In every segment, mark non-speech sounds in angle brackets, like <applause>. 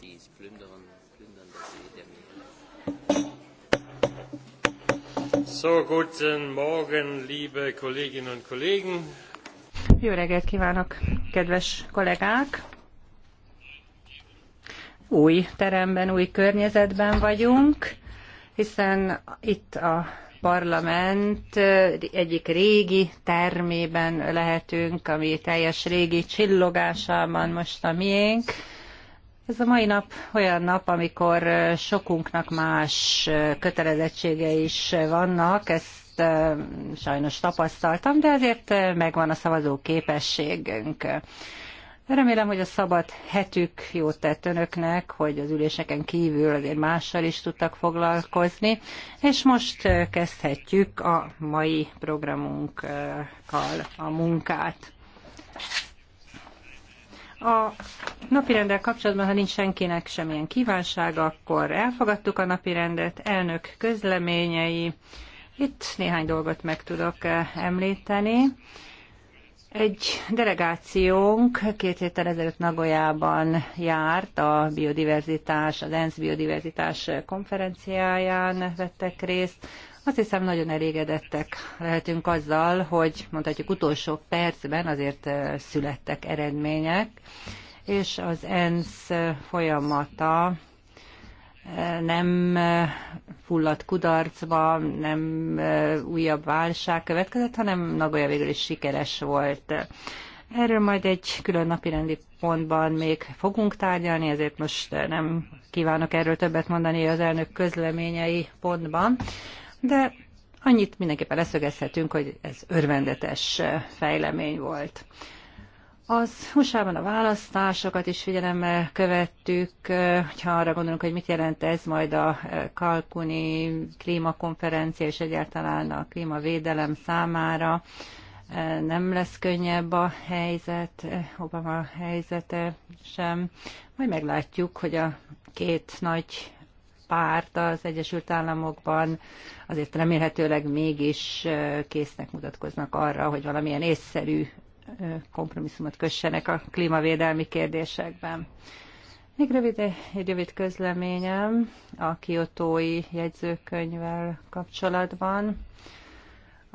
sie plündern, plündern das See der Meere. So, guten Morgen, liebe Kolleginnen und Kollegen. Jó reggelt kívánok, kedves kollégák! Új teremben, új környezetben vagyunk, hiszen itt a parlament egyik régi termében lehetünk, ami teljes régi csillogásában most a miénk. Ez a mai nap olyan nap, amikor sokunknak más kötelezettségei is vannak, ezt sajnos tapasztaltam, de ezért megvan a szavazó képességünk. Remélem, hogy a szabad hetük jót tett önöknek, hogy az üléseken kívül azért mással is tudtak foglalkozni, és most kezdhetjük a mai programunkkal a munkát. A napirendel kapcsolatban, ha nincs senkinek semmilyen kívánsága, akkor elfogadtuk a napirendet, elnök közleményei. Itt néhány dolgot meg tudok eh, említeni. Egy delegációnk két héttel ezelőtt Nagoyában járt a biodiverzitás, az ENSZ biodiverzitás konferenciáján vettek részt. Azt hiszem, nagyon elégedettek lehetünk azzal, hogy mondhatjuk utolsó percben azért születtek eredmények, és az ENSZ folyamata nem fulladt kudarcba, nem újabb válság következett, hanem Nagoya végül is sikeres volt. Erről majd egy külön napirendi pontban még fogunk tárgyalni, ezért most nem kívánok erről többet mondani az elnök közleményei pontban de annyit mindenképpen leszögezhetünk, hogy ez örvendetes fejlemény volt. Az USA-ban a választásokat is figyelemmel követtük, hogyha arra gondolunk, hogy mit jelent ez majd a Kalkuni klímakonferencia és egyáltalán a klímavédelem számára. Nem lesz könnyebb a helyzet, Obama helyzete sem. Majd meglátjuk, hogy a két nagy párt az Egyesült Államokban azért remélhetőleg mégis késznek mutatkoznak arra, hogy valamilyen észszerű kompromisszumot kössenek a klímavédelmi kérdésekben. Még rövid, egy rövid közleményem a kiotói jegyzőkönyvvel kapcsolatban.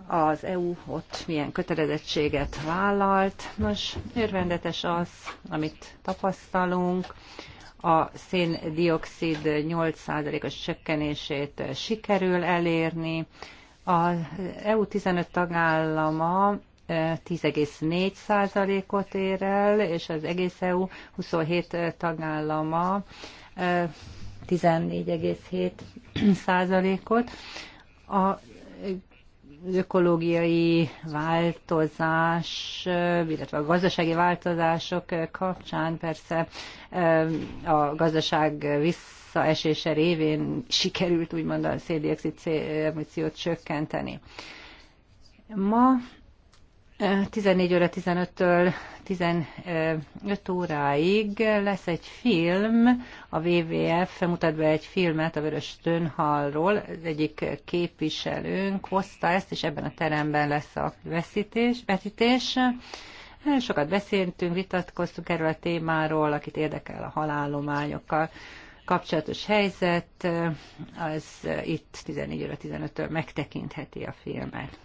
Az EU ott milyen kötelezettséget vállalt. Nos, örvendetes az, amit tapasztalunk a széndiokszid 8%-os csökkenését sikerül elérni. Az EU 15 tagállama 10,4%-ot e, ér el, és az egész EU 27 tagállama 14,7%-ot. E, a ökológiai változás, illetve a gazdasági változások kapcsán persze a gazdaság visszaesése révén sikerült úgymond a széldiokszid emissziót csökkenteni. Ma 14 óra 15-től 15 óráig lesz egy film, a WWF mutat be egy filmet a Vörös Tönhalról, az egyik képviselőnk hozta ezt, és ebben a teremben lesz a veszítés, vetítés. Sokat beszéltünk, vitatkoztunk erről a témáról, akit érdekel a halálományokkal kapcsolatos helyzet, az itt 14 óra 15-től megtekintheti a filmet.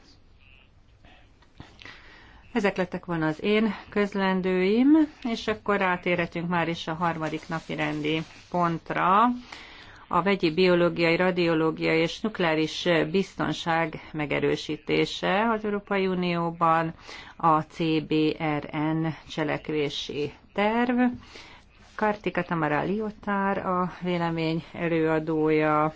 Ezek lettek volna az én közlendőim, és akkor átérhetünk már is a harmadik napi rendi pontra, a vegyi biológiai, radiológiai és nukleáris biztonság megerősítése az Európai Unióban, a CBRN cselekvési terv. Kartika Tamara Liotár a vélemény előadója.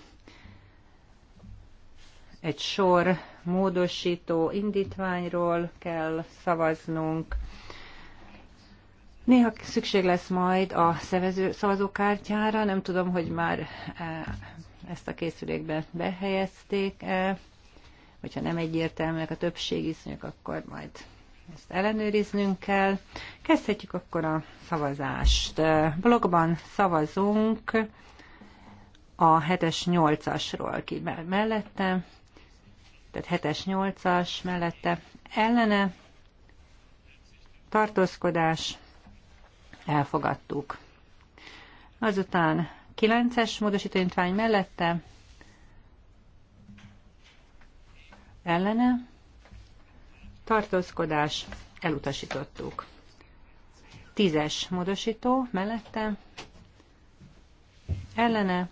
Egy sor módosító indítványról kell szavaznunk. Néha szükség lesz majd a szavező, szavazókártyára, nem tudom, hogy már e, ezt a készülékbe behelyezték -e. Hogyha nem egyértelműek a többség iszonyok, akkor majd ezt ellenőriznünk kell. Kezdhetjük akkor a szavazást. Blogban szavazunk a 7-es, 8-asról ki mellette, tehát 7-es, 8-as mellette ellene tartózkodás elfogadtuk. Azután 9-es módosítóintvány mellette ellene tartózkodás elutasítottuk. 10-es módosító mellette ellene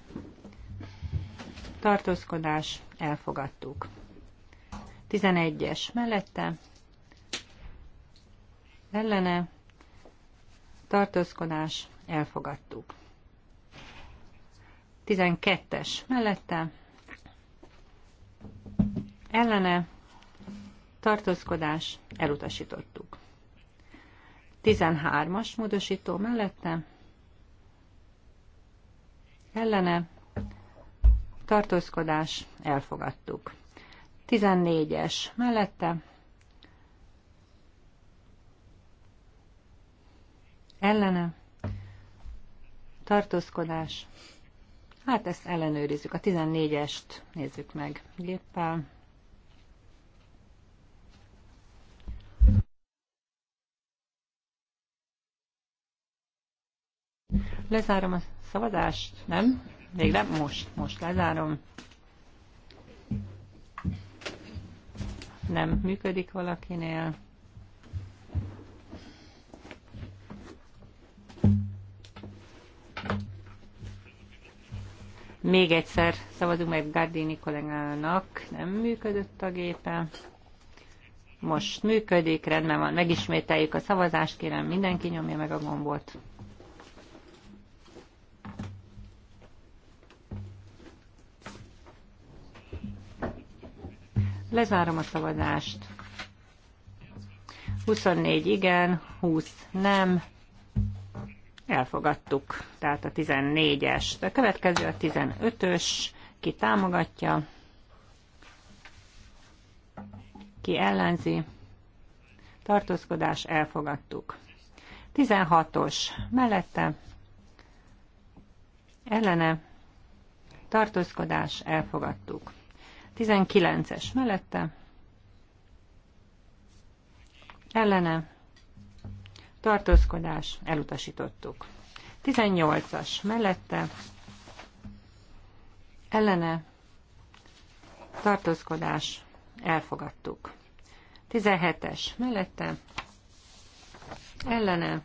tartózkodás elfogadtuk. 11-es mellette, ellene, tartózkodás, elfogadtuk. 12-es mellette, ellene, tartózkodás, elutasítottuk. 13-as módosító mellette, ellene, tartózkodás, elfogadtuk. 14-es mellette ellene tartózkodás. Hát ezt ellenőrizzük. A 14-est nézzük meg géppel. Lezárom a szavazást, nem? Végre? Most, most lezárom. nem működik valakinél. Még egyszer szavazunk meg Gardini kollégának, nem működött a gépe. Most működik, rendben van, megismételjük a szavazást, kérem mindenki nyomja meg a gombot. Lezárom a szavazást. 24 igen, 20 nem. Elfogadtuk, tehát a 14-es. A következő a 15-ös, ki támogatja, ki ellenzi. Tartózkodás elfogadtuk. 16-os mellette ellene tartózkodás elfogadtuk. 19-es mellette. Ellene. Tartózkodás. Elutasítottuk. 18-as mellette. Ellene. Tartózkodás. Elfogadtuk. 17-es mellette. Ellene.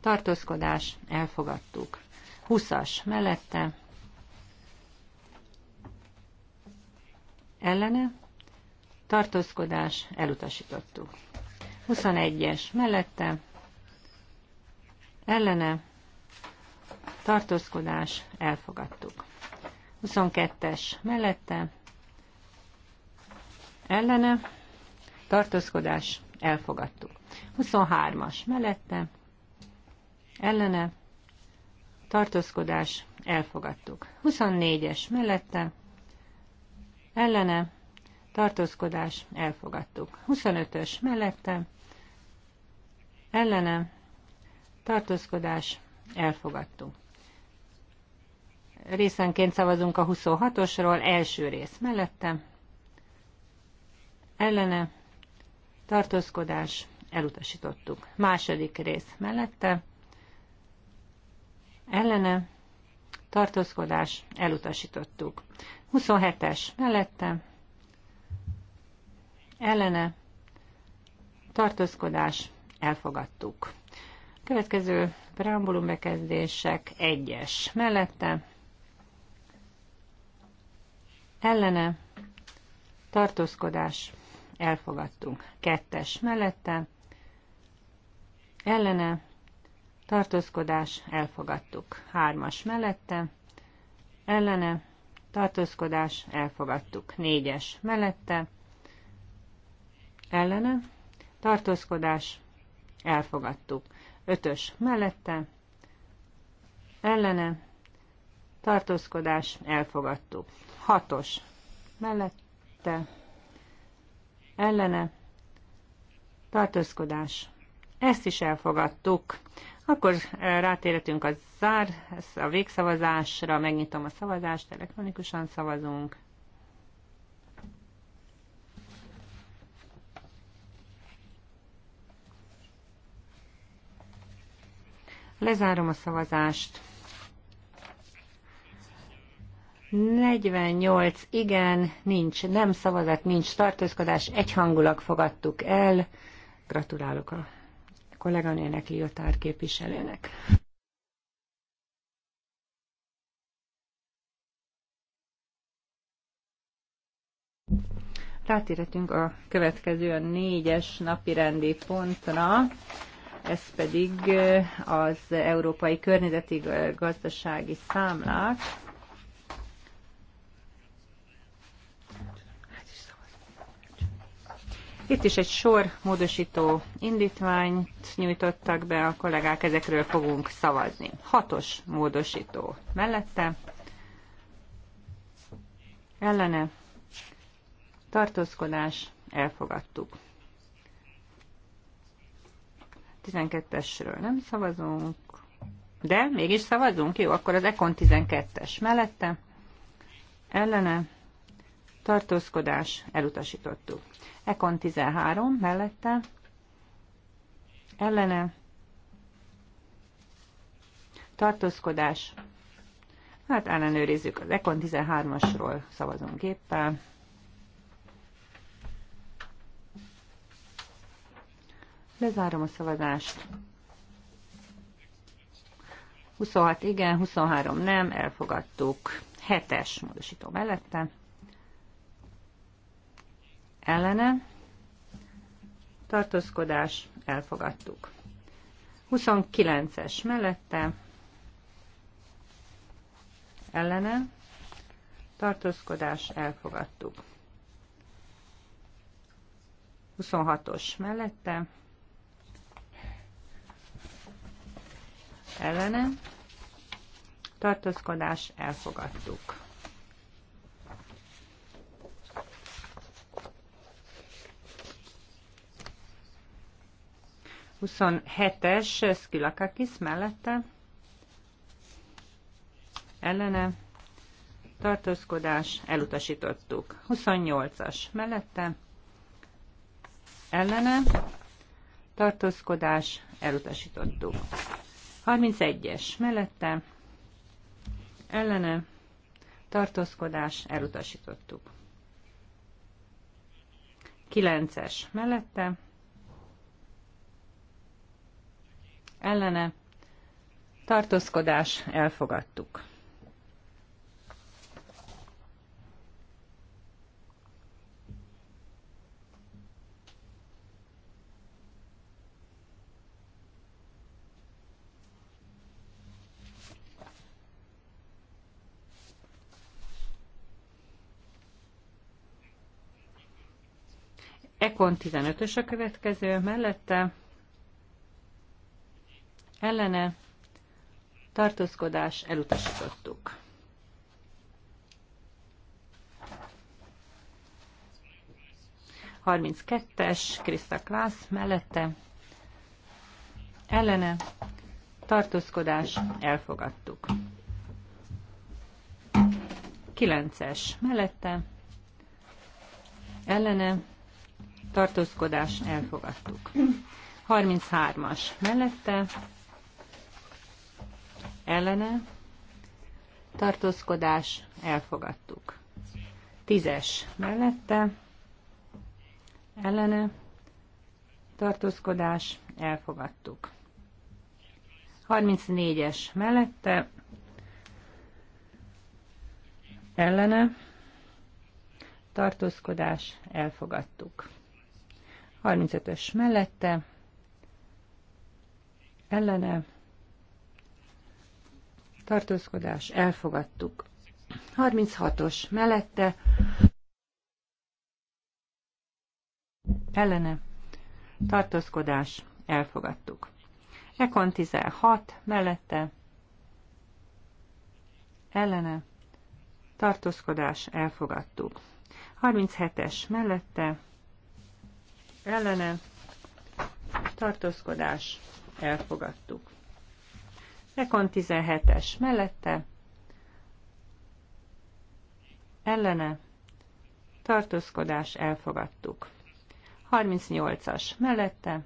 Tartózkodás. Elfogadtuk. 20-as mellette ellene, tartózkodás, elutasítottuk. 21-es mellette, ellene, tartózkodás, elfogadtuk. 22-es mellette, ellene, tartózkodás, elfogadtuk. 23-as mellette, ellene, tartózkodás, elfogadtuk. 24-es mellette, ellene, tartózkodás, elfogadtuk. 25-ös mellette, ellene, tartózkodás, elfogadtuk. Részenként szavazunk a 26-osról, első rész mellette, ellene, tartózkodás, elutasítottuk. Második rész mellette, ellene, tartózkodás, elutasítottuk. 27-es mellette ellene tartózkodás elfogadtuk. Következő preambulum bekezdések 1-es mellette ellene tartózkodás elfogadtunk. 2-es mellette ellene tartózkodás elfogadtuk. 3-as mellette ellene tartózkodás tartózkodás, elfogadtuk. Négyes mellette, ellene, tartózkodás, elfogadtuk. Ötös mellette, ellene, tartózkodás, elfogadtuk. Hatos mellette, ellene, tartózkodás. Ezt is elfogadtuk. Akkor eh, rátérhetünk a zár, ez a végszavazásra, megnyitom a szavazást, elektronikusan szavazunk. Lezárom a szavazást. 48 igen, nincs nem szavazat, nincs tartózkodás, egyhangulag fogadtuk el. Gratulálok a kolléganőnek, Liotár képviselőnek. Rátérhetünk a következő, a négyes napi rendi pontra, ez pedig eh, az európai környezeti gazdasági számlák. Itt is egy sor módosító indítványt nyújtottak be a kollégák, ezekről fogunk szavazni. Hatos módosító mellette, ellene, tartózkodás, elfogadtuk. 12-esről nem szavazunk, de mégis szavazunk, jó, akkor az Econ 12-es mellette, ellene, tartózkodás, elutasítottuk. Ekon 13 mellette ellene tartózkodás. Hát ellenőrizzük az Ekon 13-asról, szavazunk géppel. Lezárom a szavazást. 26 igen, 23 nem, elfogadtuk. 7-es módosító mellette ellene, tartózkodás, elfogadtuk. 29-es mellette, ellene, tartózkodás, elfogadtuk. 26-os mellette, ellene, tartózkodás, elfogadtuk. 27-es Skilakakis mellette ellene tartózkodás elutasítottuk. 28-as mellette ellene tartózkodás elutasítottuk. 31-es mellette ellene tartózkodás elutasítottuk. 9-es mellette ellene tartózkodás elfogadtuk. Ekon 15-ös a következő mellette ellene tartózkodás elutasítottuk. Harminc kettes, Krista Klász mellette ellene tartózkodás elfogadtuk. 9-es mellette ellene tartózkodás elfogadtuk. 33-as mellette ellene, tartózkodás, elfogadtuk. Tízes mellette, ellene, tartózkodás, elfogadtuk. 34-es mellette, ellene, tartózkodás, elfogadtuk. 35-ös mellette, ellene, tartózkodás, elfogadtuk. 36-os mellette, ellene, tartózkodás, elfogadtuk. Ekon 16 mellette, ellene, tartózkodás, elfogadtuk. 37-es mellette, ellene, tartózkodás, elfogadtuk. Ekon 17-es mellette, ellene, tartózkodás elfogadtuk. 38-as mellette,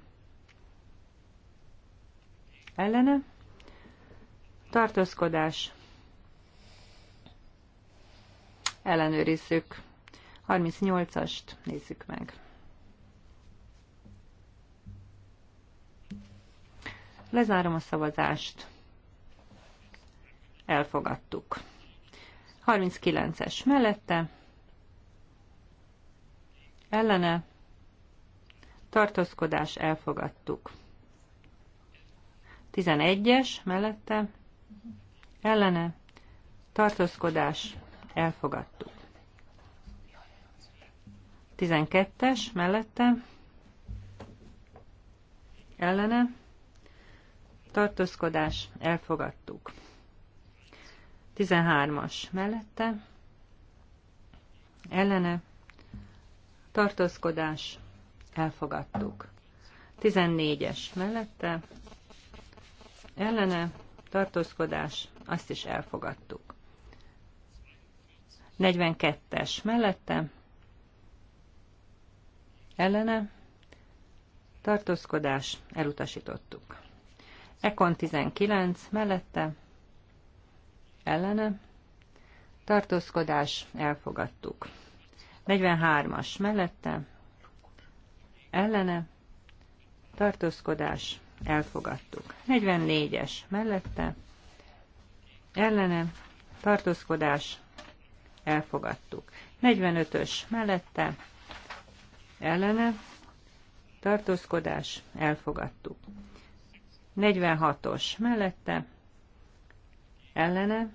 ellene, tartózkodás ellenőrizzük. 38-ast nézzük meg. Lezárom a szavazást elfogadtuk. 39-es mellette, ellene, tartózkodás elfogadtuk. 11-es mellette, ellene, tartózkodás elfogadtuk. 12-es mellette, ellene, tartózkodás elfogadtuk. 13-as mellette, ellene, tartózkodás, elfogadtuk. 14-es mellette, ellene, tartózkodás, azt is elfogadtuk. 42-es mellette, ellene, tartózkodás, elutasítottuk. Ekon 19 mellette, ellene, tartózkodás, elfogadtuk. 43-as mellette, ellene, tartózkodás, elfogadtuk. 44-es mellette, ellene, tartózkodás, elfogadtuk. 45-ös mellette, ellene, tartózkodás, elfogadtuk. 46-os mellette, ellene,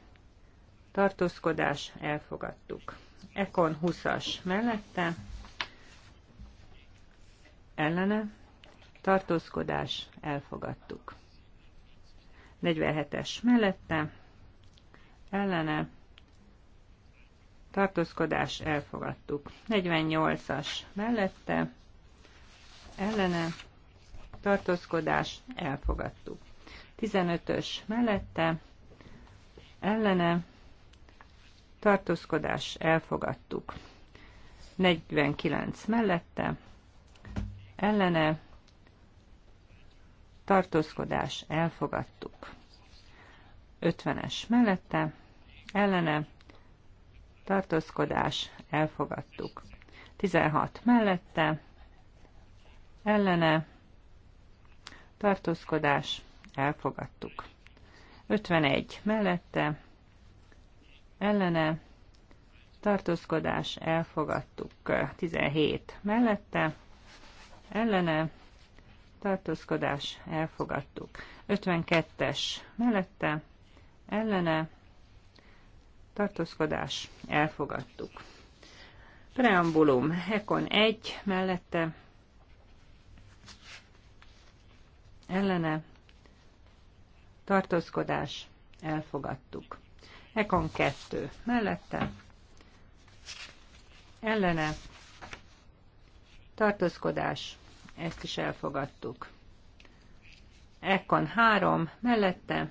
tartózkodás, elfogadtuk. Ekon 20-as mellette, ellene, tartózkodás, elfogadtuk. 47-es mellette, ellene, tartózkodás, elfogadtuk. 48-as mellette, ellene, tartózkodás, elfogadtuk. 15-ös mellette, ellene, tartózkodás, elfogadtuk. 49 mellette, ellene, tartózkodás, elfogadtuk. 50-es mellette, ellene, tartózkodás, elfogadtuk. 16 mellette, ellene, tartózkodás, elfogadtuk. 51 mellette, ellene tartózkodás elfogadtuk 17 mellette, ellene tartózkodás elfogadtuk 52-es mellette, ellene tartózkodás elfogadtuk. Preambulum Hekon 1 mellette, ellene tartózkodás elfogadtuk. Ekon 2. Mellette. Ellene. Tartózkodás. Ezt is elfogadtuk. Ekon 3. Mellette.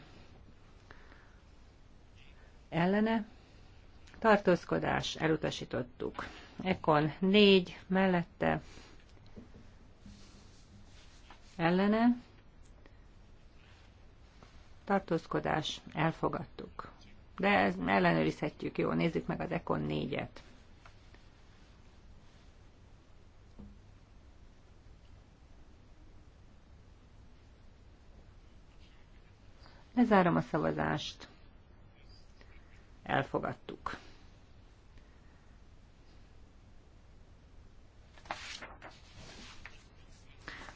Ellene. Tartózkodás. Elutasítottuk. Ekon 4. Mellette. Ellene. Tartózkodás. Elfogadtuk. De ezt ellenőrizhetjük, jó, nézzük meg az Econ 4-et. Lezárom a szavazást. Elfogadtuk.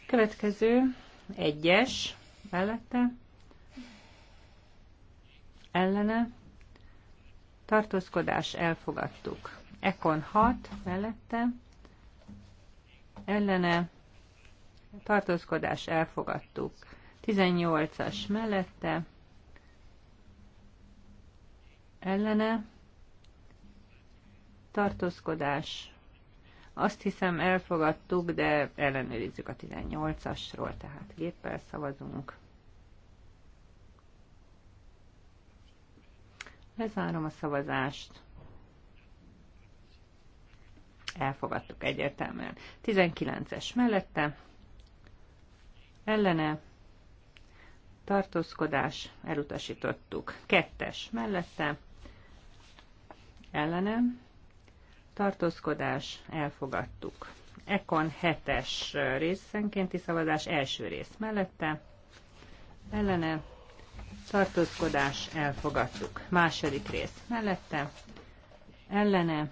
Következő, egyes, mellette, ellene, tartózkodás elfogadtuk. Ekon 6 mellette, ellene, tartózkodás elfogadtuk. 18-as mellette, ellene, tartózkodás. Azt hiszem elfogadtuk, de ellenőrizzük a 18-asról, tehát géppel szavazunk. Lezárom a szavazást. Elfogadtuk egyértelműen. 19-es mellette. Ellene. Tartózkodás. Elutasítottuk. Kettes mellette. Ellene. Tartózkodás. Elfogadtuk. Ekon 7-es részenkénti szavazás első rész mellette. Ellene tartózkodás, elfogadtuk. Második rész mellette, ellene,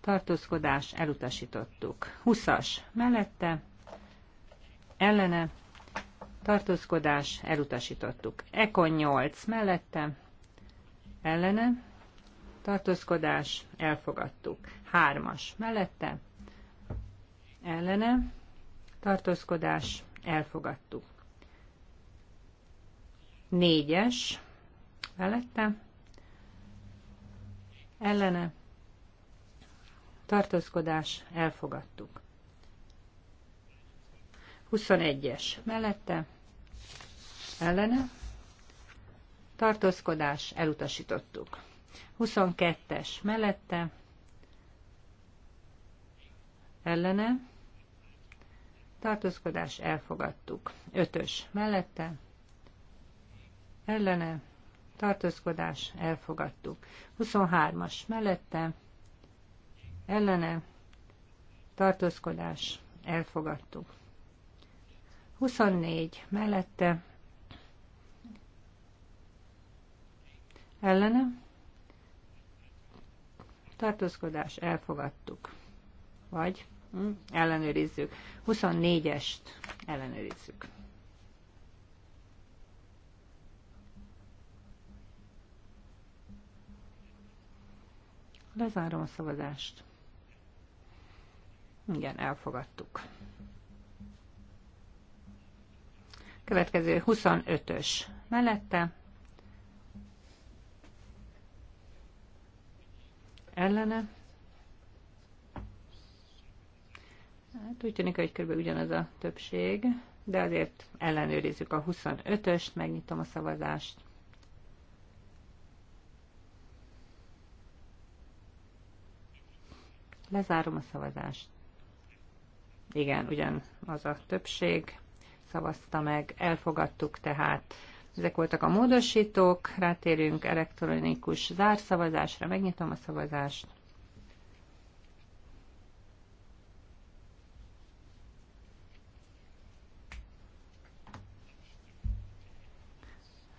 tartózkodás, elutasítottuk. Huszas mellette, ellene, tartózkodás, elutasítottuk. Ekon 8 mellette, ellene, tartózkodás, elfogadtuk. Hármas mellette, ellene, tartózkodás, elfogadtuk. Négyes mellette, ellene, tartózkodás, elfogadtuk. 21-es mellette, ellene, tartózkodás, elutasítottuk. 22-es mellette, ellene, tartózkodás, elfogadtuk. 5-ös mellette, ellene, tartózkodás, elfogadtuk. 23-as mellette, ellene, tartózkodás, elfogadtuk. 24 mellette, ellene, tartózkodás, elfogadtuk. Vagy hm? ellenőrizzük. 24-est ellenőrizzük. Lezárom a szavazást. Igen, elfogadtuk. Következő 25-ös mellette. Ellene. Hát úgy tűnik, hogy kb. ugyanaz a többség, de azért ellenőrizzük a 25-öst, megnyitom a szavazást. Lezárom a szavazást. Igen, ugyan az a többség szavazta meg, elfogadtuk tehát. Ezek voltak a módosítók, rátérünk elektronikus zárszavazásra, megnyitom a szavazást.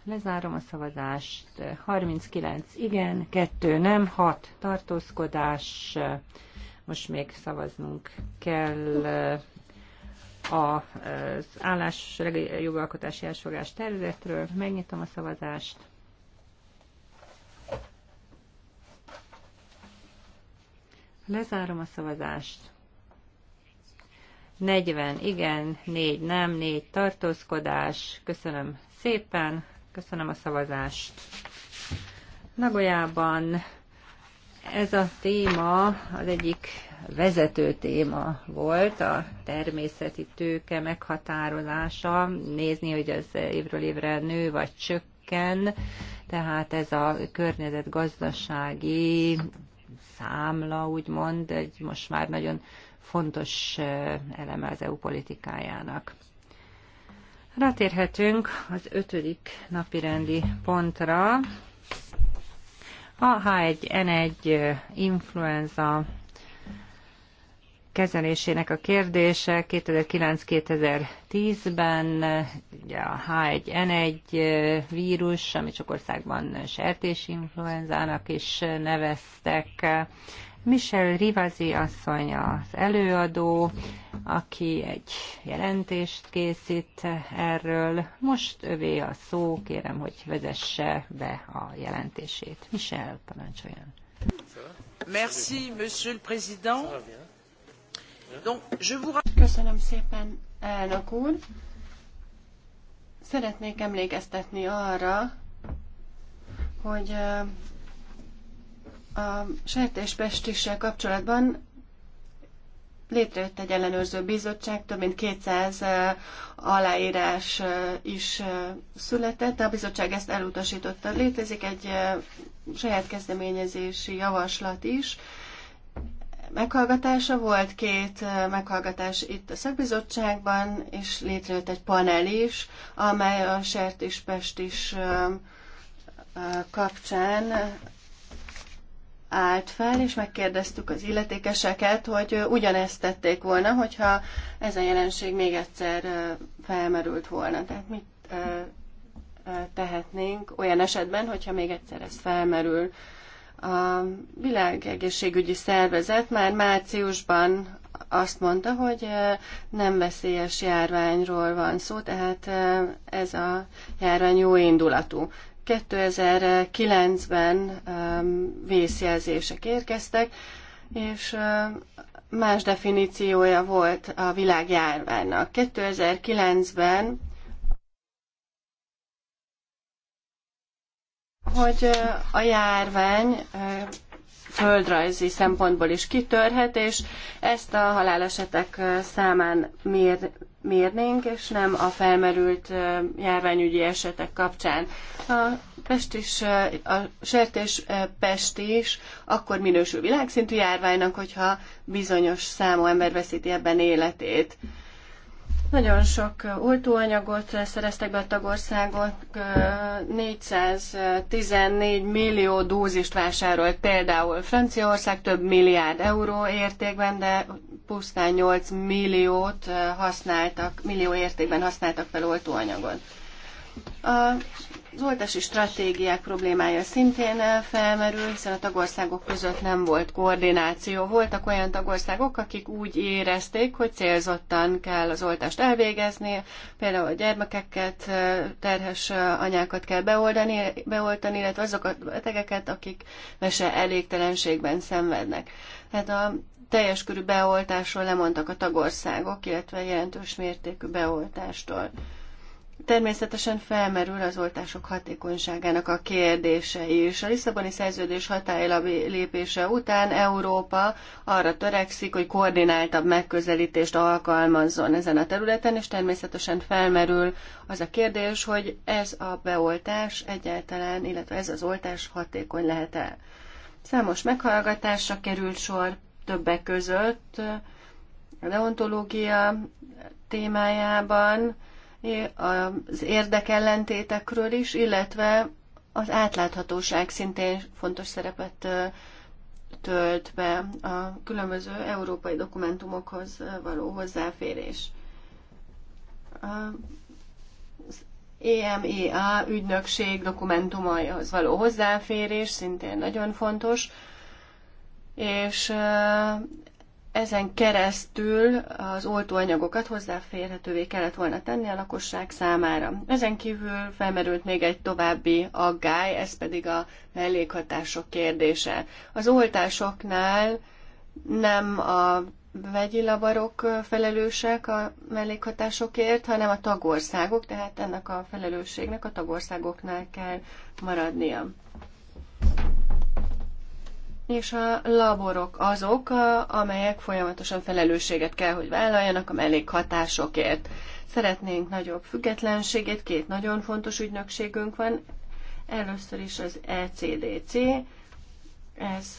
Lezárom a szavazást. 39 igen, 2 nem, 6 tartózkodás. Most még szavaznunk kell uh, az állás jogalkotási elsfogás területről. Megnyitom a szavazást. Lezárom a szavazást. 40 igen, 4 nem, 4 tartózkodás. Köszönöm szépen, köszönöm a szavazást. Nagolyában ez a téma az egyik vezető téma volt, a természeti tőke meghatározása, nézni, hogy az évről évre nő vagy csökken, tehát ez a környezetgazdasági számla, úgymond, egy most már nagyon fontos eh, eleme az EU politikájának. Rátérhetünk az ötödik napirendi pontra, a H1N1 influenza kezelésének a kérdése 2009-2010-ben ugye a H1N1 vírus, amit sok országban sertés influenzának is neveztek, Michelle Rivazi asszony az előadó, aki egy jelentést készít erről. Most övé a szó, kérem, hogy vezesse be a jelentését. Michelle, parancsoljon. Merci, monsieur le président. Donc, je vous... Köszönöm szépen, elnök úr. Szeretnék emlékeztetni arra, hogy a sejtéspestissel kapcsolatban létrejött egy ellenőrző bizottság, több mint 200 aláírás is született. A bizottság ezt elutasította. Létezik egy saját kezdeményezési javaslat is. Meghallgatása volt, két meghallgatás itt a szakbizottságban, és létrejött egy panel is, amely a sertéspestis is kapcsán állt fel, és megkérdeztük az illetékeseket, hogy ugyanezt tették volna, hogyha ez a jelenség még egyszer felmerült volna. Tehát mit tehetnénk olyan esetben, hogyha még egyszer ez felmerül. A világegészségügyi szervezet már márciusban azt mondta, hogy nem veszélyes járványról van szó, tehát ez a járvány jó indulatú. 2009-ben um, vészjelzések érkeztek, és uh, más definíciója volt a világjárványnak. 2009-ben hogy uh, a járvány uh, földrajzi szempontból is kitörhet, és ezt a halálesetek számán mér, mérnénk, és nem a felmerült járványügyi esetek kapcsán. A pest is, a sertés pest is akkor minősül világszintű járványnak, hogyha bizonyos számú ember veszíti ebben életét. Nagyon sok oltóanyagot szereztek be a tagországok, 414 millió dózist vásárolt például Franciaország több milliárd euró értékben, de pusztán 8 milliót használtak, millió értékben használtak fel oltóanyagot. A az oltási stratégiák problémája szintén felmerül, hiszen a tagországok között nem volt koordináció. Voltak olyan tagországok, akik úgy érezték, hogy célzottan kell az oltást elvégezni, például a gyermekeket, terhes anyákat kell beoldani, beoltani, illetve azokat a betegeket, akik mese elégtelenségben szenvednek. Tehát a teljes körű beoltásról lemondtak a tagországok, illetve jelentős mértékű beoltástól természetesen felmerül az oltások hatékonyságának a kérdése is. A Lisszaboni szerződés hatályra lépése után Európa arra törekszik, hogy koordináltabb megközelítést alkalmazzon ezen a területen, és természetesen felmerül az a kérdés, hogy ez a beoltás egyáltalán, illetve ez az oltás hatékony lehet-e. Számos meghallgatásra került sor többek között a deontológia témájában, az érdekellentétekről is, illetve az átláthatóság szintén fontos szerepet tölt be a különböző európai dokumentumokhoz való hozzáférés. Az EMEA ügynökség dokumentumaihoz való hozzáférés szintén nagyon fontos, és ezen keresztül az oltóanyagokat hozzáférhetővé kellett volna tenni a lakosság számára. Ezen kívül felmerült még egy további aggály, ez pedig a mellékhatások kérdése. Az oltásoknál nem a vegyi laborok felelősek a mellékhatásokért, hanem a tagországok, tehát ennek a felelősségnek a tagországoknál kell maradnia és a laborok azok, amelyek folyamatosan felelősséget kell, hogy vállaljanak a mellékhatásokért. Szeretnénk nagyobb függetlenségét, két nagyon fontos ügynökségünk van. Először is az ECDC, ez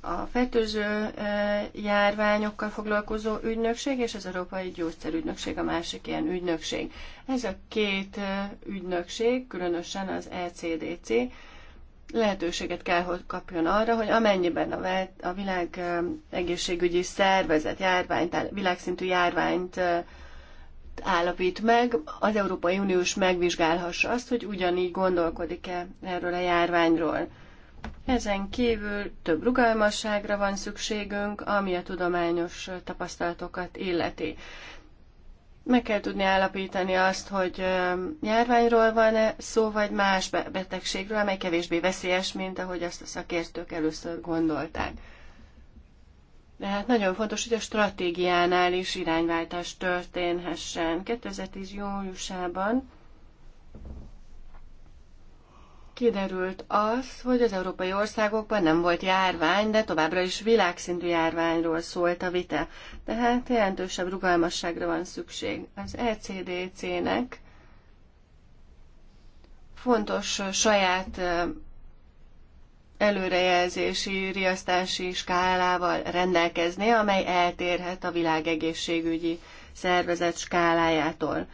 a fertőző e, járványokkal foglalkozó ügynökség, és az Európai Gyógyszerügynökség a másik ilyen ügynökség. Ez a két e, ügynökség, különösen az ECDC, lehetőséget kell, hogy kapjon arra, hogy amennyiben a, a világ egészségügyi szervezet járványt, világszintű járványt állapít meg, az Európai Uniós megvizsgálhassa azt, hogy ugyanígy gondolkodik-e erről a járványról. Ezen kívül több rugalmasságra van szükségünk, ami a tudományos tapasztalatokat illeti meg kell tudni állapítani azt, hogy járványról van -e szó, vagy más betegségről, amely kevésbé veszélyes, mint ahogy azt a szakértők először gondolták. De hát nagyon fontos, hogy a stratégiánál is irányváltás történhessen. 2010. júliusában kiderült az, hogy az európai országokban nem volt járvány, de továbbra is világszintű járványról szólt a vita. Tehát jelentősebb rugalmasságra van szükség. Az ECDC-nek fontos saját előrejelzési, riasztási skálával rendelkezni, amely eltérhet a világegészségügyi szervezet skálájától.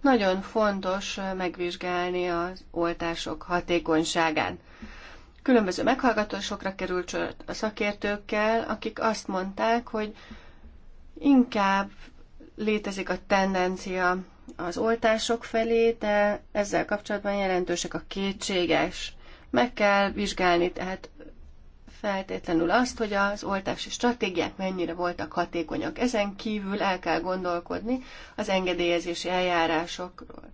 Nagyon fontos megvizsgálni az oltások hatékonyságán. Különböző meghallgatósokra került sor a szakértőkkel, akik azt mondták, hogy inkább létezik a tendencia az oltások felé, de ezzel kapcsolatban jelentősek a kétséges. Meg kell vizsgálni tehát feltétlenül azt, hogy az oltási stratégiák mennyire voltak hatékonyak. Ezen kívül el kell gondolkodni az engedélyezési eljárásokról.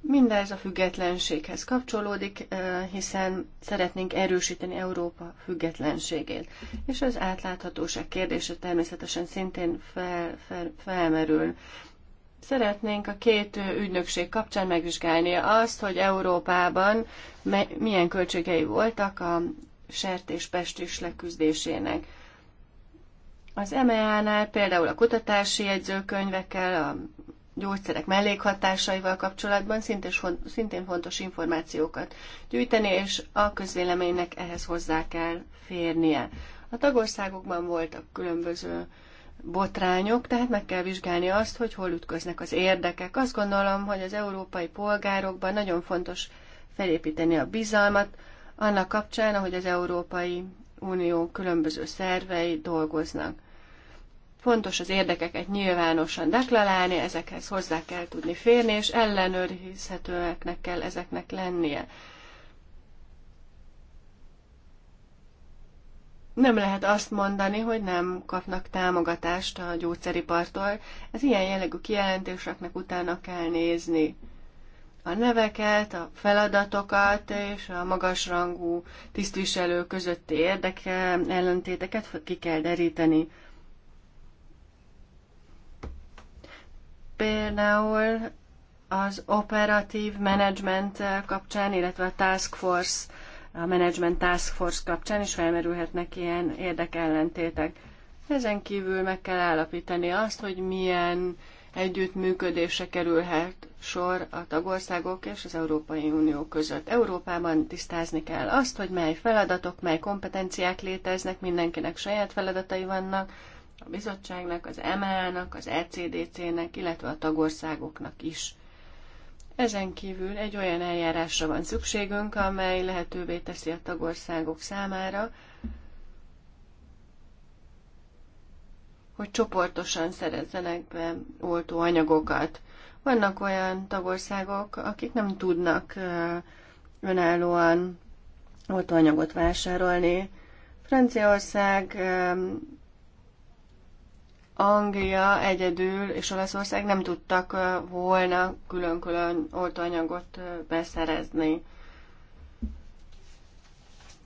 Mindez a függetlenséghez kapcsolódik, hiszen szeretnénk erősíteni Európa függetlenségét. És az átláthatóság kérdése természetesen szintén fel, fel, felmerül. Szeretnénk a két ügynökség kapcsán megvizsgálni azt, hogy Európában milyen költségei voltak a sertéspest is leküzdésének. Az MEA-nál például a kutatási jegyzőkönyvekkel, a gyógyszerek mellékhatásaival kapcsolatban szintén fontos információkat gyűjteni, és a közvéleménynek ehhez hozzá kell férnie. A tagországokban voltak különböző botrányok, tehát meg kell vizsgálni azt, hogy hol ütköznek az érdekek. Azt gondolom, hogy az európai polgárokban nagyon fontos felépíteni a bizalmat, annak kapcsán, ahogy az Európai Unió különböző szervei dolgoznak. Fontos az érdekeket nyilvánosan deklarálni, ezekhez hozzá kell tudni férni, és ellenőrizhetőeknek kell ezeknek lennie. Nem lehet azt mondani, hogy nem kapnak támogatást a gyógyszeripartól. Ez ilyen jellegű kijelentéseknek utána kell nézni a neveket, a feladatokat és a magasrangú tisztviselő közötti érdeke ellentéteket ki kell deríteni. Például az operatív menedzsment kapcsán, illetve a task force, a management task force kapcsán is felmerülhetnek ilyen érdekellentétek. Ezen kívül meg kell állapítani azt, hogy milyen együttműködésre kerülhet sor a tagországok és az Európai Unió között. Európában tisztázni kell azt, hogy mely feladatok, mely kompetenciák léteznek, mindenkinek saját feladatai vannak, a bizottságnak, az EMA-nak, az ECDC-nek, illetve a tagországoknak is. Ezen kívül egy olyan eljárásra van szükségünk, amely lehetővé teszi a tagországok számára, hogy csoportosan szerezzenek be oltóanyagokat. Vannak olyan tagországok, akik nem tudnak önállóan oltóanyagot vásárolni. Franciaország, Anglia egyedül és Olaszország nem tudtak volna külön-külön oltóanyagot beszerezni.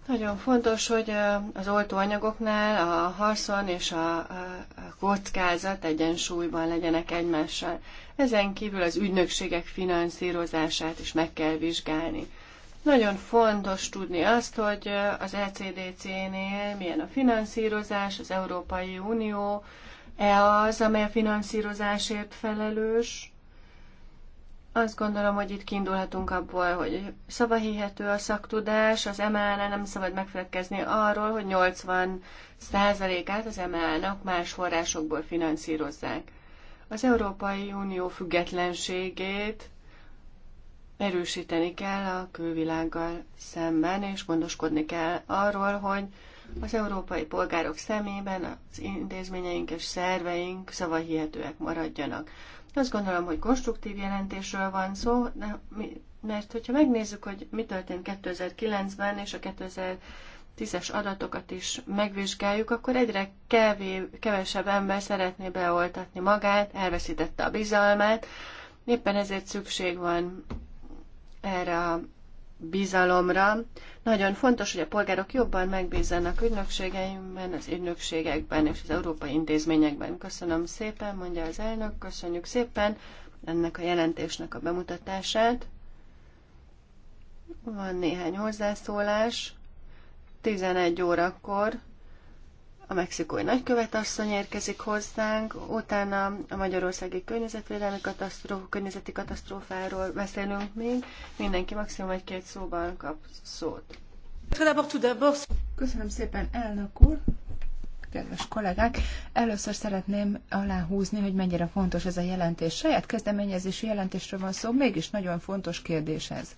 Nagyon fontos, hogy az oltóanyagoknál a haszon és a kockázat egyensúlyban legyenek egymással. Ezen kívül az ügynökségek finanszírozását is meg kell vizsgálni. Nagyon fontos tudni azt, hogy az ECDC-nél milyen a finanszírozás, az Európai Unió, e az, amely a finanszírozásért felelős, azt gondolom, hogy itt kiindulhatunk abból, hogy szavahihető a szaktudás, az ML nem szabad megfelelkezni arról, hogy 80%-át az ml más forrásokból finanszírozzák. Az Európai Unió függetlenségét erősíteni kell a külvilággal szemben, és gondoskodni kell arról, hogy az európai polgárok szemében az intézményeink és szerveink szavahihetőek maradjanak. Azt gondolom, hogy konstruktív jelentésről van szó, de mi, mert hogyha megnézzük, hogy mi történt 2009-ben és a 2010-es adatokat is megvizsgáljuk, akkor egyre kevé, kevesebb ember szeretné beoltatni magát, elveszítette a bizalmát, éppen ezért szükség van erre a bizalomra. Nagyon fontos, hogy a polgárok jobban megbízzanak ügynökségeimben, az ügynökségekben és az európai intézményekben. Köszönöm szépen, mondja az elnök, köszönjük szépen ennek a jelentésnek a bemutatását. Van néhány hozzászólás. 11 órakor a mexikói nagykövet asszony érkezik hozzánk, utána a magyarországi környezetvédelmi katasztróf, környezeti katasztrófáról beszélünk még. Mindenki maximum egy-két szóban kap szót. Köszönöm szépen, elnök úr! kedves kollégák! Először szeretném aláhúzni, hogy mennyire fontos ez a jelentés. Saját kezdeményezési jelentésről van szó, mégis nagyon fontos kérdés ez.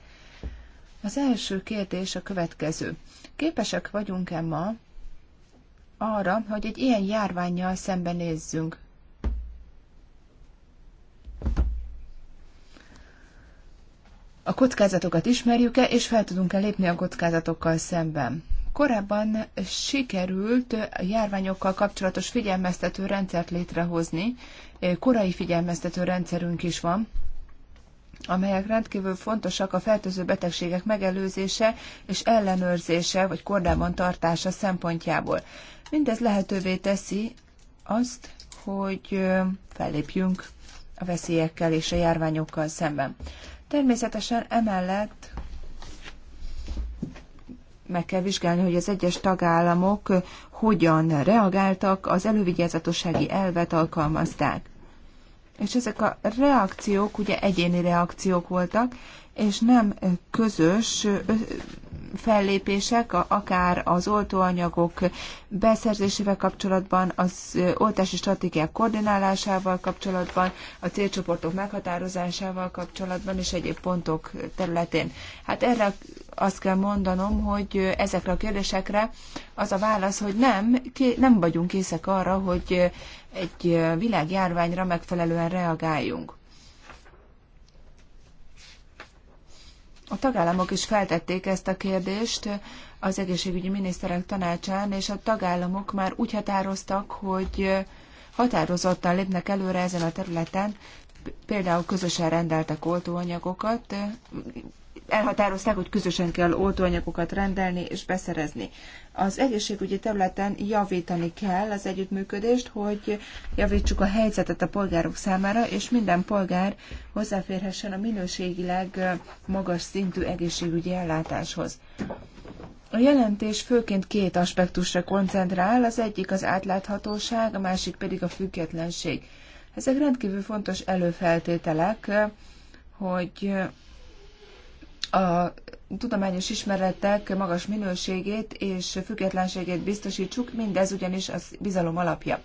Az első kérdés a következő. Képesek vagyunk-e ma arra, hogy egy ilyen járványjal szembenézzünk. A kockázatokat ismerjük-e, és fel tudunk-e lépni a kockázatokkal szemben? Korábban sikerült a járványokkal kapcsolatos figyelmeztető rendszert létrehozni, korai figyelmeztető rendszerünk is van, amelyek rendkívül fontosak a fertőző betegségek megelőzése és ellenőrzése vagy kordában tartása szempontjából. Mindez lehetővé teszi azt, hogy fellépjünk a veszélyekkel és a járványokkal szemben. Természetesen emellett meg kell vizsgálni, hogy az egyes tagállamok hogyan reagáltak, az elővigyázatossági elvet alkalmazták. És ezek a reakciók ugye egyéni reakciók voltak, és nem közös fellépések, akár az oltóanyagok beszerzésével kapcsolatban, az oltási stratégiák koordinálásával kapcsolatban, a célcsoportok meghatározásával kapcsolatban és egyéb pontok területén. Hát erre azt kell mondanom, hogy ezekre a kérdésekre az a válasz, hogy nem, nem vagyunk készek arra, hogy egy világjárványra megfelelően reagáljunk. tagállamok is feltették ezt a kérdést az egészségügyi miniszterek tanácsán, és a tagállamok már úgy határoztak, hogy határozottan lépnek előre ezen a területen, például közösen rendeltek oltóanyagokat, elhatározták, hogy közösen kell oltóanyagokat rendelni és beszerezni. Az egészségügyi területen javítani kell az együttműködést, hogy javítsuk a helyzetet a polgárok számára, és minden polgár hozzáférhessen a minőségileg magas szintű egészségügyi ellátáshoz. A jelentés főként két aspektusra koncentrál, az egyik az átláthatóság, a másik pedig a függetlenség. Ezek rendkívül fontos előfeltételek, hogy a tudományos ismeretek magas minőségét és függetlenségét biztosítsuk, mindez ugyanis az bizalom alapja.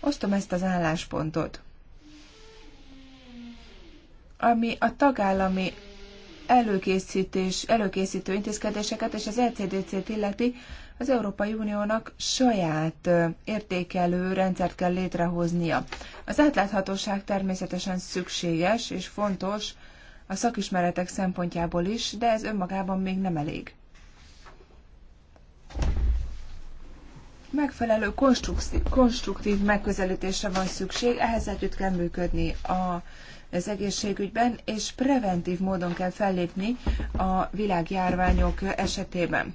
Osztom ezt az álláspontot. Ami a tagállami előkészítés, előkészítő intézkedéseket és az ECDC-t illeti, az Európai Uniónak saját értékelő rendszert kell létrehoznia. Az átláthatóság természetesen szükséges és fontos a szakismeretek szempontjából is, de ez önmagában még nem elég. Megfelelő konstruktív megközelítésre van szükség, ehhez együtt kell működni a, az egészségügyben, és preventív módon kell fellépni a világjárványok esetében.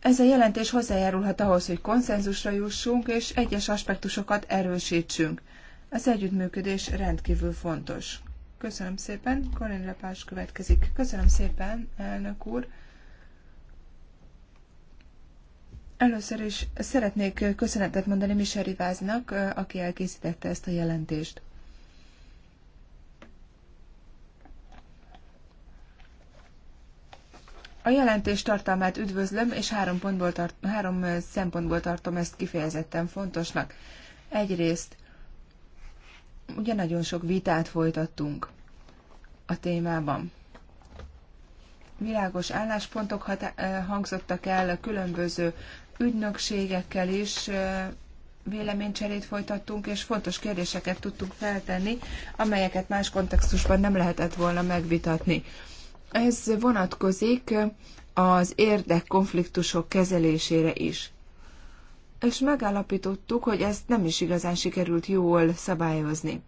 Ez a jelentés hozzájárulhat ahhoz, hogy konszenzusra jussunk, és egyes aspektusokat erősítsünk. Az együttműködés rendkívül fontos. Köszönöm szépen, Karin Lepás következik. Köszönöm szépen, elnök úr. Először is szeretnék köszönetet mondani Michel Riváznak, aki elkészítette ezt a jelentést. A jelentés tartalmát üdvözlöm, és három, pontból tart, három szempontból tartom ezt kifejezetten fontosnak. Egyrészt ugye nagyon sok vitát folytattunk a témában. Világos álláspontok eh, hangzottak el a különböző ügynökségekkel is, eh, véleménycserét folytattunk, és fontos kérdéseket tudtunk feltenni, amelyeket más kontextusban nem lehetett volna megvitatni. Ez vonatkozik az érdekkonfliktusok kezelésére is és megállapítottuk, hogy ezt nem is igazán sikerült jól szabályozni.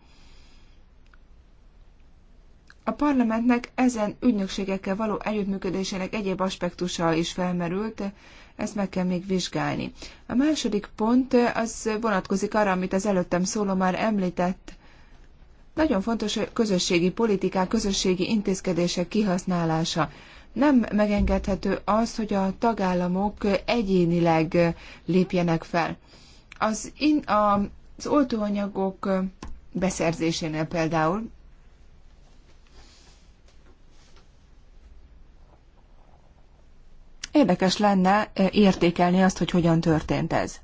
A parlamentnek ezen ügynökségekkel való együttműködésének egyéb aspektusa is felmerült, ezt meg kell még vizsgálni. A második pont az vonatkozik arra, amit az előttem szóló már említett. Nagyon fontos a közösségi politikák, közösségi intézkedések kihasználása. Nem megengedhető az, hogy a tagállamok egyénileg lépjenek fel. Az, in, a, az oltóanyagok beszerzésénél például Érdekes lenne eh, értékelni azt, hogy hogyan történt ez.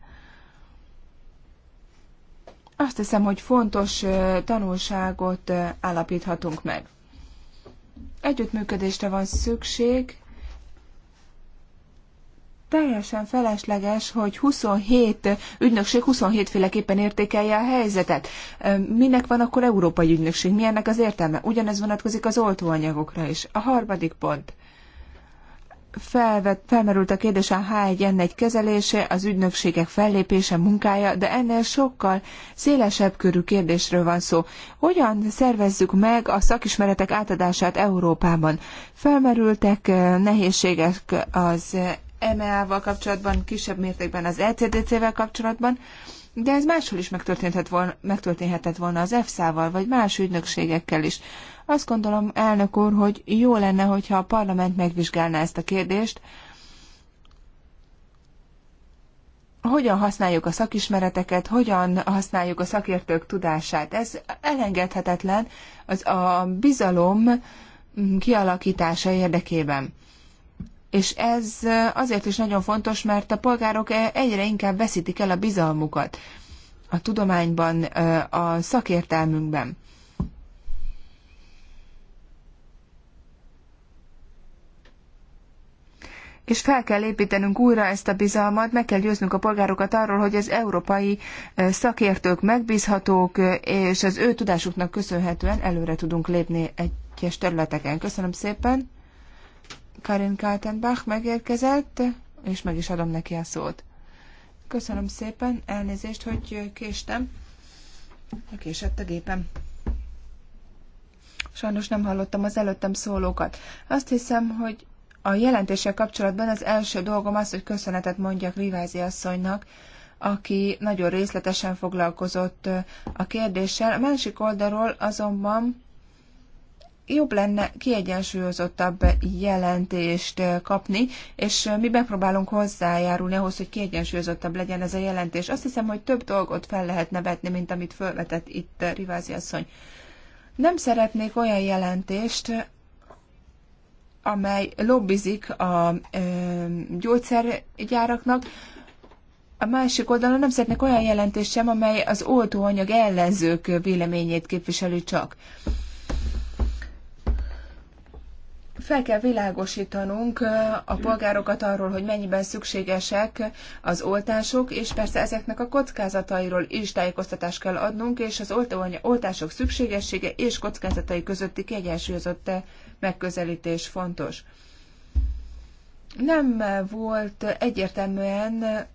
Azt hiszem, hogy fontos eh, tanulságot eh, állapíthatunk meg. Együttműködésre van szükség. Teljesen felesleges, hogy 27 ügynökség 27 féleképpen értékelje a helyzetet. Minek van akkor európai ügynökség? Milyennek az értelme? Ugyanez vonatkozik az oltóanyagokra is. A harmadik pont felvet, felmerült a kérdés a H1N1 kezelése, az ügynökségek fellépése, munkája, de ennél sokkal szélesebb körű kérdésről van szó. Hogyan szervezzük meg a szakismeretek átadását Európában? Felmerültek nehézségek az EMEA-val kapcsolatban, kisebb mértékben az ECDC-vel kapcsolatban, de ez máshol is megtörténhetett volna, megtörténhetett volna az EFSA-val, vagy más ügynökségekkel is. Azt gondolom, elnök úr, hogy jó lenne, hogyha a parlament megvizsgálná ezt a kérdést, hogyan használjuk a szakismereteket, hogyan használjuk a szakértők tudását. Ez elengedhetetlen az a bizalom kialakítása érdekében és ez azért is nagyon fontos, mert a polgárok egyre inkább veszítik el a bizalmukat a tudományban, a szakértelmünkben. és fel kell építenünk újra ezt a bizalmat, meg kell győznünk a polgárokat arról, hogy az európai szakértők megbízhatók, és az ő tudásuknak köszönhetően előre tudunk lépni egyes területeken. Köszönöm szépen! Karin Kaltenbach megérkezett, és meg is adom neki a szót. Köszönöm szépen, elnézést, hogy késtem. Késett a gépem. Sajnos nem hallottam az előttem szólókat. Azt hiszem, hogy a jelentéssel kapcsolatban az első dolgom az, hogy köszönetet mondjak Rivázi asszonynak, aki nagyon részletesen foglalkozott a kérdéssel. A másik oldalról azonban jobb lenne kiegyensúlyozottabb jelentést eh, kapni, és eh, mi megpróbálunk hozzájárulni ahhoz, hogy kiegyensúlyozottabb legyen ez a jelentés. Azt hiszem, hogy több dolgot fel lehetne vetni, mint amit felvetett itt eh, Rivázi asszony. Nem szeretnék olyan jelentést, amely lobbizik a ö, gyógyszergyáraknak, a másik oldalon nem szeretnék olyan jelentést sem, amely az oltóanyag ellenzők véleményét képviseli csak. Fel kell világosítanunk a polgárokat arról, hogy mennyiben szükségesek az oltások, és persze ezeknek a kockázatairól is tájékoztatást kell adnunk, és az oltások szükségessége és kockázatai közötti kiegyensúlyozott megközelítés fontos. Nem volt egyértelműen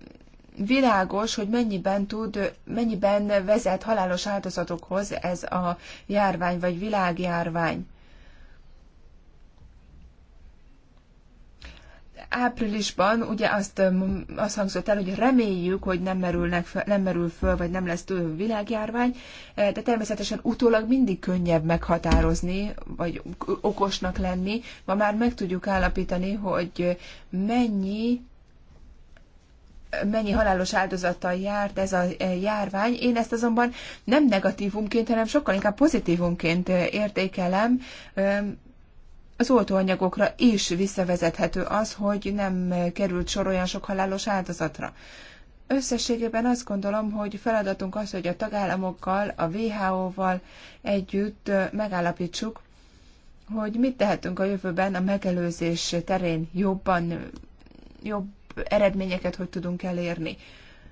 világos, hogy mennyiben tud, mennyiben vezet halálos áldozatokhoz ez a járvány vagy világjárvány áprilisban ugye azt, azt hangzott el, hogy reméljük, hogy nem, merülnek fel, nem merül föl, vagy nem lesz több világjárvány, de természetesen utólag mindig könnyebb meghatározni, vagy okosnak lenni. Ma már meg tudjuk állapítani, hogy mennyi mennyi halálos áldozattal járt ez a e, járvány. Én ezt azonban nem negatívumként, hanem sokkal inkább pozitívumként értékelem, az oltóanyagokra is visszavezethető az, hogy nem került sor olyan sok halálos áldozatra. Összességében azt gondolom, hogy feladatunk az, hogy a tagállamokkal, a WHO-val együtt megállapítsuk, hogy mit tehetünk a jövőben a megelőzés terén jobban, jobb eredményeket hogy tudunk elérni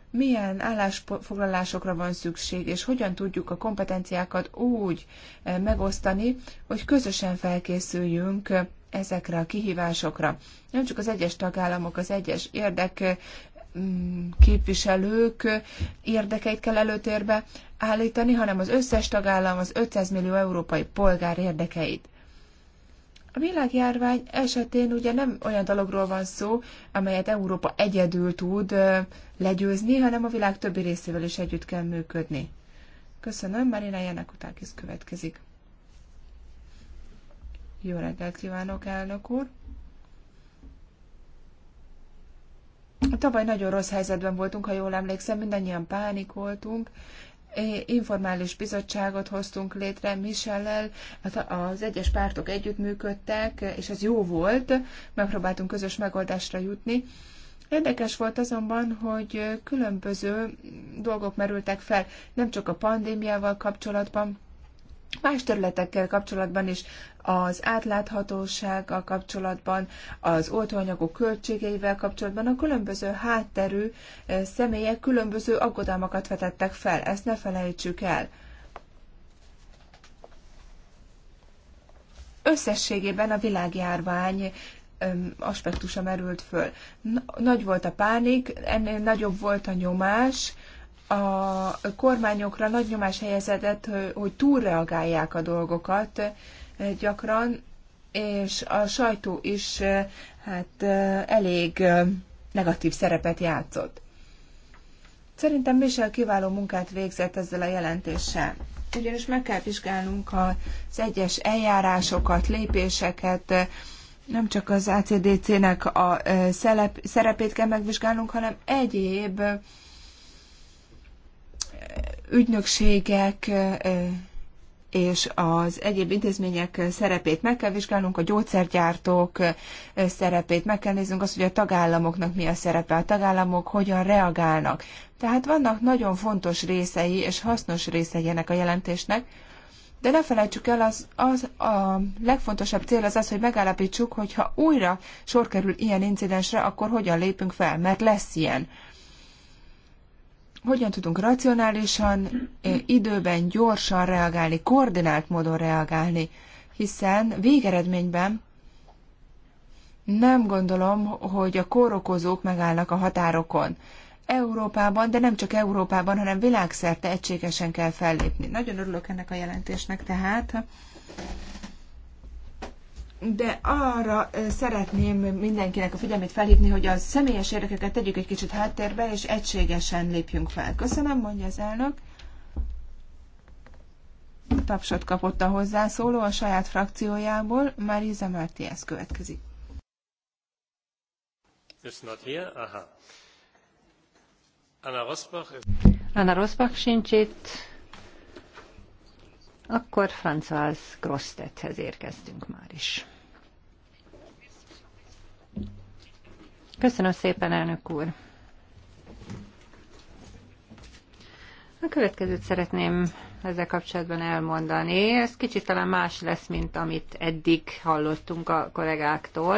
milyen állásfoglalásokra van szükség, és hogyan tudjuk a kompetenciákat úgy eh, megosztani, hogy közösen felkészüljünk eh, ezekre a kihívásokra. Nem csak az egyes tagállamok, az egyes érdek eh, mm, képviselők érdekeit kell előtérbe állítani, hanem az összes tagállam, az 500 millió európai polgár érdekeit. A világjárvány esetén ugye nem olyan dologról van szó, amelyet Európa egyedül tud legyőzni, hanem a világ többi részével is együtt kell működni. Köszönöm, Marina Janakutákis következik. Jó reggelt kívánok, elnök úr! Tavaly nagyon rossz helyzetben voltunk, ha jól emlékszem, mindannyian pánikoltunk, informális bizottságot hoztunk létre Michellel, az egyes pártok együttműködtek, és ez jó volt, megpróbáltunk közös megoldásra jutni. Érdekes volt azonban, hogy különböző dolgok merültek fel, nem csak a pandémiával kapcsolatban, Más területekkel kapcsolatban is, az átláthatósággal kapcsolatban, az oltóanyagok költségeivel kapcsolatban a különböző hátterű eh, személyek különböző aggodalmakat vetettek fel. Ezt ne felejtsük el. Összességében a világjárvány aspektusa merült föl. Nagy volt a pánik, ennél nagyobb volt a nyomás, a kormányokra nagy nyomás helyezett, hogy túlreagálják a dolgokat eh, gyakran, és a sajtó is eh, hát eh, elég negatív szerepet játszott. Szerintem Michel kiváló munkát végzett ezzel a jelentéssel. Ugyanis meg kell vizsgálnunk az egyes eljárásokat, lépéseket, nem csak az ACDC-nek a szerepét kell megvizsgálnunk, hanem egyéb ügynökségek és az egyéb intézmények szerepét meg kell vizsgálnunk, a gyógyszergyártók szerepét meg kell néznünk, azt, hogy a tagállamoknak mi a szerepe, a tagállamok hogyan reagálnak. Tehát vannak nagyon fontos részei és hasznos részei ennek a jelentésnek, de ne felejtsük el, az, az a legfontosabb cél az az, hogy megállapítsuk, hogy ha újra sor kerül ilyen incidensre, akkor hogyan lépünk fel, mert lesz ilyen hogyan tudunk racionálisan, eh, időben, gyorsan reagálni, koordinált módon reagálni, hiszen végeredményben nem gondolom, hogy a kórokozók megállnak a határokon. Európában, de nem csak Európában, hanem világszerte egységesen kell fellépni. Nagyon örülök ennek a jelentésnek tehát de arra szeretném mindenkinek a figyelmét felhívni, hogy a személyes érdekeket tegyük egy kicsit háttérbe, és egységesen lépjünk fel. Köszönöm, mondja az elnök. Tapsot kapott a hozzászóló a saját frakciójából, Marisa Martínez következik. It's not here? Aha. Anna Rosbach. Anna Rosbach sincs itt. Akkor François Grostethez érkeztünk már is. Köszönöm szépen, elnök úr! A következőt szeretném ezzel kapcsolatban elmondani. Ez kicsit talán más lesz, mint amit eddig hallottunk a kollégáktól.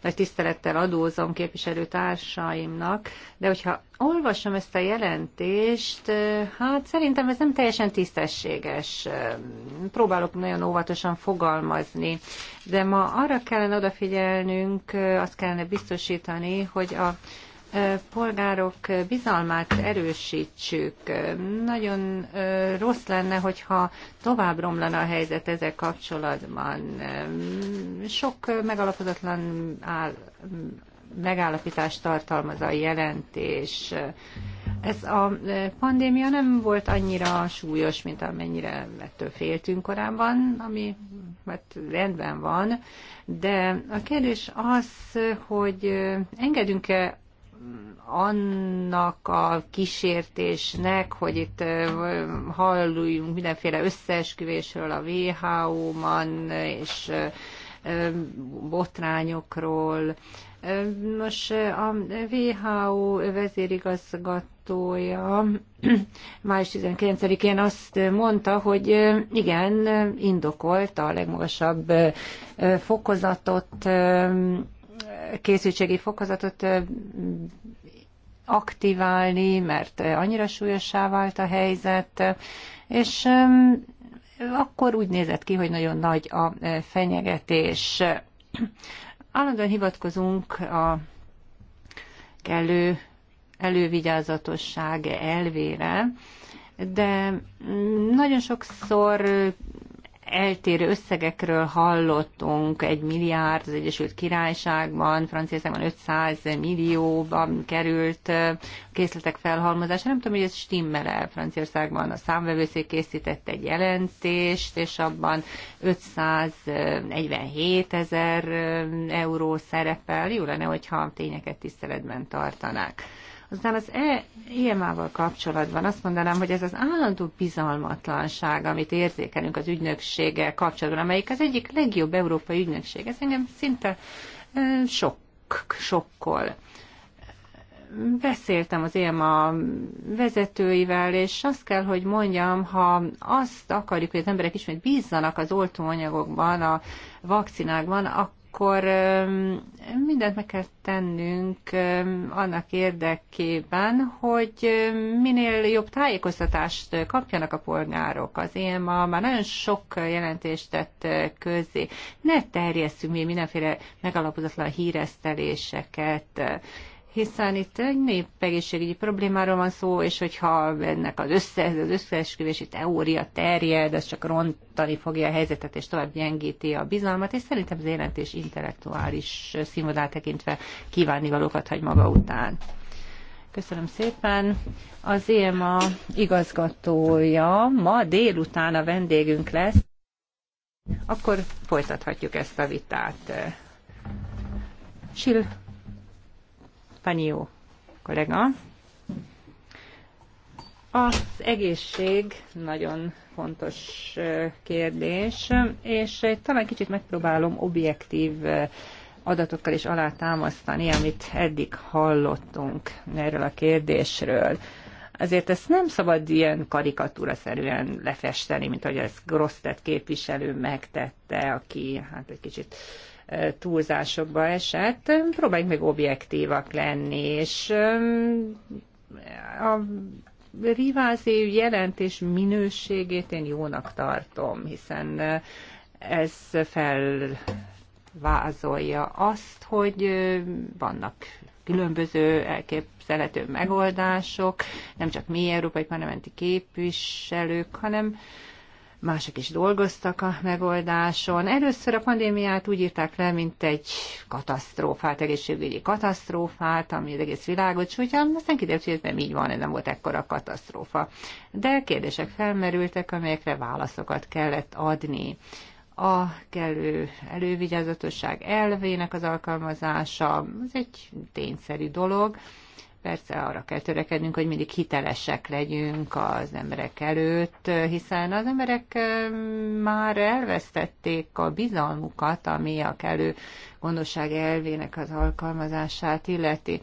Nagy tisztelettel adózom képviselőtársaimnak, de hogyha olvasom ezt a jelentést, hát szerintem ez nem teljesen tisztességes. Próbálok nagyon óvatosan fogalmazni, de ma arra kellene odafigyelnünk, azt kellene biztosítani, hogy a polgárok bizalmát erősítsük. Nagyon rossz lenne, hogyha tovább romlana a helyzet ezzel kapcsolatban. Sok megalapozatlan áll, megállapítást tartalmaz a jelentés. Ez a pandémia nem volt annyira súlyos, mint amennyire ettől féltünk korábban, ami mert hát, rendben van, de a kérdés az, hogy engedünk-e annak a kísértésnek, hogy itt halljunk mindenféle összeesküvésről a who ban és botrányokról. Nos, a WHO vezérigazgatója <clears throat> május 19-én azt mondta, hogy igen, indokolt a legmagasabb fokozatot készültségi fokozatot aktiválni, mert annyira súlyossá vált a helyzet, és akkor úgy nézett ki, hogy nagyon nagy a fenyegetés. Állandóan hivatkozunk a kellő elővigyázatosság elvére, de mm, nagyon sokszor eltérő összegekről hallottunk, egy milliárd az Egyesült Királyságban, Franciaországban 500 millióban került készletek felhalmozása. Nem tudom, hogy ez stimmel-e. Franciaországban a számvevőszék készített egy jelentést, és abban 547 ezer euró szerepel. Jó lenne, hogyha tényeket tiszteletben tartanák. Aztán az e, e val kapcsolatban azt mondanám, hogy ez az állandó bizalmatlanság, amit érzékelünk az ügynökséggel kapcsolatban, amelyik az egyik legjobb európai ügynökség, ez engem szinte sok, sokkol beszéltem az EMA vezetőivel, és azt kell, hogy mondjam, ha azt akarjuk, hogy az emberek ismét bízzanak az oltóanyagokban, a vakcinákban, akkor akkor mindent meg kell tennünk annak érdekében, hogy minél jobb tájékoztatást kapjanak a polgárok. Az EMA már nagyon sok jelentést tett közzé. Ne terjesszünk mi mindenféle megalapozatlan híreszteléseket hiszen itt egy népegészségügyi problémáról van szó, és hogyha ennek az, össze, az összeesküvési teória terjed, az csak rontani fogja a helyzetet, és tovább gyengíti a bizalmat, és szerintem az jelentés intellektuális színvonal tekintve kívánivalókat hagy maga után. Köszönöm szépen. Az EMA igazgatója ma délután a vendégünk lesz. Akkor folytathatjuk ezt a vitát. Sil Panyó kollega. Az egészség nagyon fontos kérdés, és talán kicsit megpróbálom objektív adatokkal is alátámasztani, amit eddig hallottunk erről a kérdésről. Azért ezt nem szabad ilyen karikatúraszerűen lefesteni, mint ahogy ezt Grosztet képviselő megtette, aki hát egy kicsit túlzásokba esett. Próbáljunk meg objektívak lenni, és a Rivázi jelentés minőségét én jónak tartom, hiszen ez felvázolja azt, hogy vannak különböző elképzelhető megoldások, nem csak mi európai parlamenti képviselők, hanem mások is dolgoztak a megoldáson. Először a pandémiát úgy írták le, mint egy katasztrófát, egészségügyi katasztrófát, ami az egész világot sújtja, aztán kiderült, hogy ez nem így van, ez nem volt ekkora katasztrófa. De kérdések felmerültek, amelyekre válaszokat kellett adni. A kellő elővigyázatosság elvének az alkalmazása, ez egy tényszerű dolog, persze arra kell törekednünk, hogy mindig hitelesek legyünk az emberek előtt, hiszen az emberek már elvesztették a bizalmukat, ami a kellő gondosság elvének az alkalmazását illeti.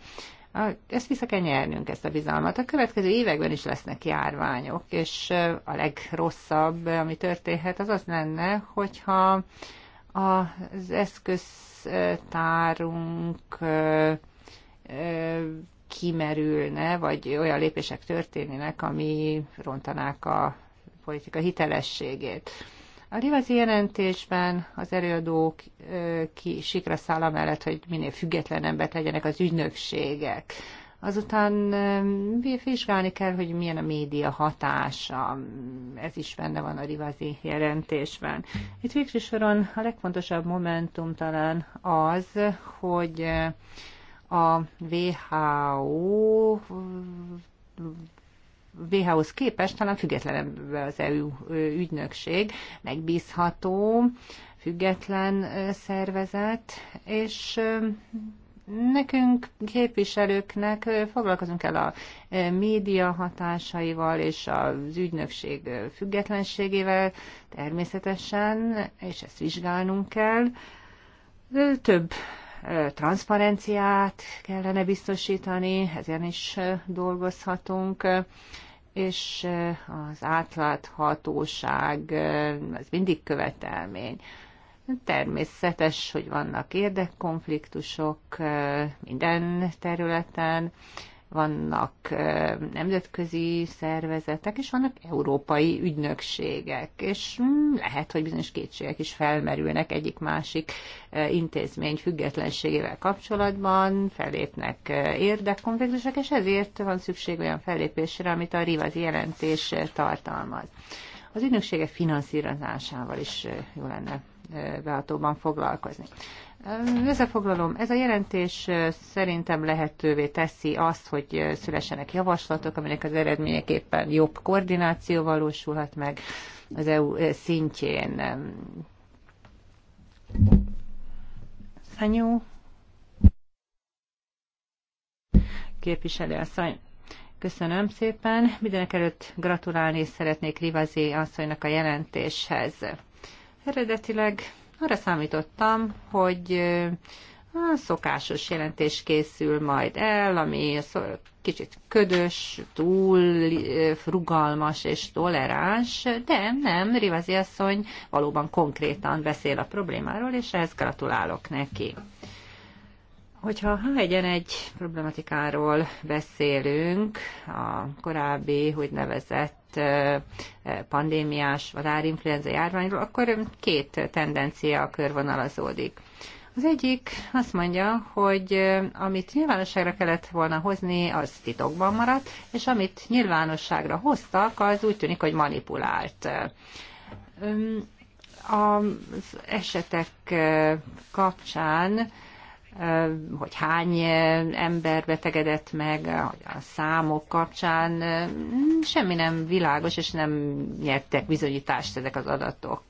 Ezt vissza kell nyernünk, ezt a bizalmat. A következő években is lesznek járványok, és a legrosszabb, ami történhet, az az lenne, hogyha az eszköztárunk kimerülne, vagy olyan lépések történnének, ami rontanák a politika hitelességét. A Rivazi jelentésben az előadók ki sikra száll mellett, hogy minél függetlenebbek legyenek az ügynökségek. Azután vizsgálni kell, hogy milyen a média hatása. Ez is benne van a Rivazi jelentésben. Itt végső soron a legfontosabb momentum talán az, hogy a WHO WHO-hoz képest talán független az EU ügynökség, megbízható, független szervezet, és nekünk képviselőknek foglalkozunk el a média hatásaival és az ügynökség függetlenségével természetesen, és ezt vizsgálnunk kell. Több transzparenciát kellene biztosítani, ezen is dolgozhatunk, és az átláthatóság az mindig követelmény. Természetes, hogy vannak érdekkonfliktusok minden területen, vannak nemzetközi szervezetek, és vannak európai ügynökségek, és mm, lehet, hogy bizonyos kétségek is felmerülnek egyik-másik intézmény függetlenségével kapcsolatban, felépnek érdekkonfliktusok, és ezért van szükség olyan fellépésre, amit a Rivazi jelentés tartalmaz. Az ügynöksége finanszírozásával is jó lenne behatóban foglalkozni. Összefoglalom, ez a jelentés szerintem lehetővé teszi azt, hogy szülessenek javaslatok, aminek az eredményeképpen jobb koordináció valósulhat meg az EU szintjén. Szanyú? Képviselő asszony. Köszönöm szépen. Mindenek előtt gratulálni szeretnék Rivazi asszonynak a jelentéshez. Eredetileg arra számítottam, hogy a szokásos jelentés készül majd el, ami kicsit ködös, túl rugalmas és toleráns, de nem, Rivazi asszony valóban konkrétan beszél a problémáról, és ehhez gratulálok neki. Hogyha H1N1 problematikáról beszélünk, a korábbi hogy nevezett pandémiás vadárinfluenza járványról, akkor két tendencia a körvonalazódik. Az egyik azt mondja, hogy amit nyilvánosságra kellett volna hozni, az titokban maradt, és amit nyilvánosságra hoztak, az úgy tűnik, hogy manipulált. Az esetek kapcsán hogy hány ember betegedett meg, a számok kapcsán semmi nem világos, és nem nyertek bizonyítást ezek az adatok.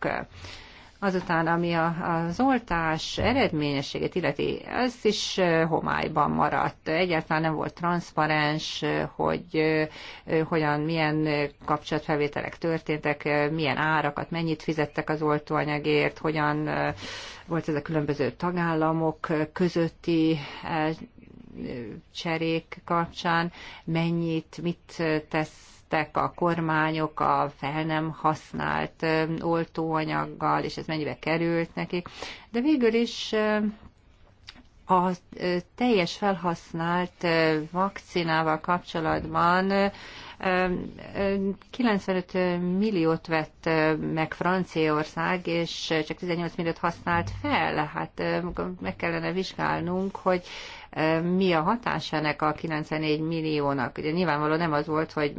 Azután, ami a, az oltás eredményességét illeti, ez is homályban maradt. Egyáltalán nem volt transzparens, hogy hogyan, milyen kapcsolatfelvételek történtek, milyen árakat, mennyit fizettek az oltóanyagért, hogyan volt ez a különböző tagállamok közötti cserék kapcsán, mennyit, mit tesz jöttek a kormányok a fel nem használt oltóanyaggal, és ez mennyibe került nekik. De végül is a teljes felhasznált vakcinával kapcsolatban 95 milliót vett meg Franciaország, és csak 18 milliót használt fel. Hát meg kellene vizsgálnunk, hogy mi a hatás ennek a 94 milliónak. Ugye nyilvánvalóan nem az volt, hogy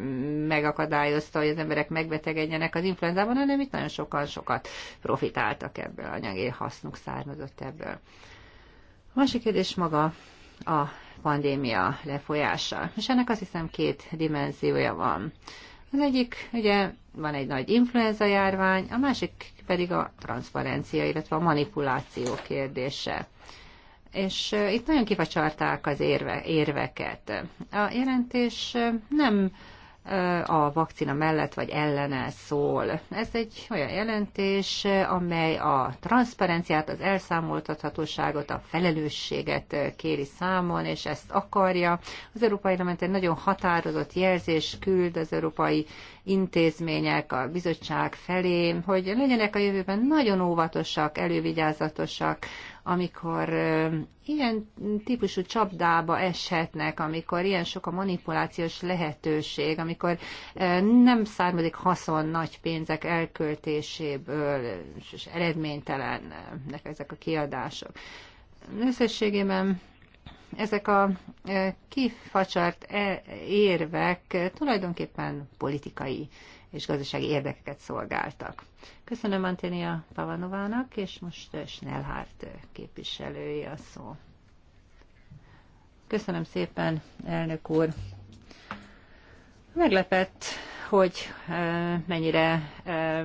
megakadályozta, hogy az emberek megbetegedjenek az influenzában, hanem itt nagyon sokan sokat profitáltak ebből, anyagi hasznuk származott ebből. A másik kérdés maga a pandémia lefolyása. És ennek azt hiszem két dimenziója van. Az egyik, ugye van egy nagy influenza járvány, a másik pedig a transzparencia, illetve a manipuláció kérdése és itt nagyon kifacsarták az érve, érveket. A jelentés nem a vakcina mellett vagy ellene szól. Ez egy olyan jelentés, amely a transzparenciát, az elszámoltathatóságot, a felelősséget kéri számon, és ezt akarja. Az Európai Parlament egy nagyon határozott jelzés küld az európai intézmények, a bizottság felé, hogy legyenek a jövőben nagyon óvatosak, elővigyázatosak, amikor ilyen típusú csapdába eshetnek, amikor ilyen sok a manipulációs lehetőség, amikor nem származik haszon nagy pénzek elköltéséből, és eredménytelennek ezek a kiadások. Összességében ezek a kifacsart e, érvek tulajdonképpen politikai és gazdasági érdekeket szolgáltak. Köszönöm Anténia Pavanovának, és most Snellhárt képviselője a szó. Köszönöm szépen, elnök úr. Meglepett, hogy e, mennyire e,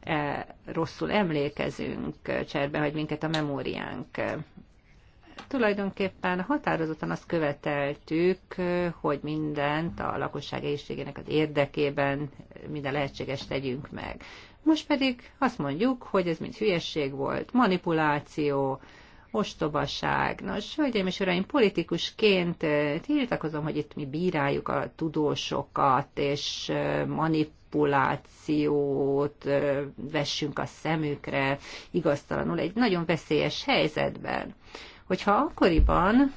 e, rosszul emlékezünk cserben, hogy minket a memóriánk tulajdonképpen határozottan azt követeltük, hogy mindent a lakosság egészségének az érdekében minden lehetséges tegyünk meg. Most pedig azt mondjuk, hogy ez mind hülyesség volt, manipuláció, ostobaság. Nos, hölgyeim és uraim, politikusként eh, tiltakozom, hogy itt mi bíráljuk a tudósokat, és eh, manipulációt eh, vessünk a szemükre igaztalanul egy nagyon veszélyes helyzetben hogyha akkoriban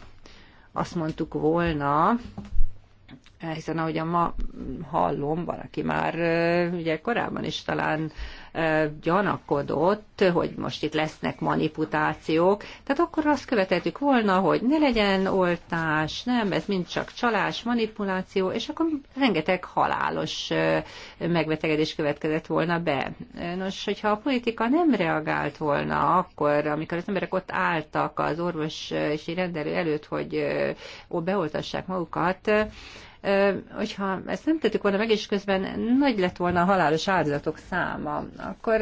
azt mondtuk volna, hiszen ahogy a ma hallom, valaki már ugye korábban is talán gyanakodott, hogy most itt lesznek manipulációk, tehát akkor azt követeltük volna, hogy ne legyen oltás, nem, ez mind csak csalás, manipuláció, és akkor rengeteg halálos megbetegedés következett volna be. Nos, hogyha a politika nem reagált volna akkor, amikor az emberek ott álltak az orvos és rendelő előtt, hogy beoltassák magukat, hogyha ezt nem tettük volna meg, és közben nagy lett volna a halálos áldozatok száma, akkor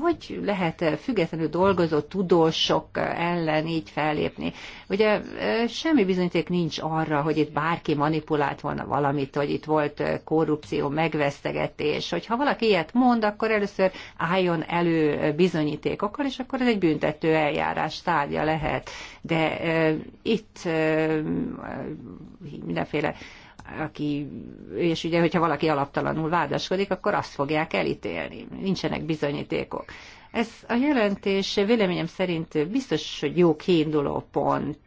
hogy lehet függetlenül dolgozó tudósok ellen így fellépni? Ugye semmi bizonyíték nincs arra, hogy itt bárki manipulált volna valamit, hogy itt volt korrupció, megvesztegetés. Hogyha valaki ilyet mond, akkor először álljon elő bizonyítékokkal, és akkor ez egy büntető eljárás tárgya lehet. De e, itt e, mindenféle aki, és ugye, hogyha valaki alaptalanul vádaskodik, akkor azt fogják elítélni. Nincsenek bizonyítékok. Ez a jelentés véleményem szerint biztos, hogy jó kiinduló pont,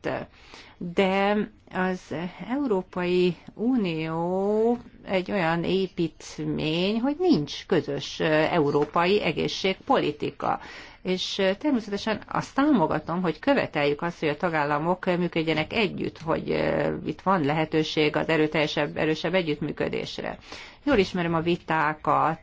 de az Európai Unió egy olyan építmény, hogy nincs közös európai egészségpolitika és természetesen azt támogatom, hogy követeljük azt, hogy a tagállamok működjenek együtt, hogy itt van lehetőség az erőteljesebb, erősebb együttműködésre. Jól ismerem a vitákat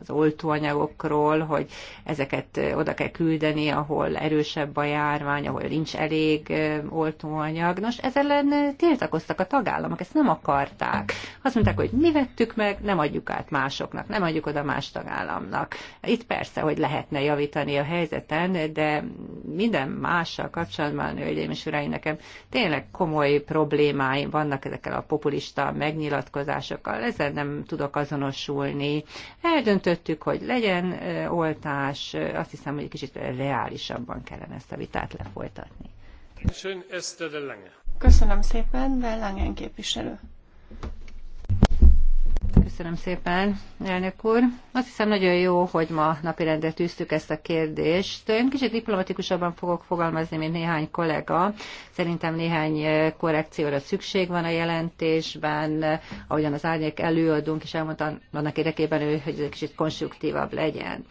az oltóanyagokról, hogy ezeket oda kell küldeni, ahol erősebb a járvány, ahol nincs elég oltóanyag. Nos, ez ellen tiltakoztak a tagállamok, ezt nem akarták. Azt mondták, hogy mi vettük meg, nem adjuk át másoknak, nem adjuk oda más tagállamnak. Itt persze, hogy lehetne javítani a helyzeten, de minden mással kapcsolatban, hölgyeim és uraim, nekem tényleg komoly problémáim vannak ezekkel a populista megnyilatkozásokkal. Ezen nem tudok azonosulni. Eldöntöttük, hogy legyen oltás, azt hiszem, hogy egy kicsit reálisabban kellene ezt a vitát lefolytatni. Köszönöm szépen, Bellangen képviselő. Köszönöm szépen, elnök úr. Azt hiszem nagyon jó, hogy ma napirendre tűztük ezt a kérdést. Én kicsit diplomatikusabban fogok fogalmazni, mint néhány kollega. Szerintem néhány eh, korrekcióra szükség van a jelentésben, ahogyan az árnyék előadunk, és elmondtam annak érdekében, hogy ez egy kicsit konstruktívabb legyen.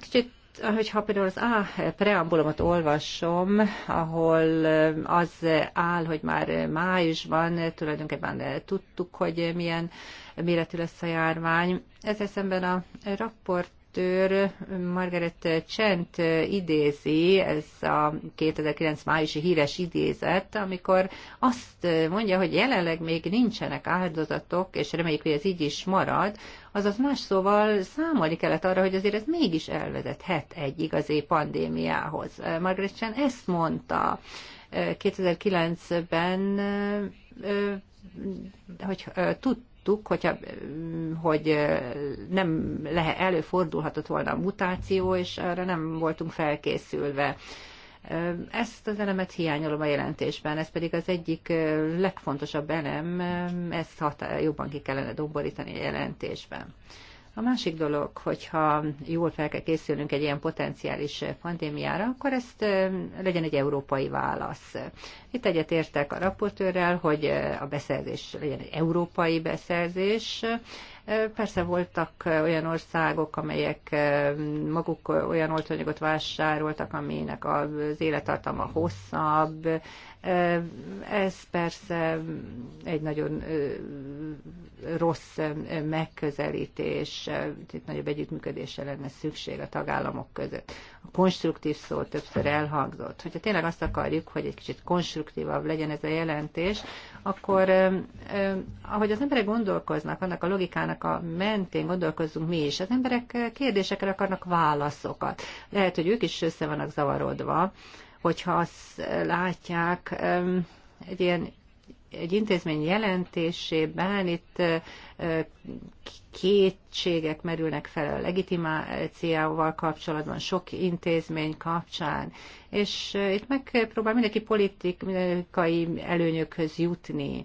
Kicsit hogyha például az A preambulumot olvasom, ahol eh, az áll, hogy már májusban tulajdonképpen eh, tudtuk, hogy milyen méretű lesz a járvány. Ezzel szemben a raport raportőr Margaret Csent idézi, ez a 2009 májusi híres idézet, amikor azt mondja, hogy jelenleg még nincsenek áldozatok, és reméljük, hogy ez így is marad, azaz más szóval számolni kellett arra, hogy azért ez mégis elvezethet egy igazi pandémiához. Margaret Chen ezt mondta 2009-ben, hogy tud, tudtuk, hogyha, mm, hogy nem lehet, előfordulhatott volna a mutáció, és erre nem voltunk felkészülve. Ezt az elemet hiányolom a jelentésben, ez pedig az egyik legfontosabb elem, ezt jobban ki kellene domborítani a jelentésben. A másik dolog, hogyha jól fel kell készülnünk egy ilyen potenciális pandémiára, akkor ezt legyen egy európai válasz. Itt egyet értek a raportőrrel, hogy a beszerzés legyen egy európai beszerzés, Persze voltak olyan országok, amelyek maguk olyan oltóanyagot vásároltak, aminek az élettartama hosszabb. Ez persze egy nagyon rossz megközelítés, itt nagyobb együttműködésre lenne szükség a tagállamok között. A konstruktív szó többször elhangzott. Hogyha tényleg azt akarjuk, hogy egy kicsit konstruktívabb legyen ez a jelentés, akkor ahogy az emberek gondolkoznak, annak a logikának a mentén gondolkozzunk mi is. Az emberek kérdésekre akarnak válaszokat. Lehet, hogy ők is össze vannak zavarodva, hogyha azt látják egy ilyen egy intézmény jelentésében itt kétségek merülnek fel a legitimációval kapcsolatban, sok intézmény kapcsán, és itt megpróbál mindenki politikai előnyökhöz jutni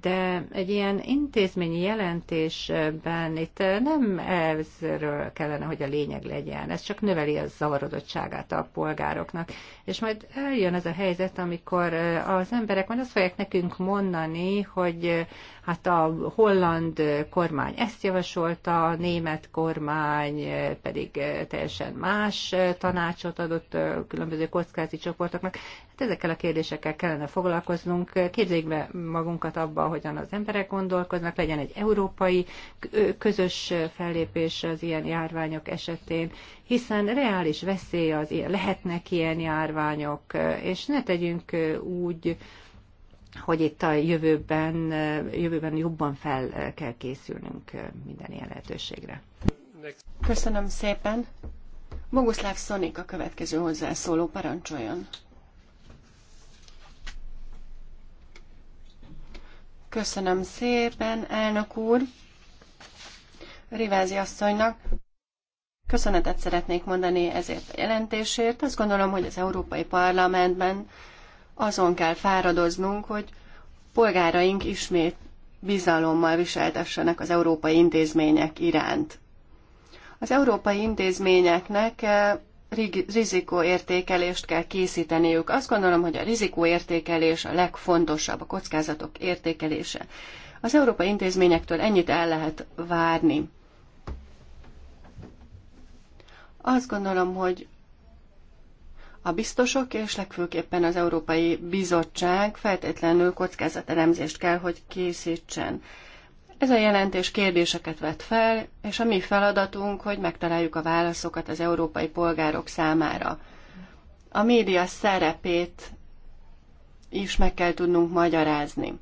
de egy ilyen intézményi jelentésben itt nem ezről kellene, hogy a lényeg legyen. Ez csak növeli a zavarodottságát a polgároknak. És majd eljön ez a helyzet, amikor az emberek majd azt fogják nekünk mondani, hogy Hát a holland kormány ezt javasolta, a német kormány pedig teljesen más tanácsot adott különböző kockázati csoportoknak. Hát ezekkel a kérdésekkel kellene foglalkoznunk. Képzeljük be magunkat abba, hogyan az emberek gondolkoznak, legyen egy európai közös fellépés az ilyen járványok esetén, hiszen reális veszély az ilyen, lehetnek ilyen járványok, és ne tegyünk úgy, hogy itt a jövőben, jövőben jobban fel kell készülnünk minden ilyen lehetőségre. Köszönöm szépen. Boguszláv Szonik a következő hozzászóló parancsoljon. Köszönöm szépen, elnök úr. Rivázi asszonynak. Köszönetet szeretnék mondani ezért a jelentésért. Azt gondolom, hogy az Európai Parlamentben azon kell fáradoznunk, hogy polgáraink ismét bizalommal viseltessenek az európai intézmények iránt. Az európai intézményeknek eh, rizikóértékelést kell készíteniük. Azt gondolom, hogy a rizikóértékelés a legfontosabb, a kockázatok értékelése. Az európai intézményektől ennyit el lehet várni. Azt gondolom, hogy a biztosok és legfőképpen az Európai Bizottság feltétlenül kockázatelemzést kell, hogy készítsen. Ez a jelentés kérdéseket vet fel, és a mi feladatunk, hogy megtaláljuk a válaszokat az európai polgárok számára. A média szerepét is meg kell tudnunk magyarázni.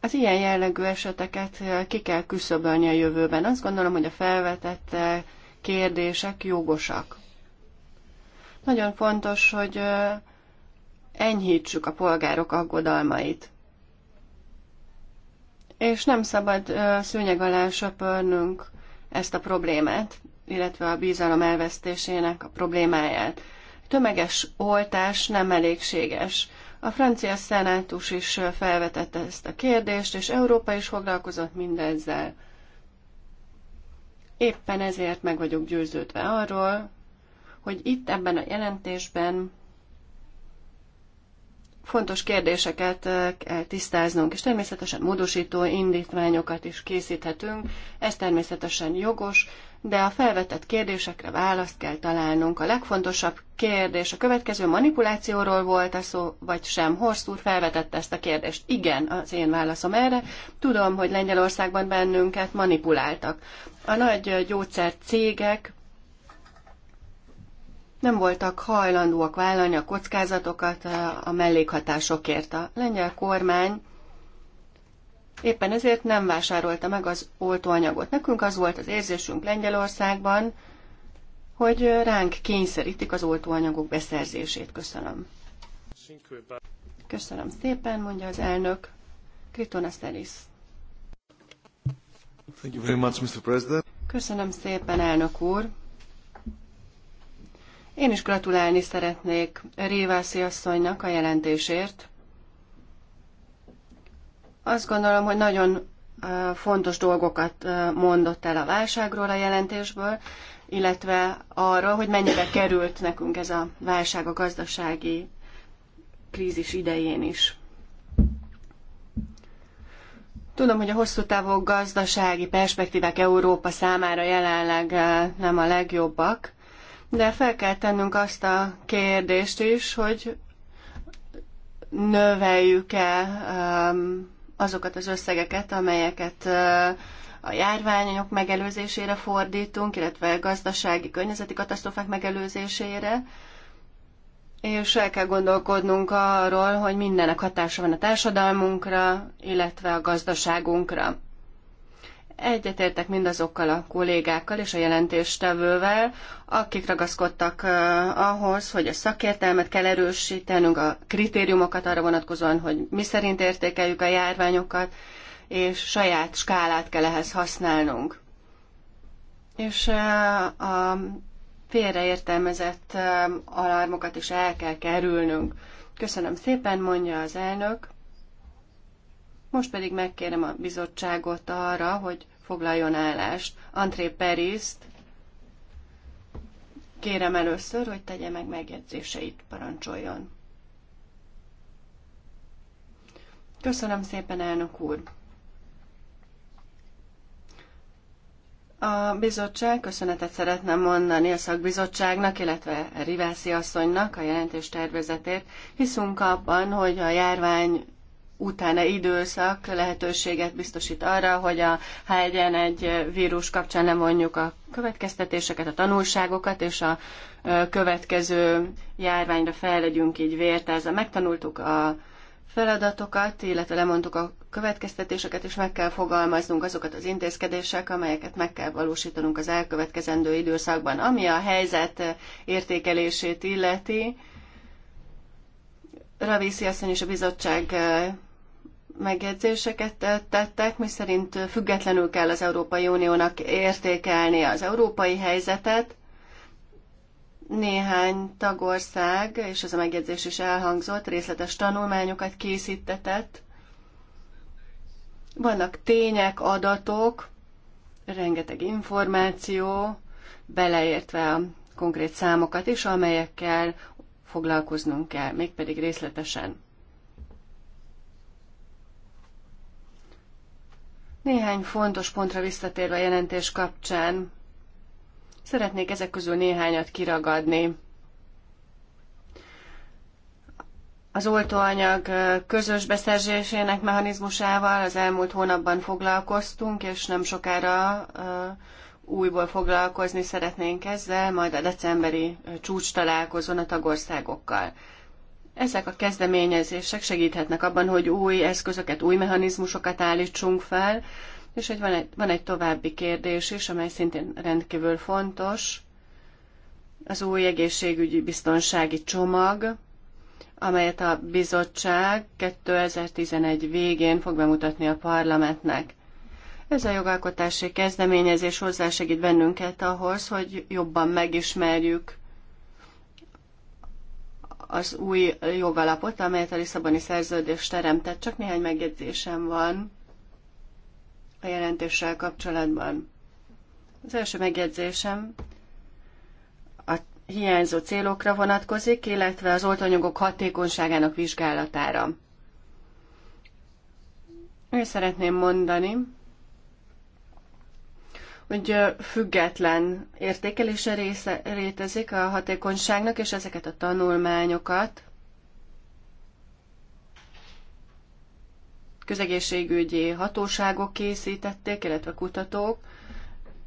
Az ilyen jellegű eseteket ki kell küszöbölni a jövőben. Azt gondolom, hogy a felvetett kérdések jogosak. Nagyon fontos, hogy enyhítsük a polgárok aggodalmait. És nem szabad szőnyeg alá söpörnünk ezt a problémát, illetve a bízalom elvesztésének a problémáját. Tömeges oltás nem elégséges. A francia szenátus is felvetette ezt a kérdést, és Európa is foglalkozott mindezzel. Éppen ezért meg vagyok győződve arról, hogy itt ebben a jelentésben fontos kérdéseket kell eh, tisztáznunk, és természetesen módosító indítványokat is készíthetünk, ez természetesen jogos, de a felvetett kérdésekre választ kell találnunk. A legfontosabb kérdés a következő manipulációról volt a szó, vagy sem. Horst úr felvetette ezt a kérdést. Igen, az én válaszom erre. Tudom, hogy Lengyelországban bennünket manipuláltak. A nagy gyógyszercégek nem voltak hajlandóak vállalni a kockázatokat eh, a mellékhatásokért. A lengyel kormány éppen ezért nem vásárolta meg az oltóanyagot. Nekünk az volt az érzésünk Lengyelországban, hogy ránk kényszerítik az oltóanyagok beszerzését. Köszönöm. Köszönöm szépen, mondja az elnök. Kritonas Elis. Köszönöm szépen, elnök úr. Én is gratulálni szeretnék Révászi asszonynak a jelentésért. Azt gondolom, hogy nagyon fontos dolgokat mondott el a válságról a jelentésből, illetve arra, hogy mennyire került nekünk ez a válság a gazdasági krízis idején is. Tudom, hogy a hosszú távú gazdasági perspektívek Európa számára jelenleg nem a legjobbak, de fel kell tennünk azt a kérdést is, hogy növeljük-e um, azokat az összegeket, amelyeket uh, a járványok megelőzésére fordítunk, illetve gazdasági, környezeti katasztrófák megelőzésére, és el kell gondolkodnunk arról, hogy mindennek hatása van a társadalmunkra, illetve a gazdaságunkra. Egyetértek mindazokkal a kollégákkal és a jelentéstevővel, akik ragaszkodtak ahhoz, hogy a szakértelmet kell erősítenünk, a kritériumokat arra vonatkozóan, hogy mi szerint értékeljük a járványokat, és saját skálát kell ehhez használnunk. És a félreértelmezett alarmokat is el kell kerülnünk. Köszönöm szépen, mondja az elnök. Most pedig megkérem a bizottságot arra, hogy foglaljon állást. André Periszt kérem először, hogy tegye meg megjegyzéseit, parancsoljon. Köszönöm szépen, elnök úr! A bizottság köszönetet szeretném mondani a szakbizottságnak, illetve Rivászi asszonynak a jelentés tervezetért. Hiszünk abban, hogy a járvány utána időszak lehetőséget biztosít arra, hogy a egy n vírus kapcsán levonjuk a következtetéseket, a tanulságokat, és a következő járványra legyünk így vértázva. Megtanultuk a feladatokat, illetve lemondtuk a következtetéseket, és meg kell fogalmaznunk azokat az intézkedések, amelyeket meg kell valósítanunk az elkövetkezendő időszakban. Ami a helyzet értékelését illeti, Raviszi asszony és a bizottság megjegyzéseket tettek, miszerint függetlenül kell az Európai Uniónak értékelni az európai helyzetet. Néhány tagország, és ez a megjegyzés is elhangzott, részletes tanulmányokat készítetett. Vannak tények, adatok, rengeteg információ, beleértve a konkrét számokat is, amelyekkel foglalkoznunk kell, mégpedig részletesen. Néhány fontos pontra visszatérve a jelentés kapcsán, szeretnék ezek közül néhányat kiragadni. Az oltóanyag közös beszerzésének mechanizmusával az elmúlt hónapban foglalkoztunk, és nem sokára újból foglalkozni szeretnénk ezzel, majd a decemberi csúcs találkozón a tagországokkal. Ezek a kezdeményezések segíthetnek abban, hogy új eszközöket, új mechanizmusokat állítsunk fel, és hogy van egy, van egy további kérdés is, amely szintén rendkívül fontos, az új egészségügyi biztonsági csomag, amelyet a bizottság 2011 végén fog bemutatni a parlamentnek. Ez a jogalkotási kezdeményezés hozzásegít bennünket ahhoz, hogy jobban megismerjük az új jogalapot, amelyet a Lisszaboni szerződés teremtett. Csak néhány megjegyzésem van a jelentéssel kapcsolatban. Az első megjegyzésem a hiányzó célokra vonatkozik, illetve az oltanyagok hatékonyságának vizsgálatára. Én szeretném mondani, hogy független értékelése része, rétezik a hatékonyságnak, és ezeket a tanulmányokat közegészségügyi hatóságok készítették, illetve kutatók.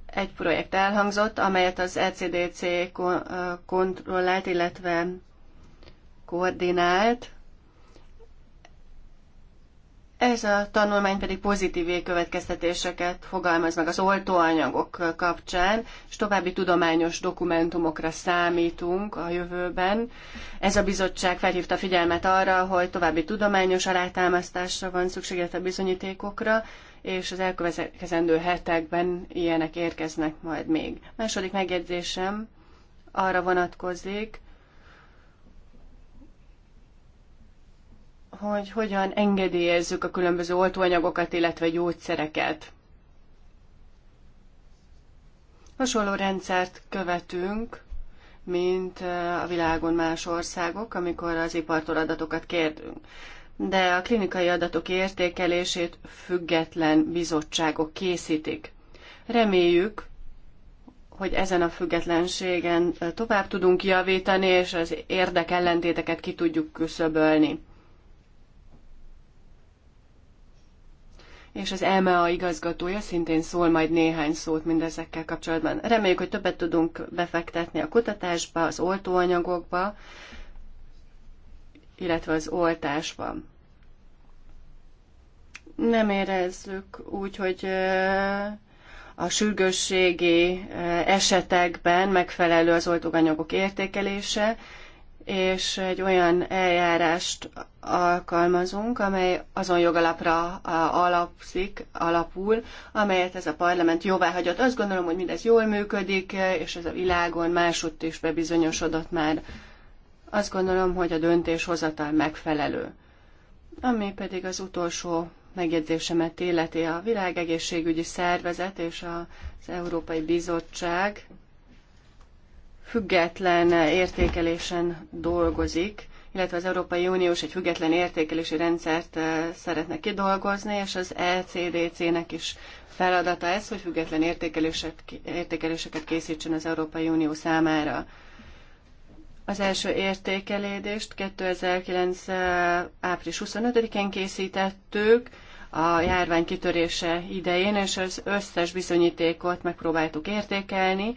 Egy projekt elhangzott, amelyet az ECDC kontrollált, illetve koordinált. Ez a tanulmány pedig pozitív végkövetkeztetéseket fogalmaz meg az oltóanyagok kapcsán, és további tudományos dokumentumokra számítunk a jövőben. Ez a bizottság felhívta figyelmet arra, hogy további tudományos alátámasztásra van szükség, illetve bizonyítékokra, és az elkövetkezendő hetekben ilyenek érkeznek majd még. Második megjegyzésem arra vonatkozik, hogy hogyan engedélyezzük a különböző oltóanyagokat, illetve gyógyszereket. Hasonló rendszert követünk, mint a világon más országok, amikor az ipartól adatokat kérünk. De a klinikai adatok értékelését független bizottságok készítik. Reméljük, hogy ezen a függetlenségen tovább tudunk javítani, és az érdekellentéteket ki tudjuk küszöbölni. és az EMEA igazgatója szintén szól majd néhány szót mindezekkel kapcsolatban. Reméljük, hogy többet tudunk befektetni a kutatásba, az oltóanyagokba, illetve az oltásba. Nem érezzük úgy, hogy a sürgősségi esetekben megfelelő az oltóanyagok értékelése, és egy olyan eljárást alkalmazunk, amely azon jogalapra alapszik, alapul, amelyet ez a parlament jóvá hagyott. Azt gondolom, hogy mindez jól működik, és ez a világon másutt is bebizonyosodott már. Azt gondolom, hogy a döntéshozatal megfelelő. Ami pedig az utolsó megjegyzésemet illeti a világegészségügyi szervezet és az Európai Bizottság független értékelésen dolgozik, illetve az Európai Uniós egy független értékelési rendszert eh, szeretne kidolgozni, és az ECDC-nek is feladata ez, hogy független értékeléseket készítsen az Európai Unió számára. Az első értékelést 2009. Eh, április 25-én készítettük, a járvány kitörése idején, és az összes bizonyítékot megpróbáltuk értékelni,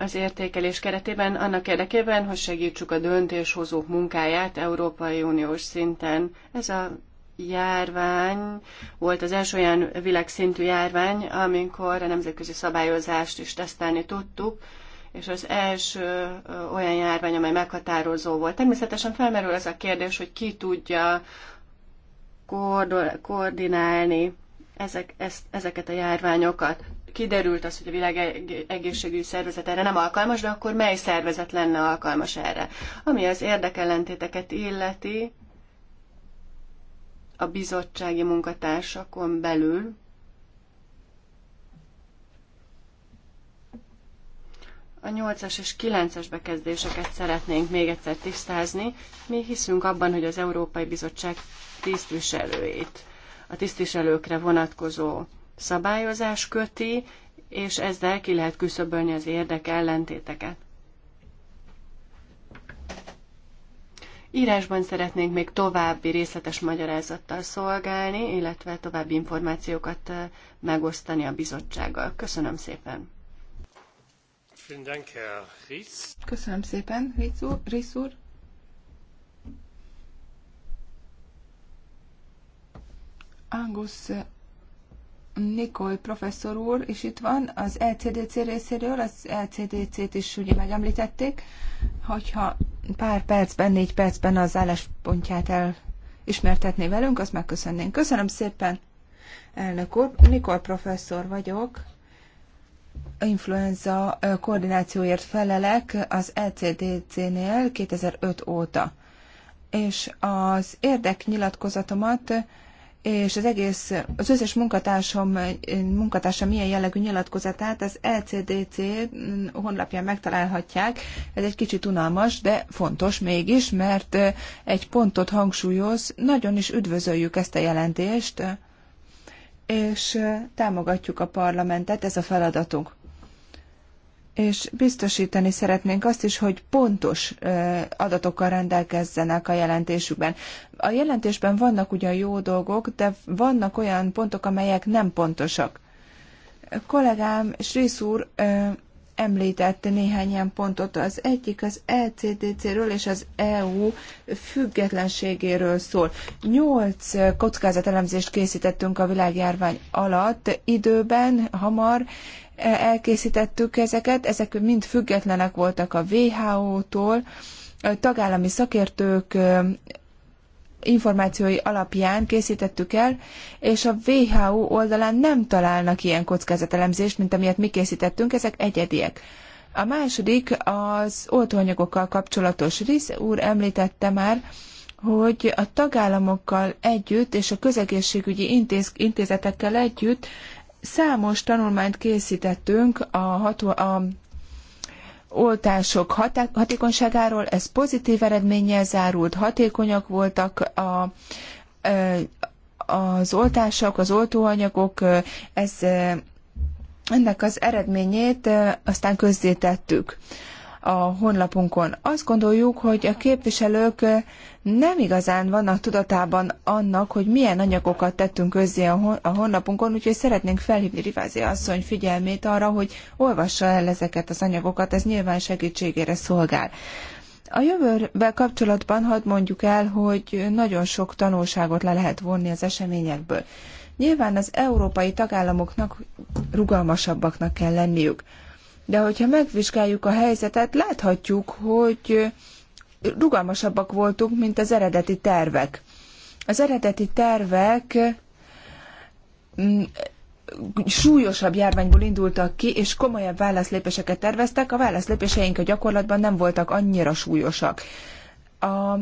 az értékelés keretében annak érdekében, hogy segítsük a döntéshozók munkáját Európai Uniós szinten. Ez a járvány volt az első olyan világszintű járvány, amikor a nemzetközi szabályozást is tesztelni tudtuk, és az első olyan járvány, amely meghatározó volt. Természetesen felmerül ez a kérdés, hogy ki tudja koordinálni ezek, ezt, ezeket a járványokat kiderült az, hogy a világ egészségügyi szervezet erre nem alkalmas, de akkor mely szervezet lenne alkalmas erre? Ami az érdekellentéteket illeti, a bizottsági munkatársakon belül, a 8-as és 9-es bekezdéseket szeretnénk még egyszer tisztázni. Mi hiszünk abban, hogy az Európai Bizottság tisztviselőit, a tisztviselőkre vonatkozó szabályozás köti, és ezzel ki lehet küszöbölni az érdek ellentéteket. Írásban szeretnénk még további részletes magyarázattal szolgálni, illetve további információkat megosztani a bizottsággal. Köszönöm szépen! Köszönöm szépen, Ritz úr! Angus Nikol professzor úr is itt van az LCDC e részéről, az LCDC-t e is ugye megemlítették, hogyha pár percben, négy percben az álláspontját el ismertetné velünk, azt megköszönnénk. Köszönöm szépen, elnök úr. Nikol professzor vagyok, influenza koordinációért felelek az ECDC-nél 2005 óta, és az érdeknyilatkozatomat és az egész, az összes munkatársam, munkatársam milyen jellegű nyilatkozatát az LCDC e honlapján megtalálhatják. Ez egy kicsit unalmas, de fontos mégis, mert egy pontot hangsúlyoz, nagyon is üdvözöljük ezt a jelentést, és támogatjuk a parlamentet, ez a feladatunk és biztosítani szeretnénk azt is, hogy pontos adatokkal rendelkezzenek a jelentésükben. A jelentésben vannak ugyan jó dolgok, de vannak olyan pontok, amelyek nem pontosak. kollégám Srész úr említett néhány ilyen pontot. Az egyik az ECDC-ről és az EU függetlenségéről szól. Nyolc kockázatelemzést készítettünk a világjárvány alatt, időben, hamar, elkészítettük ezeket, ezek mind függetlenek voltak a WHO-tól, tagállami szakértők információi alapján készítettük el, és a WHO oldalán nem találnak ilyen kockázatelemzést, mint amilyet mi készítettünk, ezek egyediek. A második az oltóanyagokkal kapcsolatos. rész úr említette már, hogy a tagállamokkal együtt és a közegészségügyi intézetekkel együtt Számos tanulmányt készítettünk a, hat, a oltások hatékonyságáról, ez pozitív eredménnyel zárult, hatékonyak voltak a, az oltások, az oltóanyagok, ez, ennek az eredményét aztán közzétettük. tettük a honlapunkon. Azt gondoljuk, hogy a képviselők nem igazán vannak tudatában annak, hogy milyen anyagokat tettünk közzé a honlapunkon, úgyhogy szeretnénk felhívni Rivázi asszony figyelmét arra, hogy olvassa el ezeket az anyagokat, ez nyilván segítségére szolgál. A jövővel kapcsolatban hadd mondjuk el, hogy nagyon sok tanulságot le lehet vonni az eseményekből. Nyilván az európai tagállamoknak rugalmasabbaknak kell lenniük. De hogyha megvizsgáljuk a helyzetet, láthatjuk, hogy rugalmasabbak voltunk, mint az eredeti tervek. Az eredeti tervek mm, súlyosabb járványból indultak ki, és komolyabb válaszlépéseket terveztek, a válaszlépéseink a gyakorlatban nem voltak annyira súlyosak. A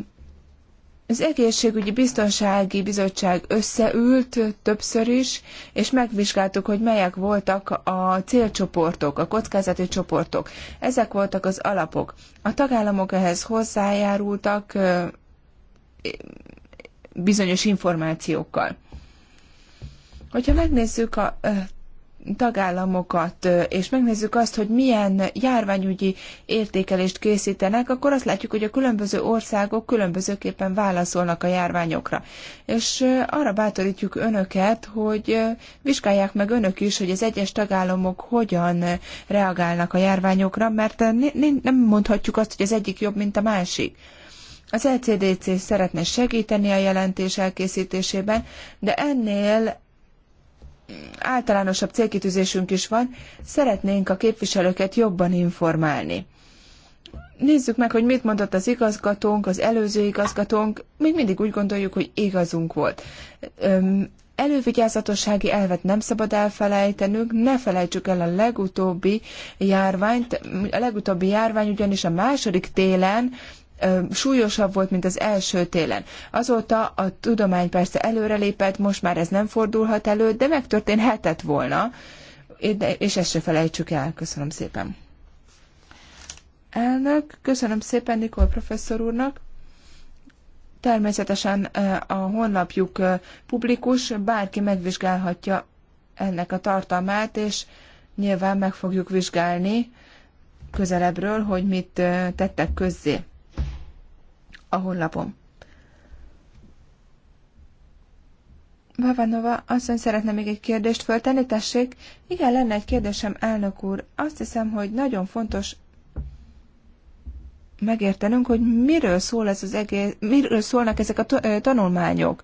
az Egészségügyi Biztonsági Bizottság összeült többször is, és megvizsgáltuk, hogy melyek voltak a célcsoportok, a kockázati csoportok. Ezek voltak az alapok. A tagállamok ehhez hozzájárultak bizonyos információkkal. Hogyha megnézzük a tagállamokat, és megnézzük azt, hogy milyen járványügyi értékelést készítenek, akkor azt látjuk, hogy a különböző országok különbözőképpen válaszolnak a járványokra. És arra bátorítjuk önöket, hogy vizsgálják meg önök is, hogy az egyes tagállamok hogyan reagálnak a járványokra, mert nem mondhatjuk azt, hogy az egyik jobb, mint a másik. Az LCDC e szeretne segíteni a jelentés elkészítésében, de ennél általánosabb célkitűzésünk is van, szeretnénk a képviselőket jobban informálni. Nézzük meg, hogy mit mondott az igazgatónk, az előző igazgatónk. Még mindig úgy gondoljuk, hogy igazunk volt. Öm, elővigyázatossági elvet nem szabad elfelejtenünk, ne felejtsük el a legutóbbi járványt. A legutóbbi járvány ugyanis a második télen súlyosabb volt, mint az első télen. Azóta a tudomány persze előrelépett, most már ez nem fordulhat elő, de megtörténhetett volna, és ezt se felejtsük el. Köszönöm szépen. Elnök, köszönöm szépen Nikol professzor úrnak. Természetesen a honlapjuk publikus, bárki megvizsgálhatja ennek a tartalmát, és nyilván meg fogjuk vizsgálni közelebbről, hogy mit tettek közzé a honlapom. Bavanova, asszony szeretne még egy kérdést föltenni, tessék? Igen, lenne egy kérdésem, elnök úr. Azt hiszem, hogy nagyon fontos megértenünk, hogy miről, szól ez az egész, miről szólnak ezek a tanulmányok.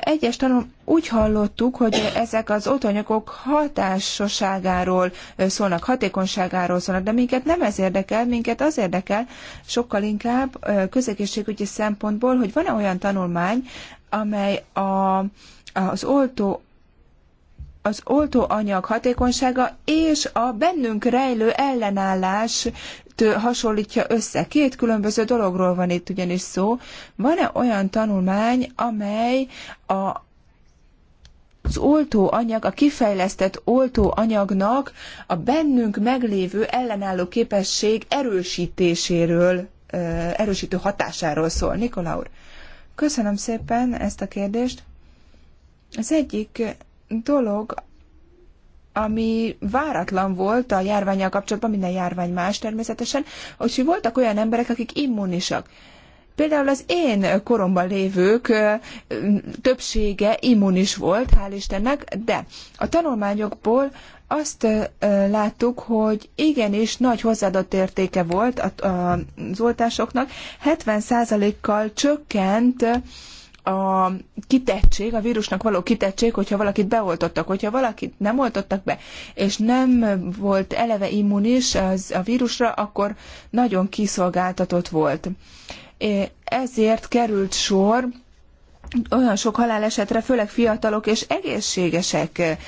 Egyes tanul úgy hallottuk, hogy ezek az oltanyagok hatásosságáról szólnak, hatékonyságáról szólnak, de minket nem ez érdekel, minket az érdekel sokkal inkább közegészségügyi szempontból, hogy van-e olyan tanulmány, amely a, az oltó az oltóanyag hatékonysága és a bennünk rejlő ellenállás miért hasonlítja össze? Két különböző dologról van itt ugyanis szó. Van-e olyan tanulmány, amely a az oltóanyag, a kifejlesztett oltóanyagnak a bennünk meglévő ellenálló képesség erősítéséről, erősítő hatásáról szól. Nikola úr, köszönöm szépen ezt a kérdést. Az egyik dolog, ami váratlan volt a járványjal kapcsolatban, minden járvány más természetesen, hogy voltak olyan emberek, akik immunisak. Például az én koromban lévők többsége immunis volt, hál' Istennek, de a tanulmányokból azt láttuk, hogy igenis nagy hozzáadott értéke volt az oltásoknak, 70%-kal csökkent a kitettség, a vírusnak való kitettség, hogyha valakit beoltottak, hogyha valakit nem oltottak be, és nem volt eleve immunis az, a vírusra, akkor nagyon kiszolgáltatott volt. Ezért került sor olyan sok halálesetre, főleg fiatalok és egészségesek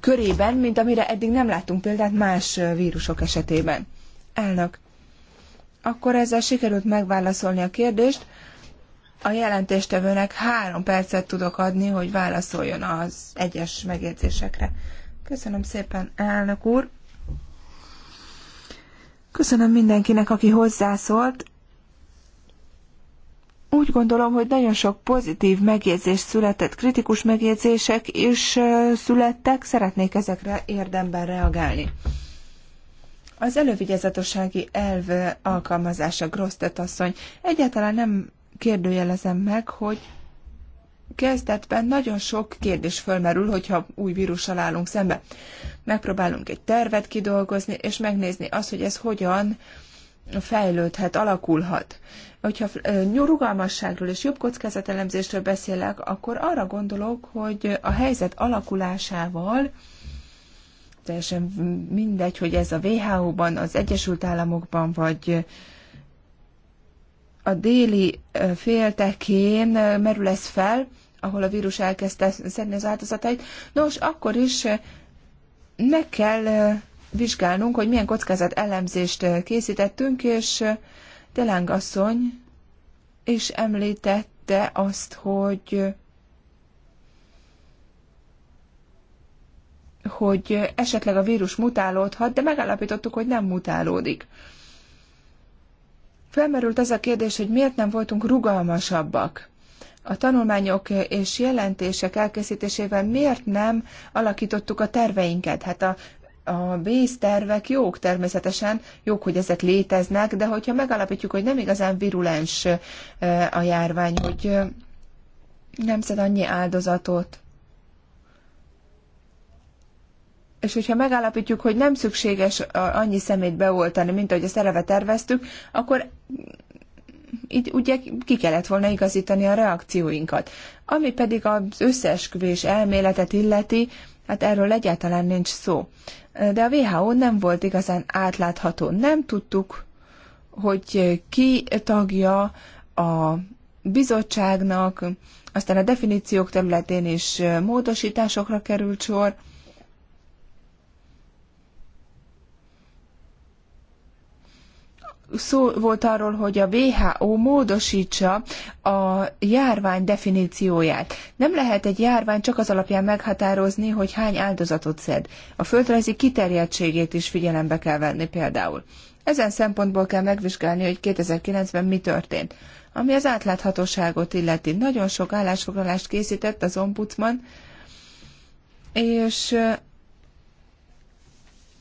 körében, mint amire eddig nem láttunk példát más vírusok esetében. Elnök. Akkor ezzel sikerült megválaszolni a kérdést a jelentéstevőnek három percet tudok adni, hogy válaszoljon az egyes megjegyzésekre. Köszönöm szépen, elnök úr! Köszönöm mindenkinek, aki hozzászólt. Úgy gondolom, hogy nagyon sok pozitív megjegyzés született, kritikus megjegyzések is születtek, szeretnék ezekre érdemben reagálni. Az elővigyázatossági elv alkalmazása, Grosztet asszony, egyáltalán nem kérdőjelezem meg, hogy kezdetben nagyon sok kérdés fölmerül, hogyha új vírussal állunk szembe. Megpróbálunk egy tervet kidolgozni, és megnézni azt, hogy ez hogyan fejlődhet, alakulhat. Hogyha rugalmasságról és jobb kockázatelemzésről beszélek, akkor arra gondolok, hogy a helyzet alakulásával teljesen mindegy, hogy ez a WHO-ban, az Egyesült Államokban, vagy a déli féltekén merül ez fel, ahol a vírus elkezdte szedni az áldozatait. Nos, akkor is meg kell vizsgálnunk, hogy milyen kockázat elemzést készítettünk, és Deláng asszony is említette azt, hogy hogy esetleg a vírus mutálódhat, de megállapítottuk, hogy nem mutálódik. Felmerült az a kérdés, hogy miért nem voltunk rugalmasabbak a tanulmányok és jelentések elkészítésével miért nem alakítottuk a terveinket? Hát a a tervek jók természetesen, jók, hogy ezek léteznek, de hogyha megalapítjuk, hogy nem igazán virulens a járvány, hogy nem szed annyi áldozatot, és hogyha megállapítjuk, hogy nem szükséges annyi szemét beoltani, mint ahogy a szereve terveztük, akkor így ugye ki kellett volna igazítani a reakcióinkat. Ami pedig az összeesküvés elméletet illeti, hát erről egyáltalán nincs szó. De a WHO nem volt igazán átlátható. Nem tudtuk, hogy ki tagja a bizottságnak, aztán a definíciók területén is módosításokra került sor. szó volt arról, hogy a WHO módosítsa a járvány definícióját. Nem lehet egy járvány csak az alapján meghatározni, hogy hány áldozatot szed. A földrajzi kiterjedtségét is figyelembe kell venni például. Ezen szempontból kell megvizsgálni, hogy 2009-ben mi történt. Ami az átláthatóságot illeti, nagyon sok állásfoglalást készített az ombudsman, és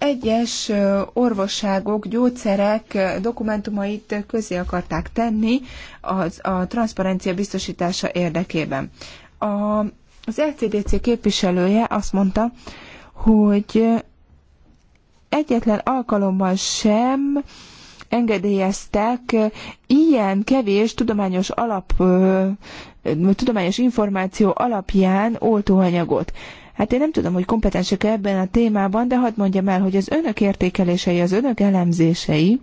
egyes orvosságok, gyógyszerek dokumentumait közé akarták tenni az, a transzparencia biztosítása érdekében. A, az LCDC képviselője azt mondta, hogy egyetlen alkalommal sem engedélyeztek ilyen kevés tudományos alap tudományos információ alapján oltóanyagot. Hát én nem tudom, hogy kompetensek -e ebben a témában, de hadd mondjam el, hogy az önök értékelései, az önök elemzései,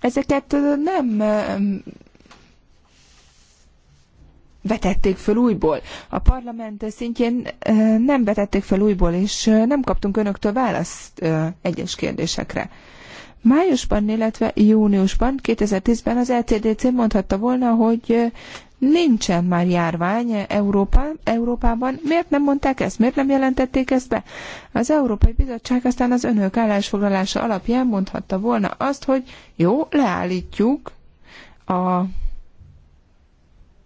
ezeket nem vetették fel újból. A parlament szintjén nem vetették fel újból, és nem kaptunk önöktől választ egyes kérdésekre. Májusban, illetve júniusban, 2010-ben az LCDC mondhatta volna, hogy nincsen már járvány Európa, Európában. Miért nem mondták ezt? Miért nem jelentették ezt be? Az Európai Bizottság aztán az önök állásfoglalása alapján mondhatta volna azt, hogy jó, leállítjuk a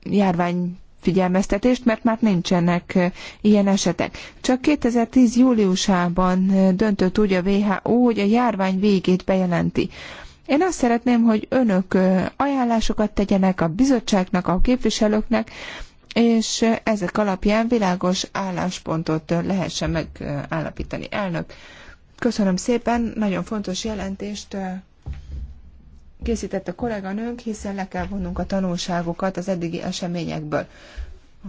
járvány figyelmeztetést, mert már nincsenek ilyen esetek. Csak 2010. júliusában döntött úgy a WHO, hogy a járvány végét bejelenti. Én azt szeretném, hogy önök ajánlásokat tegyenek a bizottságnak, a képviselőknek, és ezek alapján világos álláspontot lehessen megállapítani. Elnök, köszönöm szépen, nagyon fontos jelentést készített a kolléganőnk, hiszen le kell vonnunk a tanulságokat az eddigi eseményekből,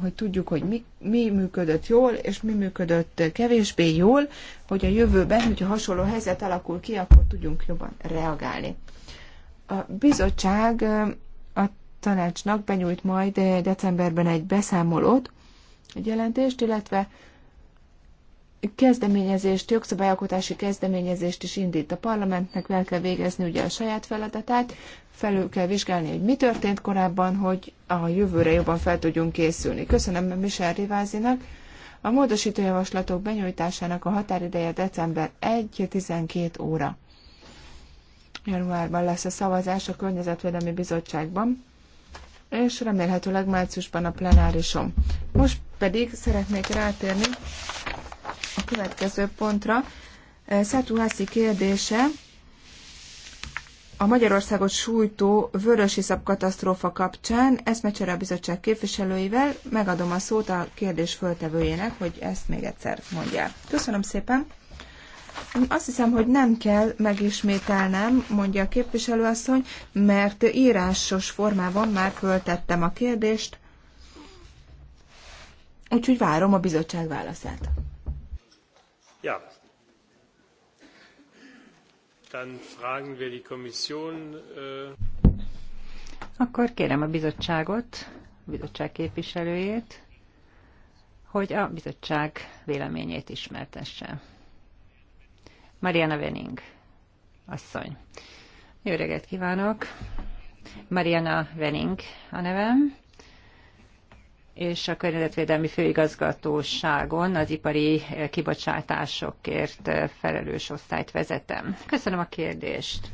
hogy tudjuk, hogy mi, mi működött jól, és mi működött kevésbé jól, hogy a jövőben, hogyha hasonló helyzet alakul ki, akkor tudjunk jobban reagálni. A bizottság a tanácsnak benyújt majd eh, decemberben egy beszámolót, egy jelentést, illetve kezdeményezést, jogszabályalkotási kezdeményezést is indít a parlamentnek, el kell végezni ugye a saját feladatát, felül kell vizsgálni, hogy mi történt korábban, hogy a jövőre jobban fel tudjunk készülni. Köszönöm Michel Rivázinak. A módosítójavaslatok javaslatok benyújtásának a határideje december 1-12 óra. Januárban lesz a szavazás a Környezetvédelmi Bizottságban, és remélhetőleg márciusban a plenárison. Most pedig szeretnék rátérni a következő pontra. Eh, Szátuhászi kérdése a Magyarországot sújtó vörös iszap katasztrófa kapcsán eszmecsere a bizottság képviselőivel. Megadom a szót a kérdés föltevőjének, hogy ezt még egyszer mondják. Köszönöm szépen! Azt hiszem, hogy nem kell megismételnem, mondja a képviselőasszony, mert írásos formában már föltettem a kérdést, úgyhogy várom a bizottság válaszát. Dann fragen wir die Kommission. Äh, Akkor kérem a bizottságot, a bizottság képviselőjét, hogy a bizottság véleményét ismertesse. Mariana Wenning, asszony. Jó reggelt kívánok! Mariana Wenning a nevem és a Környezetvédelmi Főigazgatóságon az ipari kibocsátásokért felelős osztályt vezetem. Köszönöm a kérdést.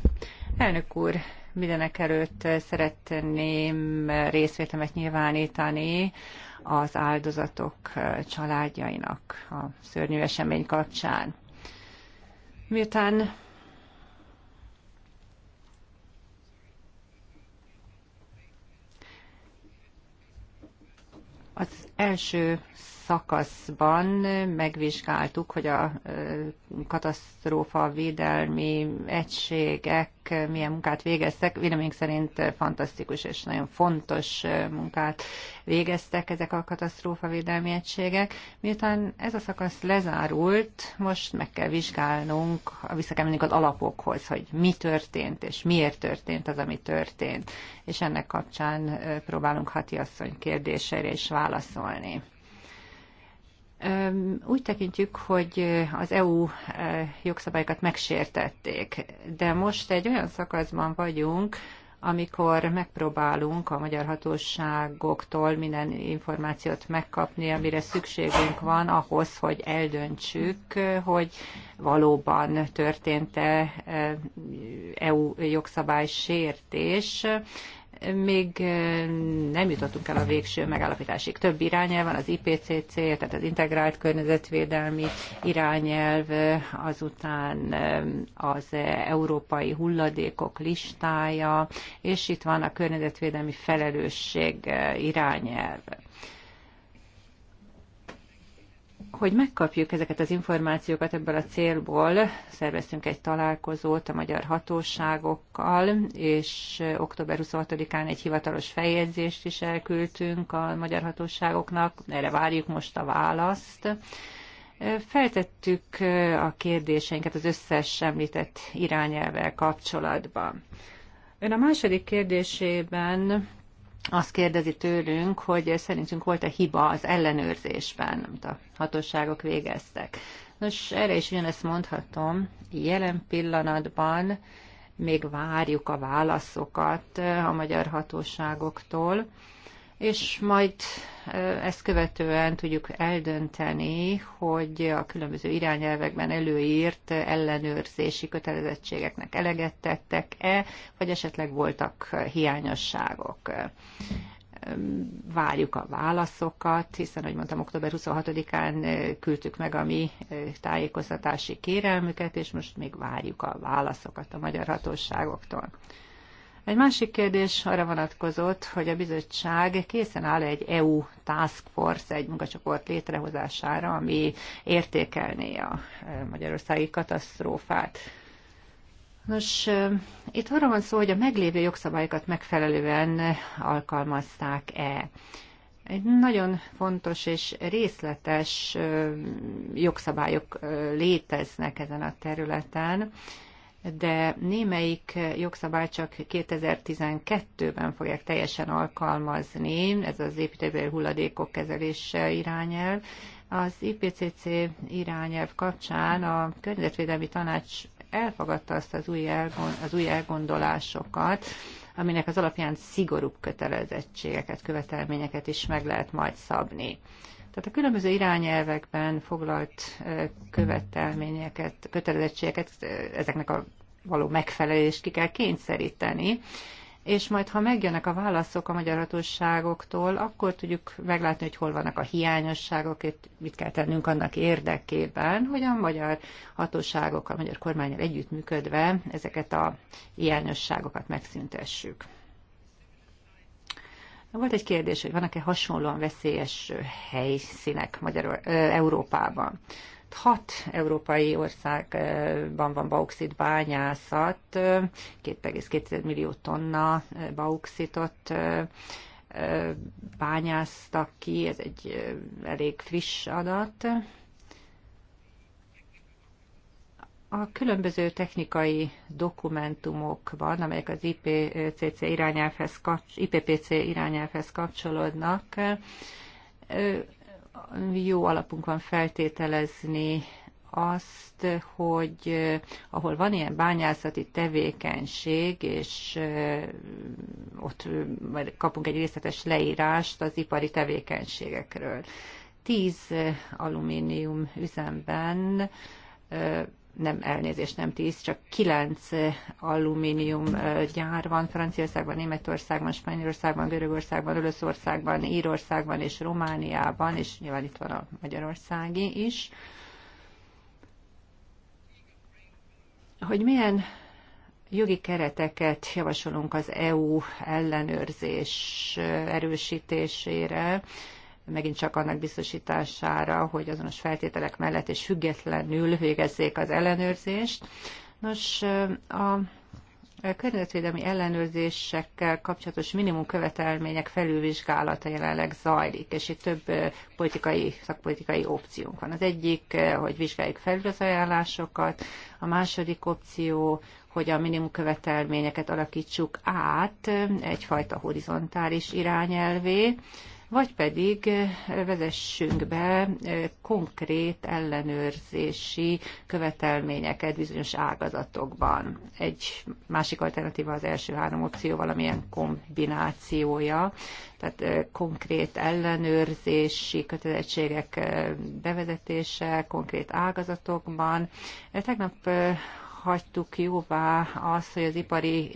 Elnök úr, mindenek előtt szeretném részvétemet nyilvánítani az áldozatok családjainak a szörnyű esemény kapcsán. Miután Az első szakaszban megvizsgáltuk, hogy a katasztrófa védelmi egységek milyen munkát végeztek. Véleményünk szerint fantasztikus és nagyon fontos munkát végeztek ezek a katasztrófa védelmi egységek. Miután ez a szakasz lezárult, most meg kell vizsgálnunk, vissza kell az alapokhoz, hogy mi történt és miért történt az, ami történt. És ennek kapcsán próbálunk Hati asszony kérdésére is válaszolni. Úgy tekintjük, hogy az EU jogszabályokat megsértették, de most egy olyan szakaszban vagyunk, amikor megpróbálunk a magyar hatóságoktól minden információt megkapni, amire szükségünk van ahhoz, hogy eldöntsük, hogy valóban történt-e EU jogszabály sértés, még eh, nem jutottunk el a végső megállapításig. Több irányelv van, az IPCC, tehát az Integrált Környezetvédelmi Irányelv, eh, azután eh, az Európai Hulladékok listája, és itt van a környezetvédelmi felelősség irányelv hogy megkapjuk ezeket az információkat ebből a célból, szerveztünk egy találkozót a magyar hatóságokkal, és október 26-án egy hivatalos feljegyzést is elküldtünk a magyar hatóságoknak, erre várjuk most a választ. Feltettük a kérdéseinket az összes említett irányelvel kapcsolatban. Ön a második kérdésében azt kérdezi tőlünk, hogy szerintünk volt-e hiba az ellenőrzésben, amit a hatóságok végeztek. Nos, erre is ugyanezt mondhatom, jelen pillanatban még várjuk a válaszokat a magyar hatóságoktól, és majd ezt követően tudjuk eldönteni, hogy a különböző irányelvekben előírt ellenőrzési kötelezettségeknek eleget tettek-e, vagy esetleg voltak hiányosságok. Várjuk a válaszokat, hiszen, ahogy mondtam, október 26-án küldtük meg a mi tájékoztatási kérelmüket, és most még várjuk a válaszokat a magyar hatóságoktól. Egy másik kérdés arra vonatkozott, hogy a bizottság készen áll egy EU task force, egy munkacsoport létrehozására, ami értékelné a e, magyarországi katasztrófát. Nos, e, itt arra van szó, hogy a meglévő jogszabályokat megfelelően alkalmazták-e. Egy nagyon fontos és részletes e, jogszabályok léteznek ezen a területen de némelyik jogszabály csak 2012-ben fogják teljesen alkalmazni, ez az építőbeli hulladékok kezelése irányelv. Az IPCC irányelv kapcsán a Környezetvédelmi Tanács elfogadta azt az új, elgon, az új elgondolásokat, aminek az alapján szigorúbb kötelezettségeket, követelményeket is meg lehet majd szabni. Tehát a különböző irányelvekben foglalt követelményeket, kötelezettségeket, ezeknek a való megfelelést ki kell kényszeríteni, és majd, ha megjönnek a válaszok a magyar hatóságoktól, akkor tudjuk meglátni, hogy hol vannak a hiányosságok, és mit kell tennünk annak érdekében, hogy a magyar hatóságok, a magyar kormányjal együttműködve ezeket a hiányosságokat megszüntessük. Volt egy kérdés, hogy vannak-e hasonlóan veszélyes helyszínek Magyarul, Európában. Hat európai országban van bauxit bányászat, 2,2 millió tonna bauxitot bányáztak ki, ez egy elég friss adat, a különböző technikai dokumentumok van, amelyek az IPCC irányelvhez, IPPC irányelvhez kapcsolódnak. Jó alapunk van feltételezni azt, hogy ahol van ilyen bányászati tevékenység, és ott kapunk egy részletes leírást az ipari tevékenységekről. Tíz alumínium üzemben nem elnézést, nem tíz, csak kilenc eh, alumínium eh, gyár van Franciaországban, Németországban, Spanyolországban, Görögországban, Olaszországban, Írországban és Romániában, és nyilván itt van a magyarországi is. Hogy milyen jogi kereteket javasolunk az EU ellenőrzés eh, erősítésére, megint csak annak biztosítására, hogy azonos feltételek mellett és függetlenül végezzék az ellenőrzést. Nos, a környezetvédelmi ellenőrzésekkel kapcsolatos minimum követelmények felülvizsgálata jelenleg zajlik, és itt több politikai, szakpolitikai opciónk van. Az egyik, hogy vizsgáljuk felül az ajánlásokat, a második opció, hogy a minimum követelményeket alakítsuk át egyfajta horizontális irányelvé, vagy pedig eh, vezessünk be eh, konkrét ellenőrzési követelményeket bizonyos ágazatokban. Egy másik alternatíva az első három opció valamilyen kombinációja, tehát eh, konkrét ellenőrzési kötelezettségek bevezetése konkrét ágazatokban. Tegnap hagytuk jóvá azt, hogy az ipari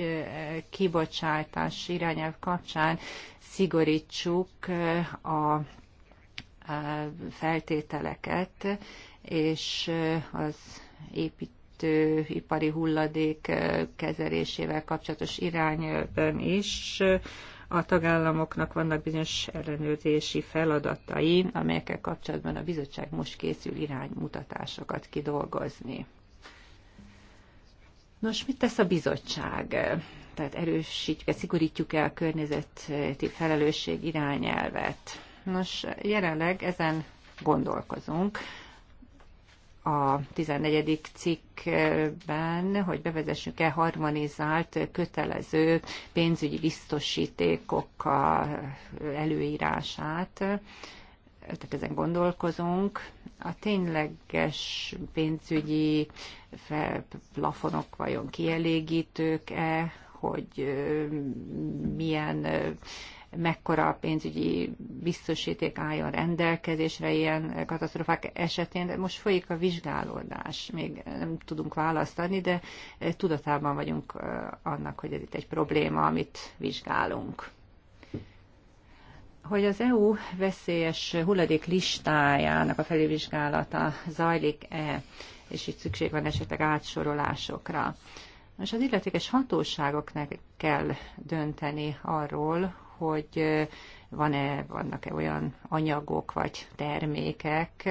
kibocsátás irányelv kapcsán szigorítsuk a feltételeket, és az építő ipari hulladék kezelésével kapcsolatos irányelvben is a tagállamoknak vannak bizonyos ellenőrzési feladatai, amelyekkel kapcsolatban a bizottság most készül iránymutatásokat kidolgozni. Nos, mit tesz a bizottság? Tehát erősítjük, szigorítjuk el a környezeti felelősség irányelvet. Nos, jelenleg ezen gondolkozunk a 14. cikkben, hogy bevezessünk-e harmonizált, kötelező pénzügyi biztosítékok előírását tehát ezen gondolkozunk. A tényleges pénzügyi plafonok vajon kielégítők-e, hogy milyen mekkora pénzügyi biztosíték álljon rendelkezésre ilyen katasztrofák esetén, de most folyik a vizsgálódás, még nem tudunk választ adni, de tudatában vagyunk annak, hogy ez itt egy probléma, amit vizsgálunk hogy az EU veszélyes hulladék listájának a felülvizsgálata zajlik-e, és itt szükség van esetleg átsorolásokra. Most az illetékes hatóságoknak kell dönteni arról, hogy van-e, vannak-e olyan anyagok vagy termékek,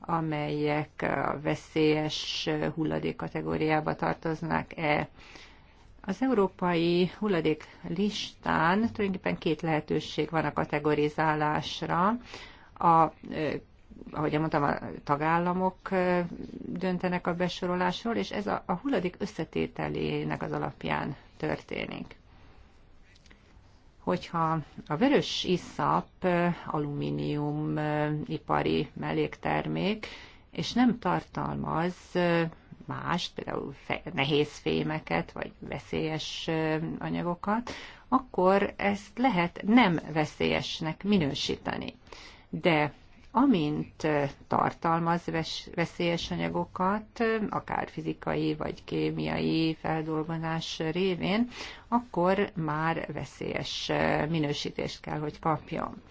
amelyek a veszélyes hulladék kategóriába tartoznak-e. Az európai hulladék listán tulajdonképpen két lehetőség van a kategorizálásra. A ahogy mondtam, a tagállamok döntenek a besorolásról, és ez a, a hulladék összetételének az alapján történik. Hogyha a vörös iszap alumínium ipari melléktermék, és nem tartalmaz mást, például nehéz fémeket, vagy veszélyes anyagokat, akkor ezt lehet nem veszélyesnek minősíteni. De amint tartalmaz veszélyes anyagokat, akár fizikai vagy kémiai feldolgozás révén, akkor már veszélyes minősítést kell, hogy kapjon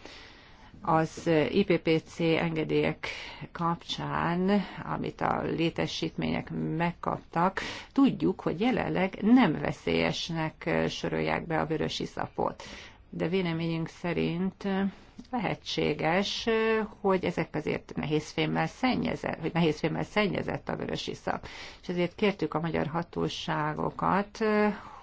az IPPC engedélyek kapcsán, amit a létesítmények megkaptak, tudjuk, hogy jelenleg nem veszélyesnek sorolják be a vörös De véleményünk szerint lehetséges, hogy ezek azért nehézfémmel szennyezett, hogy nehézfémmel szennyezett a vörös iszap. És ezért kértük a magyar hatóságokat,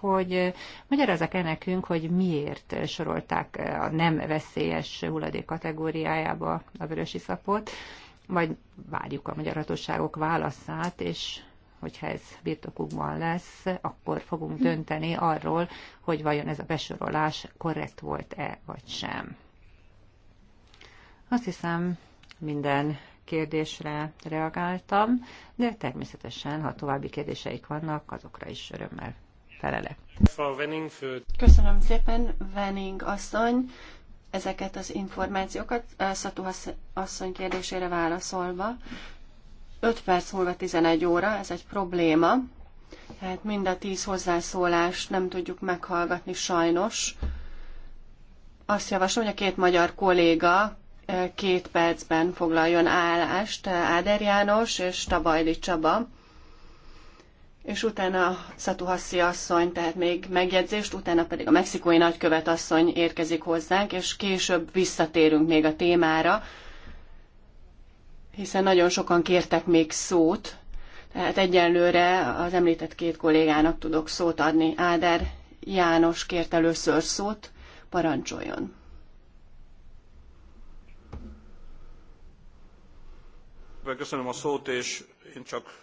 hogy magyarázzák el nekünk, hogy miért sorolták a nem veszélyes hulladék kategóriájába a vörös iszapot, majd várjuk a magyar hatóságok válaszát, és hogyha ez birtokukban lesz, akkor fogunk dönteni arról, hogy vajon ez a besorolás korrekt volt-e vagy sem. Azt hiszem, minden kérdésre reagáltam, de természetesen, ha további kérdéseik vannak, azokra is örömmel felelek. Köszönöm szépen, Venning asszony, ezeket az információkat eh, Szatú asszony kérdésére válaszolva. 5 perc múlva 11 óra, ez egy probléma, tehát mind a 10 hozzászólást nem tudjuk meghallgatni sajnos. Azt javaslom, hogy a két magyar kolléga két percben foglaljon állást Áder János és Tabajli Csaba, és utána Szatu asszony, tehát még megjegyzést, utána pedig a mexikói nagykövet asszony érkezik hozzánk, és később visszatérünk még a témára, hiszen nagyon sokan kértek még szót, tehát egyenlőre az említett két kollégának tudok szót adni. Áder János kért először szót, parancsoljon. Köszönöm a szót, és én csak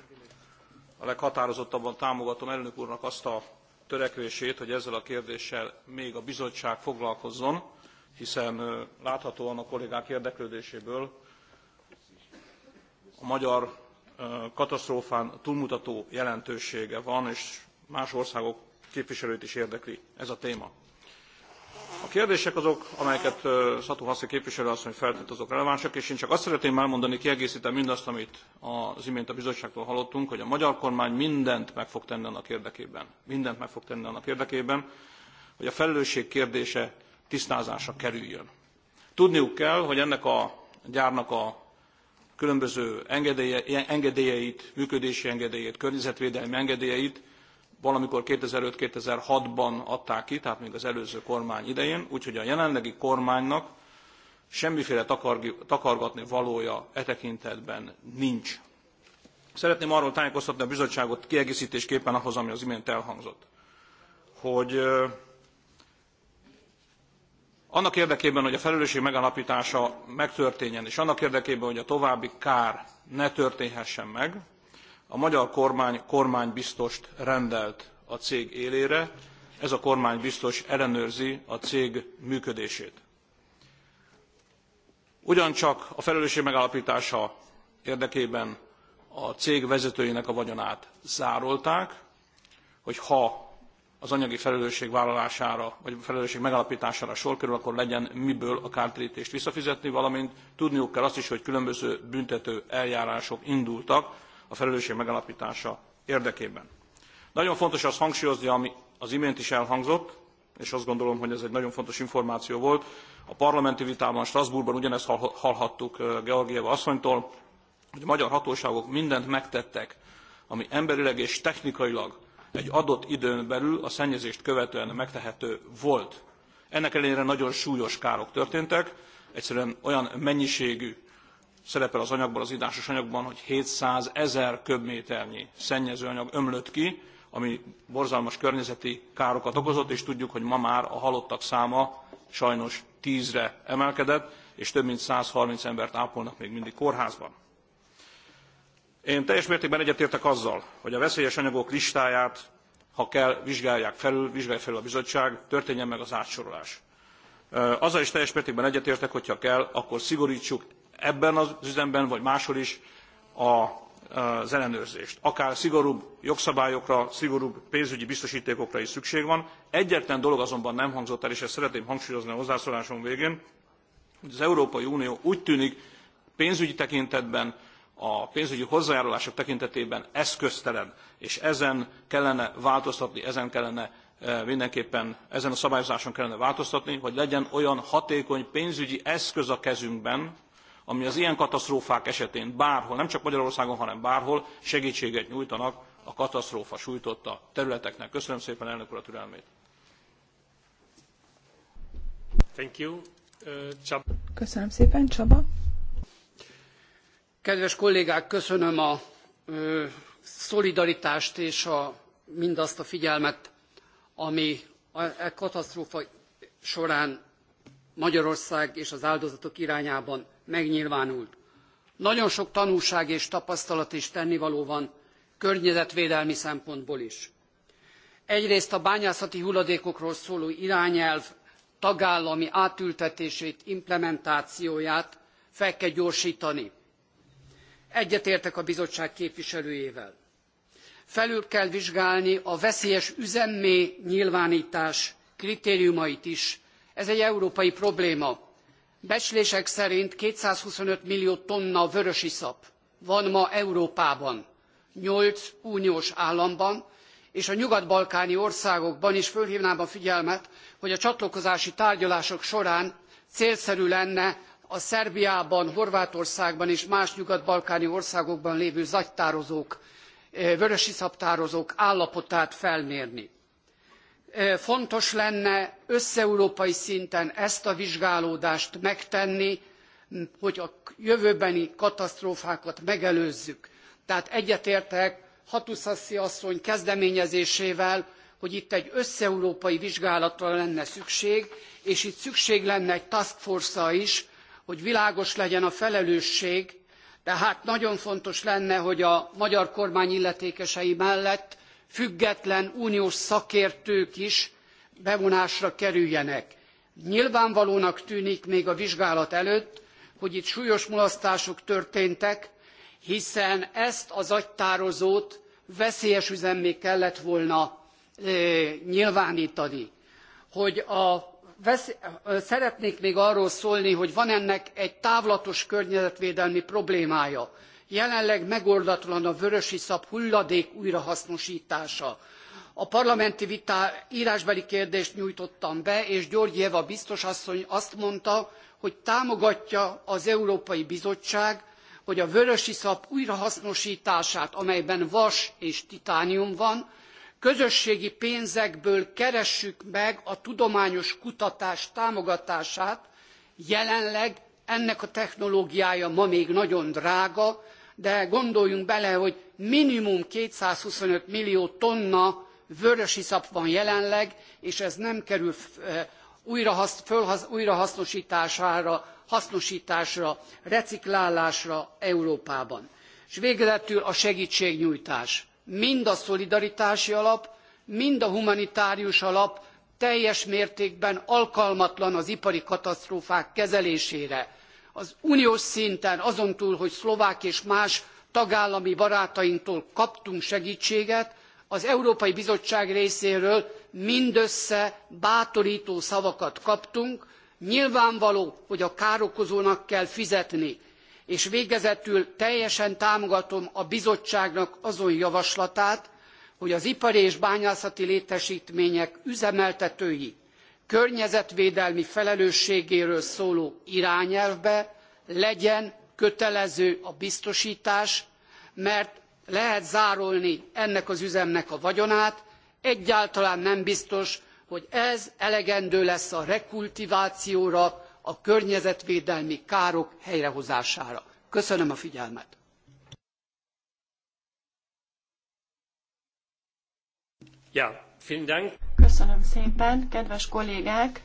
a leghatározottabban támogatom elnök úrnak azt a törekvését, hogy ezzel a kérdéssel még a bizottság foglalkozzon, hiszen láthatóan a kollégák érdeklődéséből a magyar katasztrófán túlmutató jelentősége van, és más országok képviselőit is érdekli ez a téma. A kérdések azok, amelyeket Szatú Haszi képviselő asszony feltett, azok relevánsak, és én csak azt szeretném elmondani, kiegészítem mindazt, amit az imént a bizottságtól hallottunk, hogy a magyar kormány mindent meg fog tenni annak érdekében, mindent meg fog tenni annak érdekében, hogy a felelősség kérdése tisztázásra kerüljön. Tudniuk kell, hogy ennek a gyárnak a különböző engedélye, engedélyeit, működési engedélyét, környezetvédelmi engedélyeit valamikor 2005-2006-ban adták ki, tehát még az előző kormány idején, úgyhogy a jelenlegi kormánynak semmiféle takargatni valója e tekintetben nincs. Szeretném arról tájékoztatni a bizottságot kiegészítésképpen ahhoz, ami az imént elhangzott, hogy annak érdekében, hogy a felelősség megállapítása megtörténjen, és annak érdekében, hogy a további kár ne történhessen meg, a magyar kormány kormánybiztost rendelt a cég élére, ez a kormánybiztos ellenőrzi a cég működését. Ugyancsak a felelősség megállapítása érdekében a cég vezetőinek a vagyonát zárolták, hogy ha az anyagi felelősség vállalására, vagy felelősség megalapítására sor kerül, akkor legyen miből a kártérítést visszafizetni, valamint tudniuk kell azt is, hogy különböző büntető eljárások indultak a felelősség megállaptása érdekében. Nagyon fontos azt hangsúlyozni, ami az imént is elhangzott, és azt gondolom, hogy ez egy nagyon fontos információ volt. A parlamenti vitában Strasbourgban ugyanezt hallhattuk Georgieva asszonytól, hogy a magyar hatóságok mindent megtettek, ami emberileg és technikailag egy adott időn belül a szennyezést követően megtehető volt. Ennek ellenére nagyon súlyos károk történtek, egyszerűen olyan mennyiségű szerepel az anyagban, az írásos anyagban, hogy 700 ezer köbméternyi szennyezőanyag ömlött ki, ami borzalmas környezeti károkat okozott, és tudjuk, hogy ma már a halottak száma sajnos tízre emelkedett, és több mint 130 embert ápolnak még mindig kórházban. Én teljes mértékben egyetértek azzal, hogy a veszélyes anyagok listáját, ha kell, vizsgálják felül, vizsgálja felül a bizottság, történjen meg az átsorolás. Azzal is teljes mértékben egyetértek, hogyha kell, akkor szigorítsuk ebben az üzemben vagy máshol is a, az ellenőrzést. Akár szigorúbb jogszabályokra, szigorúbb pénzügyi biztosítékokra is szükség van. Egyetlen dolog azonban nem hangzott el, és ezt szeretném hangsúlyozni a hozzászólásom végén, hogy az Európai Unió úgy tűnik pénzügyi tekintetben, a pénzügyi hozzájárulások tekintetében eszköztelen, és ezen kellene változtatni, ezen kellene e, mindenképpen ezen a szabályozáson kellene változtatni, hogy legyen olyan hatékony pénzügyi eszköz a kezünkben, ami az ilyen katasztrófák esetén bárhol, nem csak Magyarországon, hanem bárhol segítséget nyújtanak a katasztrófa sújtotta területeknek. Köszönöm szépen, elnök úr, a türelmét. Thank you. Uh, köszönöm szépen, Csaba. Kedves kollégák, köszönöm a szolidaritást és a, mindazt a figyelmet, ami a, a e katasztrófa során Magyarország és az áldozatok irányában megnyilvánult. Nagyon sok tanulság és tapasztalat és tennivaló van környezetvédelmi szempontból is. Egyrészt a bányászati hulladékokról szóló irányelv tagállami átültetését, implementációját fel kell gyorsítani. Egyetértek a bizottság képviselőjével. Felül kell vizsgálni a veszélyes üzemmé nyilvánítás kritériumait is, ez egy európai probléma. becslések szerint two hundred and twenty five millió tonna vörösiszap van ma európában nyolc uniós államban és a nyugat balkáni országokban is fölhvnám a figyelmet hogy a csatlakozási tárgyalások során célszerű lenne a szerbiában horvátországban és más nyugat balkáni országokban lévő zagytározók eh, vörösiszaptározók állapotát felmérni fontos lenne összeurópai szinten ezt a vizsgálódást megtenni hogy a jövőbeni katasztrófákat megelőzzük. tehát egyetértek hatuszaszi asszony kezdeményezésével hogy itt egy összeurópai vizsgálatra lenne szükség és itt szükség lenne egy task force ra is hogy világos legyen a felelősség tehát nagyon fontos lenne hogy a magyar kormány illetékesei mellett független uniós szakértők is bevonásra kerüljenek. nyilvánvalónak tűnik még a vizsgálat előtt hogy itt súlyos mulasztások történtek hiszen ezt az agytározót veszélyes üzemmé kellett volna e, nyilvántani. Hogy a, vesz, szeretnék még arról szólni, hogy van ennek egy távlatos környezetvédelmi problémája jelenleg megoldatlan a vörösiszap hulladék újrahasznostása. a parlamenti vitán rásbeli kérdést nyújtottam be és georgieva biztos asszony azt mondta hogy támogatja az európai bizottság hogy a vörösiszap újrahasznostását amelyben vas és titánium van közösségi pénzekből keressük meg a tudományos kutatás támogatását jelenleg ennek a technológiája ma még nagyon drága de gondoljunk bele, hogy minimum 225 millió tonna vörösiszap van jelenleg, és ez nem kerül eh, újrahasz, újrahasznosítására, hasznosításra, reciklálásra Európában. És végezetül a segítségnyújtás. Mind a szolidaritási alap, mind a humanitárius alap teljes mértékben alkalmatlan az ipari katasztrófák kezelésére az uniós szinten azon túl, hogy szlovák és más tagállami barátainktól kaptunk segítséget, az Európai Bizottság részéről mindössze bátorító szavakat kaptunk, nyilvánvaló, hogy a károkozónak kell fizetni, és végezetül teljesen támogatom a bizottságnak azon javaslatát, hogy az ipari és bányászati létesítmények üzemeltetői környezetvédelmi felelősségéről szóló irányelvbe legyen kötelező a biztostás mert lehet zárolni ennek az üzemnek a vagyonát egyáltalán nem biztos hogy ez elegendő lesz a rekultivációra a környezetvédelmi károk helyrehozására. köszönöm a figyelmet. Köszönöm szépen, kedves kollégák!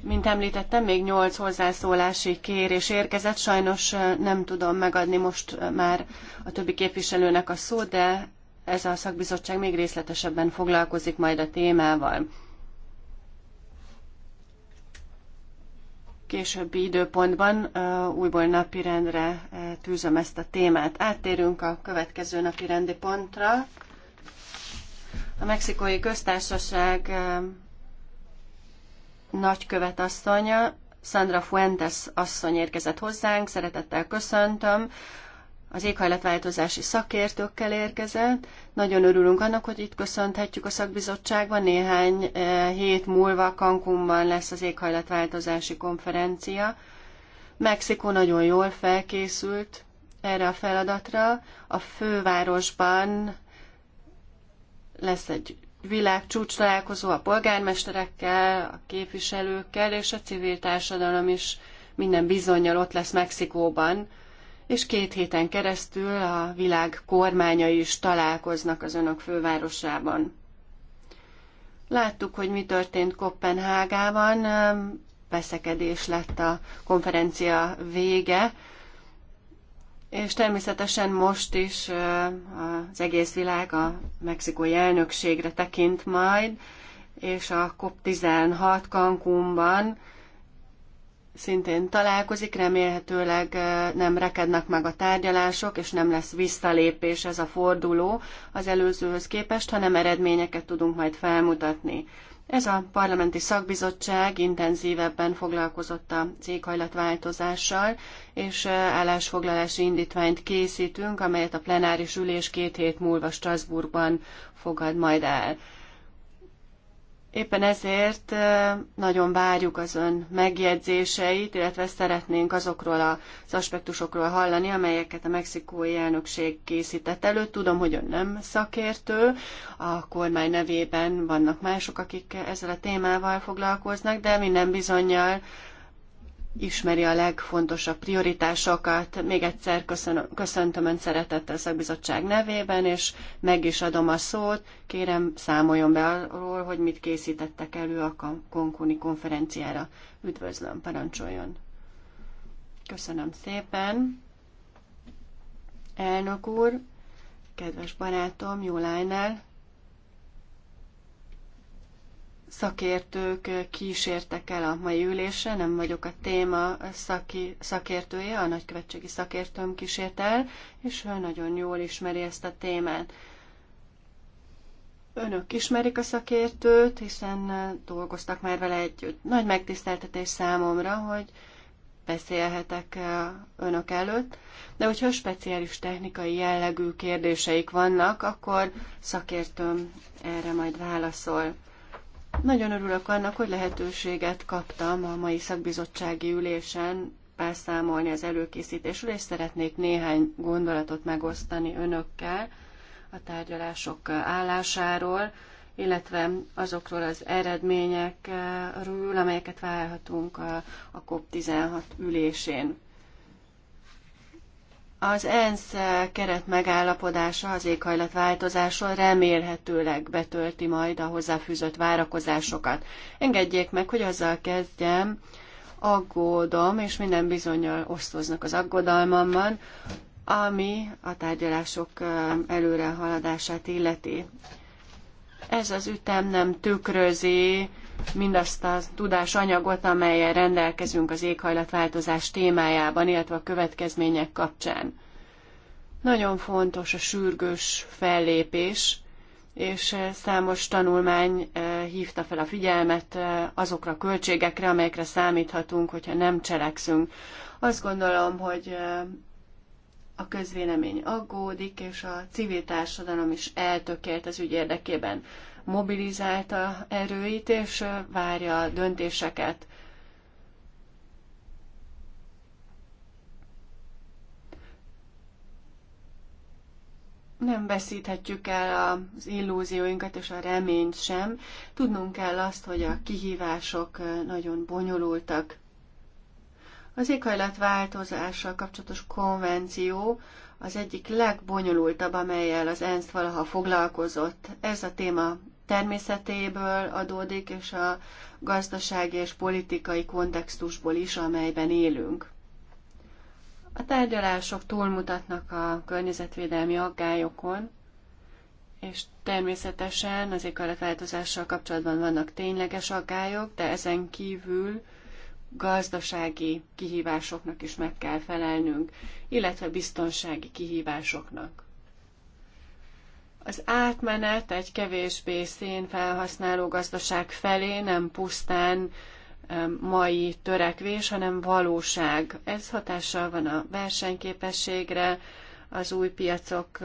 Mint említettem, még nyolc hozzászólási kérés érkezett. Sajnos nem tudom megadni most már a többi képviselőnek a szót, de ez a szakbizottság még részletesebben foglalkozik majd a témával. Későbbi időpontban újból napirendre tűzöm ezt a témát. Áttérünk a következő napirendi pontra. A mexikói köztársaság nagykövet asszonya, Sandra Fuentes asszony érkezett hozzánk, szeretettel köszöntöm. Az éghajlatváltozási szakértőkkel érkezett. Nagyon örülünk annak, hogy itt köszönthetjük a szakbizottságban. Néhány hét múlva Cancúnban lesz az éghajlatváltozási konferencia. Mexikó nagyon jól felkészült erre a feladatra. A fővárosban lesz egy világcsúcs találkozó a polgármesterekkel, a képviselőkkel, és a civil társadalom is minden bizonyal ott lesz Mexikóban, és két héten keresztül a világ kormányai is találkoznak az önök fővárosában. Láttuk, hogy mi történt Kopenhágában, veszekedés lett a konferencia vége, és természetesen most is az egész világ a mexikói elnökségre tekint majd, és a COP16 Cancúnban szintén találkozik, remélhetőleg nem rekednek meg a tárgyalások, és nem lesz visszalépés ez a forduló az előzőhöz képest, hanem eredményeket tudunk majd felmutatni. Ez a parlamenti szakbizottság intenzívebben foglalkozott a céghajlatváltozással, és állásfoglalási indítványt készítünk, amelyet a plenáris ülés két hét múlva Strasbourgban fogad majd el. Éppen ezért nagyon várjuk az ön megjegyzéseit, illetve szeretnénk azokról az aspektusokról hallani, amelyeket a mexikói elnökség készített elő. Tudom, hogy ön nem szakértő, a kormány nevében vannak mások, akik ezzel a témával foglalkoznak, de minden bizonyal ismeri a legfontosabb prioritásokat. Még egyszer köszönöm, köszöntöm Önt szeretettel szakbizottság nevében, és meg is adom a szót. Kérem, számoljon be arról, hogy mit készítettek elő a Konkuni konferenciára. Üdvözlöm, parancsoljon. Köszönöm szépen. Elnök úr, kedves barátom, Jó Lájnál, szakértők kísértek el a mai ülésre, nem vagyok a téma szaki, szakértője, a nagykövetségi szakértőm kísért el, és ő nagyon jól ismeri ezt a témát. Önök ismerik a szakértőt, hiszen dolgoztak már vele együtt. Nagy megtiszteltetés számomra, hogy beszélhetek önök előtt, de hogyha speciális technikai jellegű kérdéseik vannak, akkor szakértőm erre majd válaszol. Nagyon örülök annak, hogy lehetőséget kaptam a mai szakbizottsági ülésen beszámolni az előkészítésről, és szeretnék néhány gondolatot megosztani önökkel a tárgyalások állásáról, illetve azokról az eredményekről, amelyeket várhatunk a COP16 ülésén. Az ENSZ keret megállapodása az éghajlatváltozásról remélhetőleg betölti majd a hozzáfűzött várakozásokat. Engedjék meg, hogy azzal kezdjem, aggódom, és minden bizonyal osztoznak az aggodalmamban, ami a tárgyalások előrehaladását illeti. Ez az ütem nem tükrözi mindazt a tudásanyagot, amelyen rendelkezünk az éghajlatváltozás témájában, illetve a következmények kapcsán. Nagyon fontos a sürgős fellépés, és eh, számos tanulmány eh, hívta fel a figyelmet eh, azokra a költségekre, amelyekre számíthatunk, hogyha nem cselekszünk. Azt gondolom, hogy a közvélemény aggódik, és a civil társadalom is eltökélt az ügy érdekében mobilizálta erőit, és várja a döntéseket. nem veszíthetjük el az illúzióinkat és a reményt sem. Tudnunk kell azt, hogy a kihívások nagyon bonyolultak. Az éghajlatváltozással kapcsolatos konvenció az egyik legbonyolultabb, amelyel az ENSZ valaha foglalkozott. Ez a téma természetéből adódik, és a gazdasági és politikai kontextusból is, amelyben élünk. A tárgyalások túlmutatnak a környezetvédelmi aggályokon, és természetesen az éghajlatváltozással kapcsolatban vannak tényleges aggályok, de ezen kívül gazdasági kihívásoknak is meg kell felelnünk, illetve biztonsági kihívásoknak. Az átmenet egy kevésbé szénfelhasználó gazdaság felé nem pusztán mai törekvés, hanem valóság. Ez hatással van a versenyképességre, az új piacok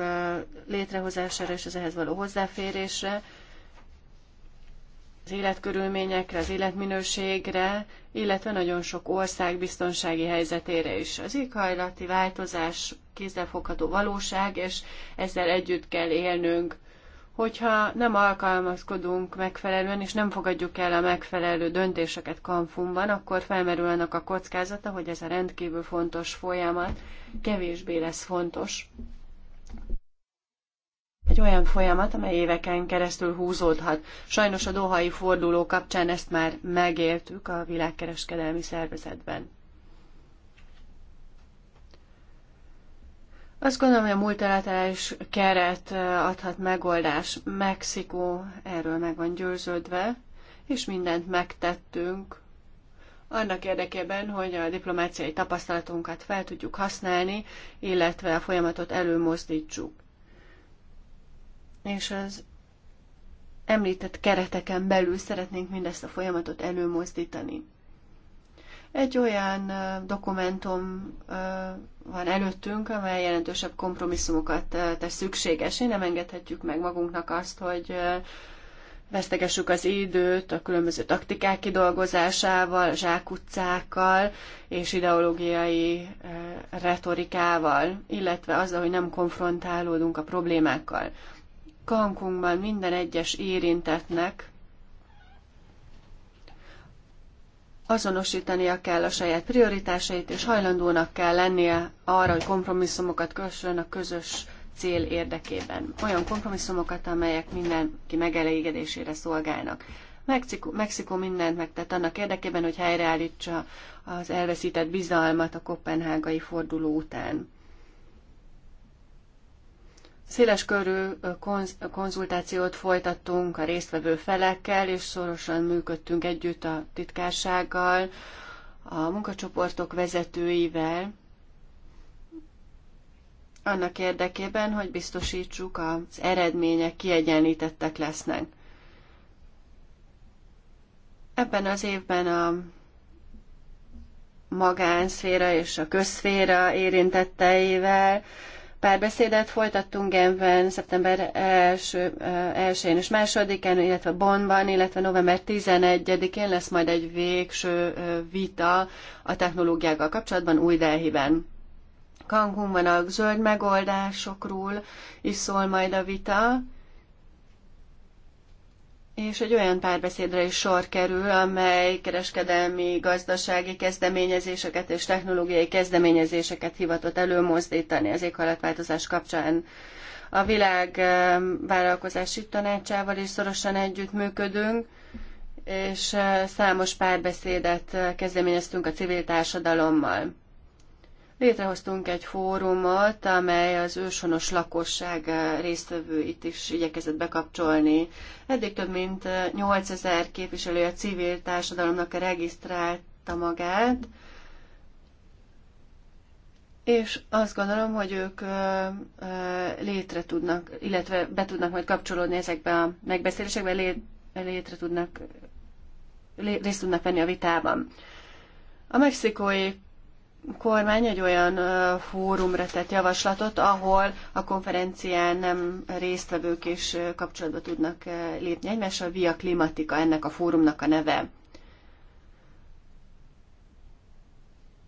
létrehozására és az ehhez való hozzáférésre, az életkörülményekre, az életminőségre, illetve nagyon sok ország biztonsági helyzetére is. Az éghajlati változás kézzelfogható valóság, és ezzel együtt kell élnünk. Hogyha nem alkalmazkodunk megfelelően, és nem fogadjuk el a megfelelő döntéseket Kanfunban, akkor felmerül annak a kockázata, hogy ez a rendkívül fontos folyamat kevésbé lesz fontos egy olyan folyamat, amely éveken keresztül húzódhat. Sajnos a dohai forduló kapcsán ezt már megéltük a világkereskedelmi szervezetben. Azt gondolom, hogy a multilaterális keret adhat megoldás. Mexikó erről meg van győződve, és mindent megtettünk annak érdekében, hogy a diplomáciai tapasztalatunkat fel tudjuk használni, illetve a folyamatot előmozdítsuk és az említett kereteken belül szeretnénk mindezt a folyamatot előmozdítani. Egy olyan dokumentum van előttünk, amely jelentősebb kompromisszumokat tesz szükséges. Én nem engedhetjük meg magunknak azt, hogy vesztegessük az időt a különböző taktikák kidolgozásával, zsákutcákkal és ideológiai retorikával, illetve azzal, hogy nem konfrontálódunk a problémákkal kankunkban minden egyes érintetnek azonosítania kell a saját prioritásait, és hajlandónak kell lennie arra, hogy kompromisszumokat kössön a közös cél érdekében. Olyan kompromisszumokat, amelyek mindenki megelégedésére szolgálnak. Mexikó, Mexikó mindent megtett annak érdekében, hogy helyreállítsa az elveszített bizalmat a kopenhágai forduló után. Széleskörű körű konzultációt folytattunk a résztvevő felekkel, és szorosan működtünk együtt a titkársággal, a munkacsoportok vezetőivel, annak érdekében, hogy biztosítsuk, az eredmények kiegyenlítettek lesznek. Ebben az évben a magánszféra és a közszféra érintetteivel párbeszédet folytattunk Genven szeptember 1-én eh, és 2-án, illetve Bonnban, illetve november 11-én lesz majd egy végső eh, vita a technológiákkal kapcsolatban új Delhiben. Cancunban a zöld megoldásokról is szól majd a vita, és egy olyan párbeszédre is sor kerül, amely kereskedelmi, gazdasági kezdeményezéseket és technológiai kezdeményezéseket hivatott előmozdítani az éghajlatváltozás kapcsán. A világ vállalkozási tanácsával is szorosan együttműködünk, és eh, számos párbeszédet eh, kezdeményeztünk a civil társadalommal. Létrehoztunk egy fórumot, amely az őshonos lakosság eh, résztvevőit is igyekezett bekapcsolni. Eddig több mint 8000 eh, képviselő a civil társadalomnak regisztrálta magát, és azt gondolom, hogy ők eh, létre tudnak, illetve be tudnak majd kapcsolódni ezekbe a megbeszélésekbe, létre tudnak, részt tudnak venni a vitában. A mexikói kormány egy olyan fórumra tett javaslatot, ahol a konferencián nem résztvevők és kapcsolatba tudnak lépni egymással. Via Klimatika ennek a fórumnak a neve.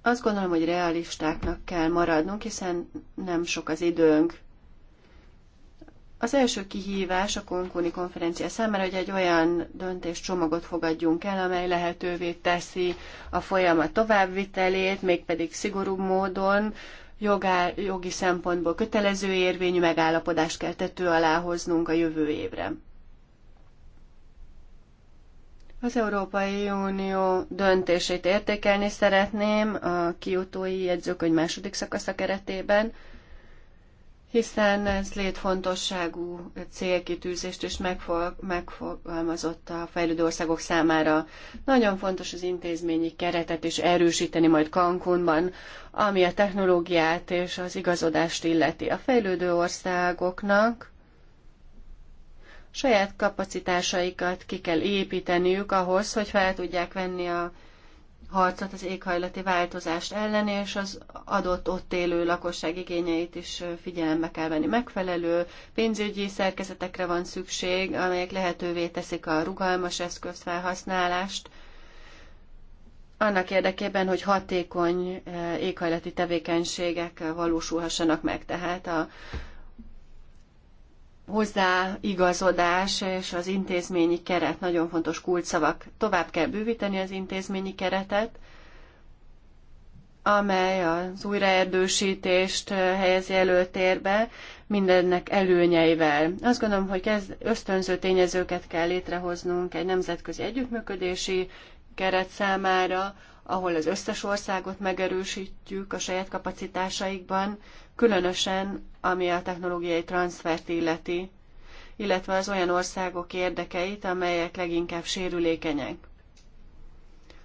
Azt gondolom, hogy realistáknak kell maradnunk, hiszen nem sok az időnk. Az első kihívás a Konkóni konferencia számára, hogy egy olyan döntéscsomagot fogadjunk el, amely lehetővé teszi a folyamat továbbvitelét, mégpedig szigorú módon, jogá, jogi szempontból kötelező érvényű megállapodást kell tető alá hoznunk a jövő évre. Az Európai Unió döntését értékelni szeretném a kiutói jegyzőkönyv második szakasza keretében, hiszen ez létfontosságú célkitűzést is megfogalmazott a fejlődő országok számára. Nagyon fontos az intézményi keretet is erősíteni majd Cancúnban, ami a technológiát és az igazodást illeti a fejlődő országoknak. Saját kapacitásaikat ki kell építeniük ahhoz, hogy fel tudják venni a harcot az éghajlati változást ellen, és az adott ott élő lakosság igényeit is figyelembe kell venni. Megfelelő pénzügyi szerkezetekre van szükség, amelyek lehetővé teszik a rugalmas eszközfelhasználást, annak érdekében, hogy hatékony éghajlati tevékenységek valósulhassanak meg. Tehát a hozzáigazodás és az intézményi keret nagyon fontos kulcsszavak. Tovább kell bővíteni az intézményi keretet, amely az újraerdősítést helyezi előtérbe mindennek előnyeivel. Azt gondolom, hogy kezd, ösztönző tényezőket kell létrehoznunk egy nemzetközi együttműködési keret számára, ahol az összes országot megerősítjük a saját kapacitásaikban, különösen ami a technológiai transfert illeti, illetve az olyan országok érdekeit, amelyek leginkább sérülékenyek.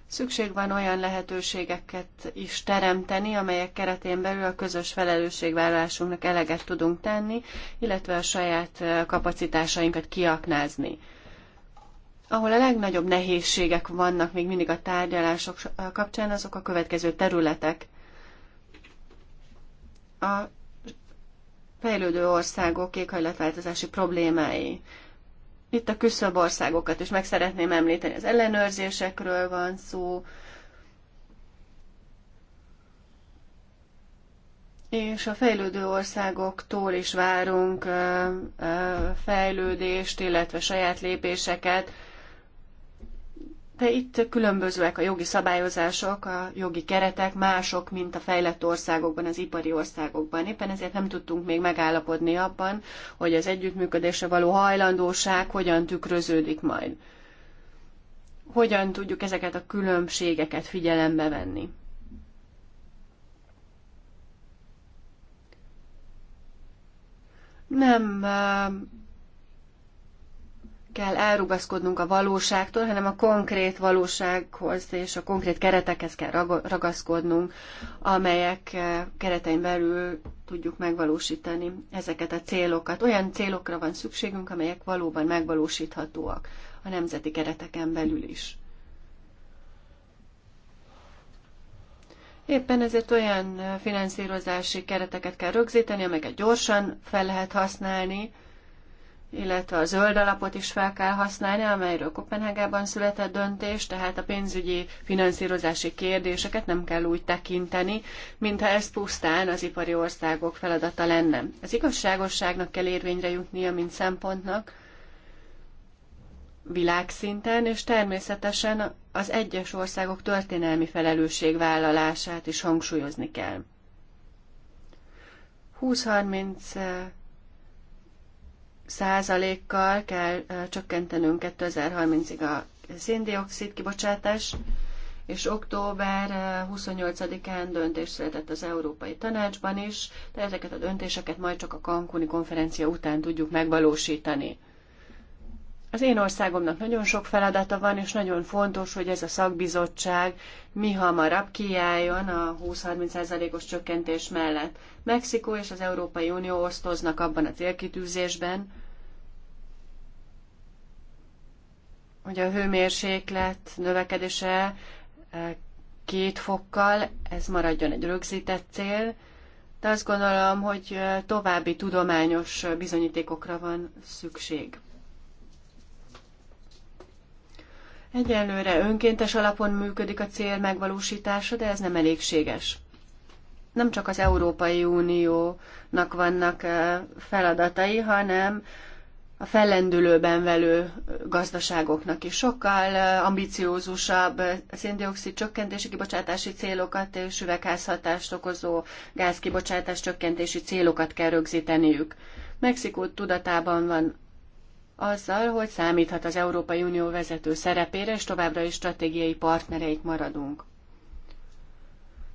Szükség van olyan lehetőségeket is teremteni, amelyek keretén belül a közös felelősségvállalásunknak eleget tudunk tenni, illetve a saját kapacitásainkat kiaknázni. Ahol a legnagyobb nehézségek vannak még mindig a tárgyalások kapcsán, azok a következő területek – a fejlődő országok éghajlatváltozási problémái. Itt a küszöbb országokat is meg szeretném említeni, az ellenőrzésekről van szó, És a fejlődő országoktól is várunk fejlődést, illetve saját lépéseket Hát, eh, itt különbözőek a jogi szabályozások, a jogi keretek mások, mint a fejlett országokban, az ipari országokban. Éppen ezért nem tudtunk még megállapodni abban, hogy az együttműködésre való hajlandóság hogyan tükröződik majd. Hogyan tudjuk ezeket a különbségeket figyelembe venni. Nem eh, kell elrugaszkodnunk a valóságtól, hanem a konkrét valósághoz és a konkrét keretekhez kell ragaszkodnunk, amelyek eh, keretein belül tudjuk megvalósítani ezeket a célokat. Olyan célokra van szükségünk, amelyek valóban megvalósíthatóak a nemzeti kereteken belül is. Éppen ezért olyan eh, finanszírozási kereteket kell rögzíteni, amelyeket gyorsan fel lehet használni, illetve a zöld alapot is fel kell használni, amelyről Kopenhágában született döntés, tehát a pénzügyi finanszírozási kérdéseket nem kell úgy tekinteni, mintha ez pusztán az ipari országok feladata lenne. Az igazságosságnak kell érvényre jutnia, mint szempontnak, világszinten, és természetesen az egyes országok történelmi felelősségvállalását is hangsúlyozni kell. 20-30 százalékkal kell csökkentenünk 2030-ig a széndiokszid kibocsátás, és október 28-án döntés született az Európai Tanácsban is, de ezeket a döntéseket majd csak a Cancúni konferencia után tudjuk megvalósítani. Az én országomnak nagyon sok feladata van, és nagyon fontos, hogy ez a szakbizottság mi hamarabb kiálljon a 20-30%-os csökkentés mellett. Mexikó és az Európai Unió osztoznak abban a célkitűzésben, hogy a hőmérséklet növekedése eh, két fokkal, ez maradjon egy rögzített cél, de azt gondolom, hogy eh, további tudományos bizonyítékokra van szükség. Egyelőre önkéntes alapon működik a cél megvalósítása, de ez nem elégséges. Nem csak az Európai Uniónak vannak eh, feladatai, hanem a fellendülőben velő gazdaságoknak is sokkal eh, ambiciózusabb eh, széndiokszid csökkentési kibocsátási célokat és üvegházhatást okozó gázkibocsátás csökkentési célokat kell rögzíteniük. Mexikó tudatában van azzal, hogy számíthat az Európai Unió vezető szerepére, és továbbra is stratégiai partnereik maradunk.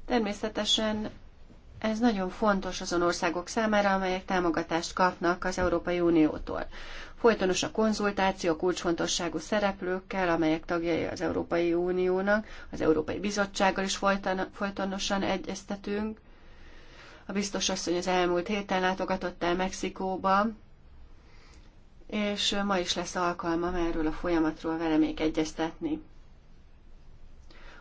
Természetesen ez nagyon fontos azon országok számára, amelyek támogatást kapnak az Európai Uniótól. Folytonos a konzultáció a kulcsfontosságú szereplőkkel, amelyek tagjai az Európai Uniónak, az Európai Bizottsággal is folytonosan egyeztetünk. A biztos asszony az elmúlt héten látogatott el Mexikóba, és ma is lesz alkalmam erről a folyamatról vele még egyeztetni.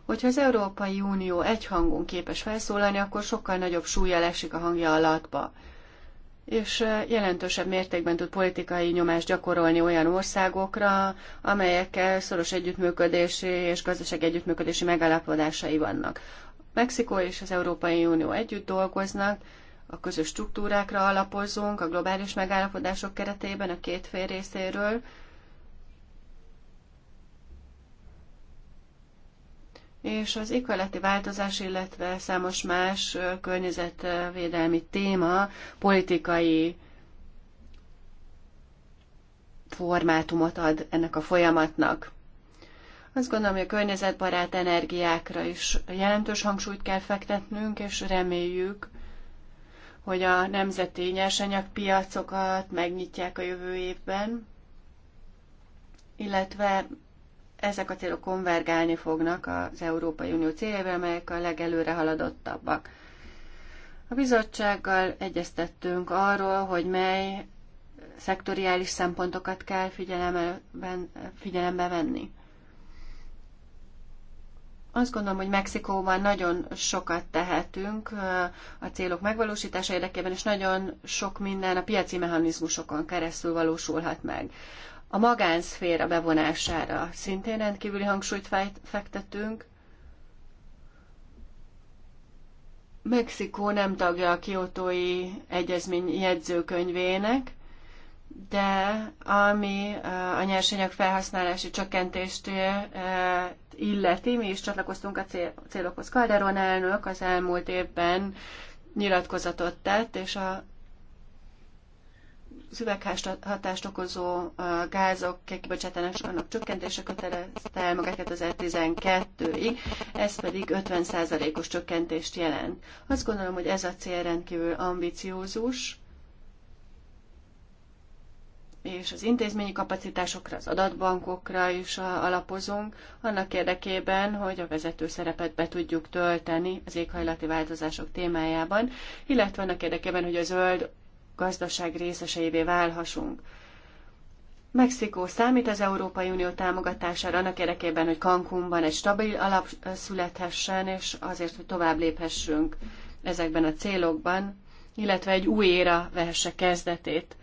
Hogyha az Európai Unió egy hangon képes felszólalni, akkor sokkal nagyobb súlya esik a hangja alattba És jelentősebb mértékben tud politikai nyomást gyakorolni olyan országokra, amelyekkel szoros együttműködési és gazdasági együttműködési megállapodásai vannak. Mexikó és az Európai Unió együtt dolgoznak, a közös struktúrákra alapozunk, a globális megállapodások keretében a két fél részéről, és az éghajlati változás, illetve számos más környezetvédelmi téma politikai formátumot ad ennek a folyamatnak. Azt gondolom, hogy a környezetbarát energiákra is jelentős hangsúlyt kell fektetnünk, és reméljük, hogy a nemzeti nyersanyagpiacokat megnyitják a jövő évben, illetve ezek a célok konvergálni fognak az Európai Unió céljaival, amelyek a legelőre haladottabbak. A bizottsággal egyeztettünk arról, hogy mely szektoriális szempontokat kell figyelemben, figyelembe venni. Azt gondolom, hogy Mexikóban nagyon sokat tehetünk a célok megvalósítása érdekében, és nagyon sok minden a piaci mechanizmusokon keresztül valósulhat meg. A magánszféra bevonására szintén rendkívüli hangsúlyt fektetünk. Mexikó nem tagja a kiotói egyezmény jegyzőkönyvének, de ami a nyersanyag felhasználási csökkentést illeti, mi is csatlakoztunk a célokhoz. Calderon elnök az elmúlt évben nyilatkozatot tett, és a az okozó gázok kibocsátásának csökkentése kötelezte el magát 2012-ig, ez pedig 50%-os csökkentést jelent. Azt gondolom, hogy ez a cél rendkívül ambiciózus, és az intézményi kapacitásokra, az adatbankokra is alapozunk, annak érdekében, hogy a vezető szerepet be tudjuk tölteni az éghajlati változások témájában, illetve annak érdekében, hogy a zöld gazdaság részeseivé válhassunk. Mexikó számít az Európai Unió támogatására annak érdekében, hogy Cancúnban egy stabil alap születhessen, és azért, hogy tovább léphessünk ezekben a célokban, illetve egy új éra vehesse kezdetét.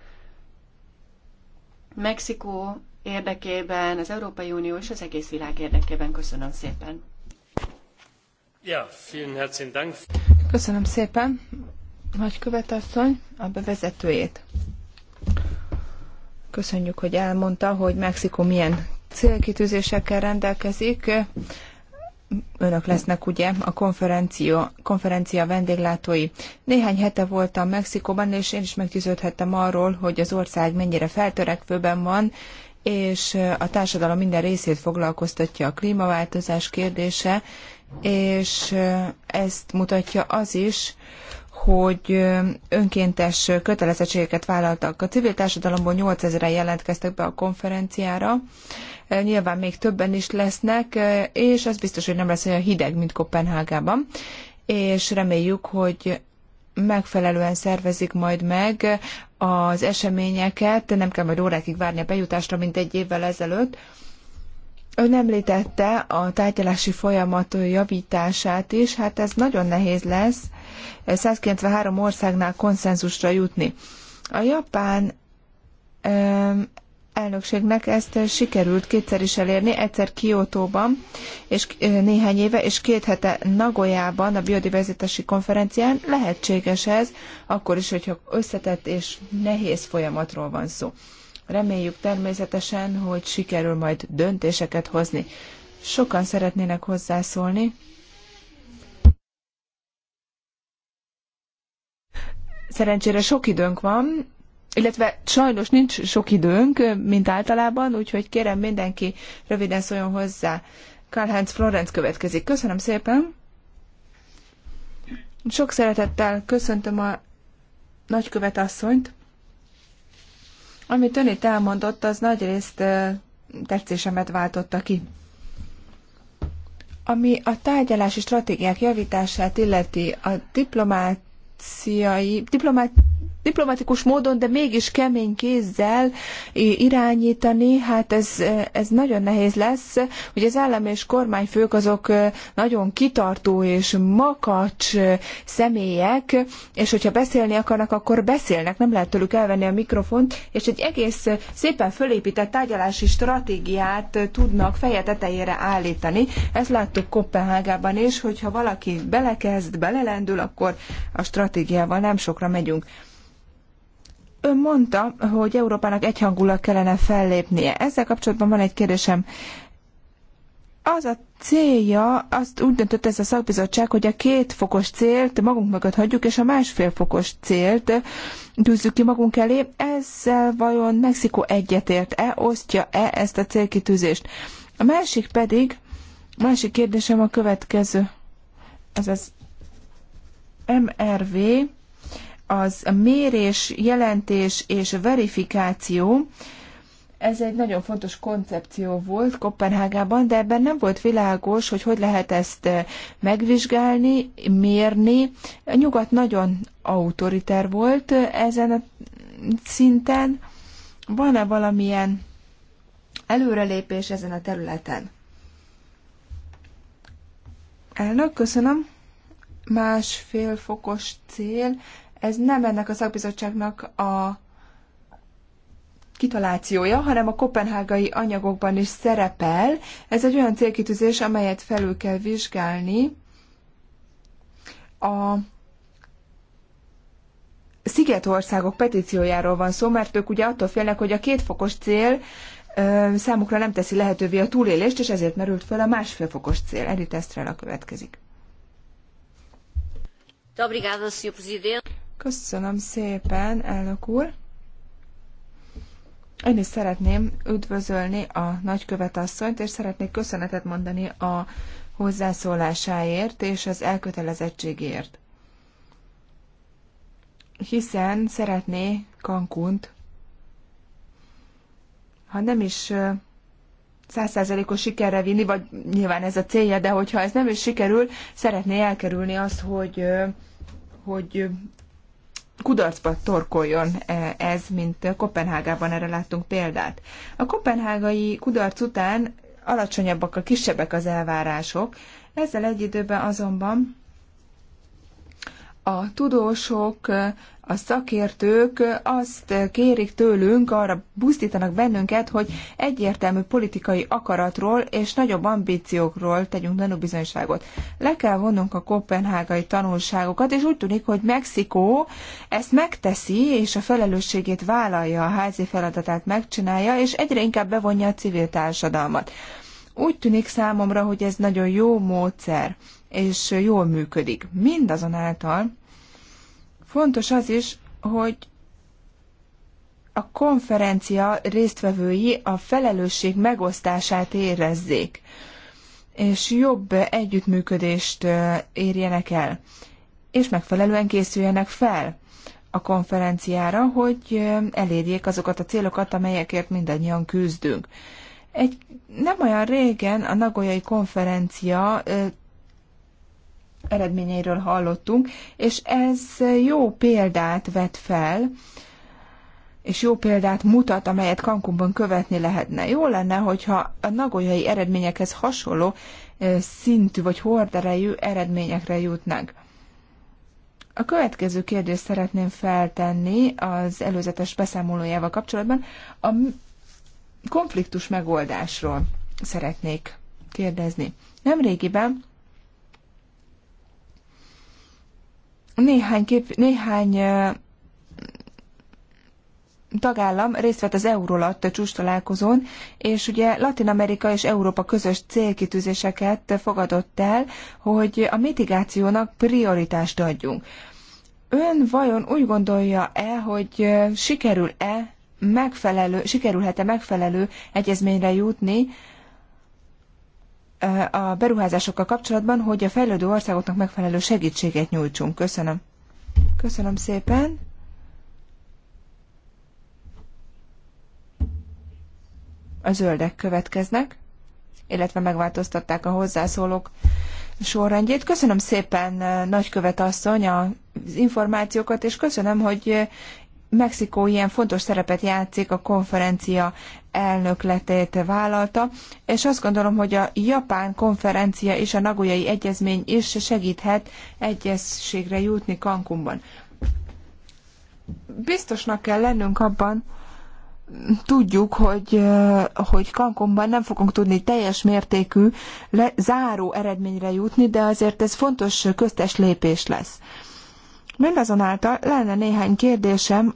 Mexikó érdekében, az Európai Unió és az egész világ érdekében köszönöm szépen. Ja, vielen herzlichen Dank. Köszönöm szépen nagykövetasszony a bevezetőjét. Köszönjük, hogy elmondta, hogy Mexikó milyen célkitűzésekkel rendelkezik. Önök lesznek ugye a konferencia, konferencia vendéglátói. Néhány hete voltam Mexikóban, és én is meggyőződhettem arról, hogy az ország mennyire feltörekvőben van, és a társadalom minden részét foglalkoztatja a klímaváltozás kérdése, és ezt mutatja az is, hogy önkéntes kötelezettségeket vállaltak. A civil társadalomból 8000-en jelentkeztek be a konferenciára, nyilván még többen is lesznek, és az biztos, hogy nem lesz olyan hideg, mint Kopenhágában, és reméljük, hogy megfelelően szervezik majd meg az eseményeket, nem kell majd órákig várni a bejutásra, mint egy évvel ezelőtt. Ön említette a tárgyalási folyamat javítását is, hát ez nagyon nehéz lesz, 193 országnál konszenzusra jutni. A japán elnökségnek ezt sikerült kétszer is elérni, egyszer Kiotóban és eh, néhány éve, és két hete Nagoyában a biodiverzitási konferencián lehetséges ez, akkor is, hogyha összetett és nehéz folyamatról van szó. Reméljük természetesen, hogy sikerül majd döntéseket hozni. Sokan szeretnének hozzászólni. Szerencsére sok időnk van, illetve sajnos nincs sok időnk, mint általában, úgyhogy kérem mindenki röviden szóljon hozzá. Karl-Heinz Florenc következik. Köszönöm szépen! Sok szeretettel köszöntöm a nagykövet asszonyt. Amit ön itt elmondott, az nagyrészt tetszésemet váltotta ki. Ami a tárgyalási stratégiák javítását illeti, a diplomát diplomáciai, diplomát, diplomatikus módon, de mégis kemény kézzel irányítani, hát ez, ez nagyon nehéz lesz. Ugye az állam és kormányfők azok nagyon kitartó és makacs személyek, és hogyha beszélni akarnak, akkor beszélnek, nem lehet tőlük elvenni a mikrofont, és egy egész szépen fölépített tárgyalási stratégiát tudnak feje tetejére állítani. Ezt láttuk Kopenhágában is, hogyha valaki belekezd, belelendül, akkor a stratégiával nem sokra megyünk. Ön mondta, hogy Európának egyhangulag kellene fellépnie. Ezzel kapcsolatban van egy kérdésem. Az a célja, azt úgy döntött ez a szakbizottság, hogy a két fokos célt magunk mögött hagyjuk, és a másfél fokos célt tűzzük ki magunk elé. Ezzel vajon Mexikó egyetért-e, osztja-e ezt a célkitűzést? A másik pedig, a másik kérdésem a következő. Ez az MRV az mérés, jelentés és verifikáció, ez egy nagyon fontos koncepció volt Kopenhágában, de ebben nem volt világos, hogy hogy lehet ezt eh, megvizsgálni, mérni. A nyugat nagyon autoriter volt eh, ezen a szinten. Van-e valamilyen előrelépés ezen a területen? Elnök, köszönöm. Másfél fokos cél. Ez nem ennek a szakbizottságnak a kitalációja, hanem a kopenhágai anyagokban is szerepel. Ez egy olyan célkitűzés, amelyet felül kell vizsgálni. A szigetországok petíciójáról van szó, mert ők ugye attól félnek, hogy a kétfokos cél ö, számukra nem teszi lehetővé a túlélést, és ezért merült fel a másfélfokos cél. Edith Estrella következik. Köszönöm szépen, elnök úr. Én is szeretném üdvözölni a nagykövet asszonyt, és szeretnék köszönetet mondani a hozzászólásáért és az elkötelezettségért. Hiszen szeretné Kankunt, ha nem is százszerzelékos sikerre vinni, vagy nyilván ez a célja, de hogyha ez nem is sikerül, szeretné elkerülni azt, hogy, hogy kudarcba torkoljon e, ez, mint Kopenhágában erre láttunk példát. A kopenhágai kudarc után alacsonyabbak, a kisebbek az elvárások, ezzel egy időben azonban a tudósok, a szakértők azt kérik tőlünk, arra buzdítanak bennünket, hogy egyértelmű politikai akaratról és nagyobb ambíciókról tegyünk bizonyságot. Le kell vonnunk a kopenhágai tanulságokat, és úgy tűnik, hogy Mexikó ezt megteszi, és a felelősségét vállalja, a házi feladatát megcsinálja, és egyre inkább bevonja a civil társadalmat. Úgy tűnik számomra, hogy ez nagyon jó módszer, és jól működik. Mindazonáltal, Fontos az is, hogy a konferencia résztvevői a felelősség megosztását érezzék, és jobb együttműködést érjenek el, és megfelelően készüljenek fel a konferenciára, hogy elérjék azokat a célokat, amelyekért mindannyian küzdünk. Egy nem olyan régen a Nagoyai konferencia eredményeiről hallottunk, és ez jó példát vet fel, és jó példát mutat, amelyet Cancunban követni lehetne. Jó lenne, hogyha a nagolyai eredményekhez hasonló szintű vagy horderejű eredményekre jutnak. A következő kérdést szeretném feltenni az előzetes beszámolójával kapcsolatban. A konfliktus megoldásról szeretnék kérdezni. Nemrégiben néhány, kép, néhány tagállam részt vett az Eurolat csúcs találkozón, és ugye Latin Amerika és Európa közös célkitűzéseket fogadott el, hogy a mitigációnak prioritást adjunk. Ön vajon úgy gondolja-e, hogy sikerül-e megfelelő, sikerülhet-e megfelelő egyezményre jutni a beruházásokkal kapcsolatban, hogy a fejlődő országoknak megfelelő segítséget nyújtsunk. Köszönöm. Köszönöm szépen. A zöldek következnek, illetve megváltoztatták a hozzászólók sorrendjét. Köszönöm szépen, nagykövet asszony, az információkat, és köszönöm, hogy Mexikó ilyen fontos szerepet játszik, a konferencia elnökletét vállalta, és azt gondolom, hogy a japán konferencia és a nagoyai Egyezmény is segíthet egyezségre jutni Cancunban. Biztosnak kell lennünk abban, tudjuk, hogy, eh, hogy Cancunban nem fogunk tudni teljes mértékű le, záró eredményre jutni, de azért ez fontos köztes lépés lesz. Mindazonáltal lenne néhány kérdésem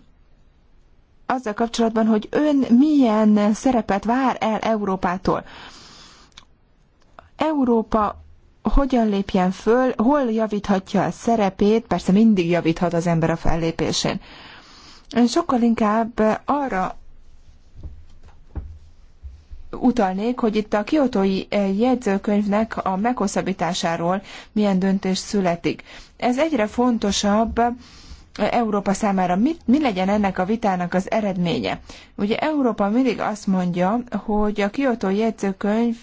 azzal kapcsolatban, hogy ön milyen szerepet vár el Európától. Európa hogyan lépjen föl, hol javíthatja a szerepét, persze mindig javíthat az ember a fellépésén. Én sokkal inkább arra utalnék, hogy itt a kiotói jegyzőkönyvnek a meghosszabbításáról milyen döntés születik. Ez egyre fontosabb Európa számára. Mi, mi legyen ennek a vitának az eredménye? Ugye Európa mindig azt mondja, hogy a Kyoto jegyzőkönyv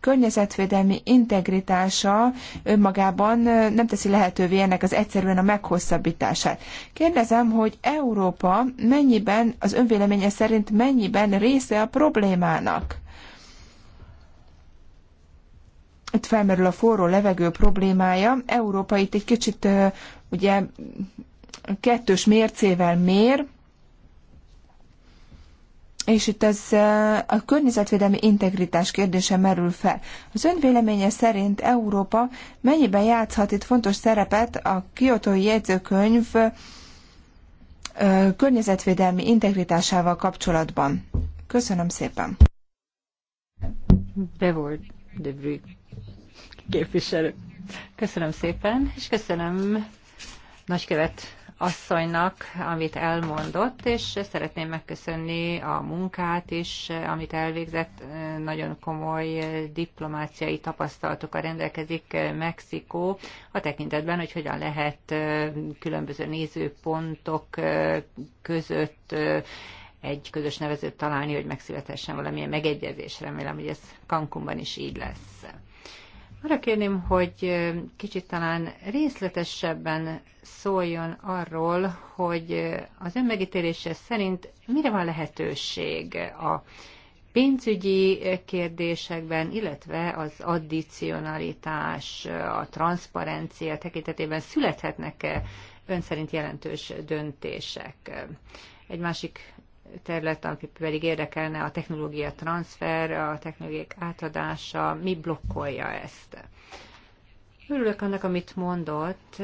környezetvédelmi integritása önmagában nem teszi lehetővé ennek az egyszerűen a meghosszabbítását. Kérdezem, hogy Európa mennyiben, az önvéleménye szerint mennyiben része a problémának? Itt felmerül a forró levegő problémája. Európa itt egy kicsit ugye kettős mércével mér, és itt az a környezetvédelmi integritás kérdése merül fel. Az ön véleménye szerint Európa mennyiben játszhat itt fontos szerepet a kiotói jegyzőkönyv környezetvédelmi integritásával kapcsolatban? Köszönöm szépen. Be volt de képviselő. Köszönöm szépen, és köszönöm nagykövet asszonynak, amit elmondott, és szeretném megköszönni a munkát is, amit elvégzett. Nagyon komoly diplomáciai tapasztalatokkal rendelkezik Mexikó, a tekintetben, hogy hogyan lehet különböző nézőpontok között egy közös nevezőt találni, hogy megszülethessen valamilyen megegyezés. Remélem, hogy ez Cancunban is így lesz. Arra kérném, hogy kicsit talán részletesebben szóljon arról, hogy az önmegítélése szerint mire van lehetőség a pénzügyi kérdésekben, illetve az addicionalitás, a transzparencia tekintetében születhetnek-e ön szerint jelentős döntések? Egy másik terület, ami pedig érdekelne a technológia transfer, a technológiák átadása, mi blokkolja ezt? Örülök annak, amit mondott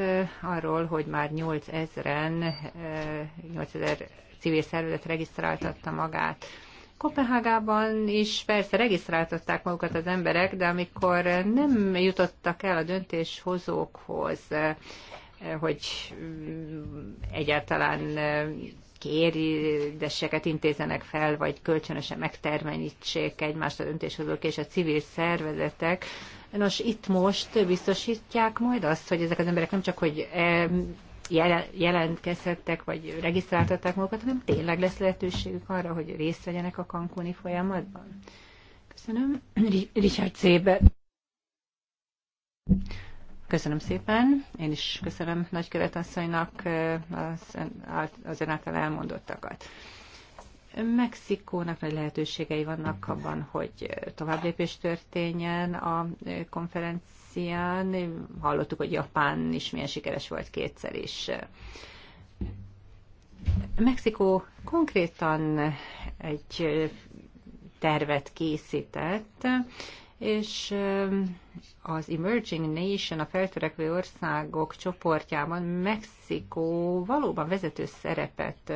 arról, hogy már 8000-en, 8000 civil szervezet regisztráltatta magát. Kopenhágában is persze regisztráltatták magukat az emberek, de amikor nem jutottak el a döntéshozókhoz, hogy egyáltalán kérdéseket intézenek fel, vagy kölcsönösen megtermenítsék egymást a döntéshozók és a civil szervezetek. Nos, itt most biztosítják majd azt, hogy ezek az emberek nem csak, hogy eh, jelentkezhettek, vagy regisztráltatták magukat, hanem tényleg lesz lehetőségük arra, hogy részt vegyenek a kankúni folyamatban. Köszönöm. Richard Zéber. Köszönöm szépen. Én is köszönöm nagykövet asszonynak az, az ön által elmondottakat. Mexikónak nagy lehetőségei vannak abban, hogy továbblépés történjen a konferencián. Hallottuk, hogy Japán is milyen sikeres volt kétszer is. Mexikó konkrétan egy tervet készített, és az Emerging Nation, a feltörekvő országok csoportjában Mexikó valóban vezető szerepet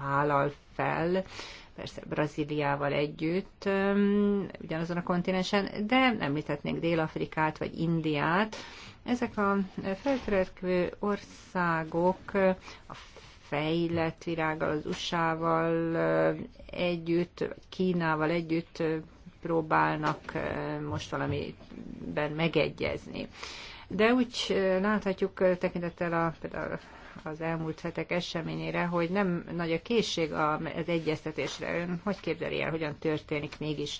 vállal fel, persze Brazíliával együtt ugyanazon a kontinensen, de említhetnénk Dél-Afrikát vagy Indiát. Ezek a feltörekvő országok a fejlett virággal, az USA-val együtt, Kínával együtt próbálnak most valamiben megegyezni. De úgy láthatjuk tekintettel a, például az elmúlt hetek eseményére, hogy nem nagy a készség az egyeztetésre. Ön hogy képzeli el, hogyan történik mégis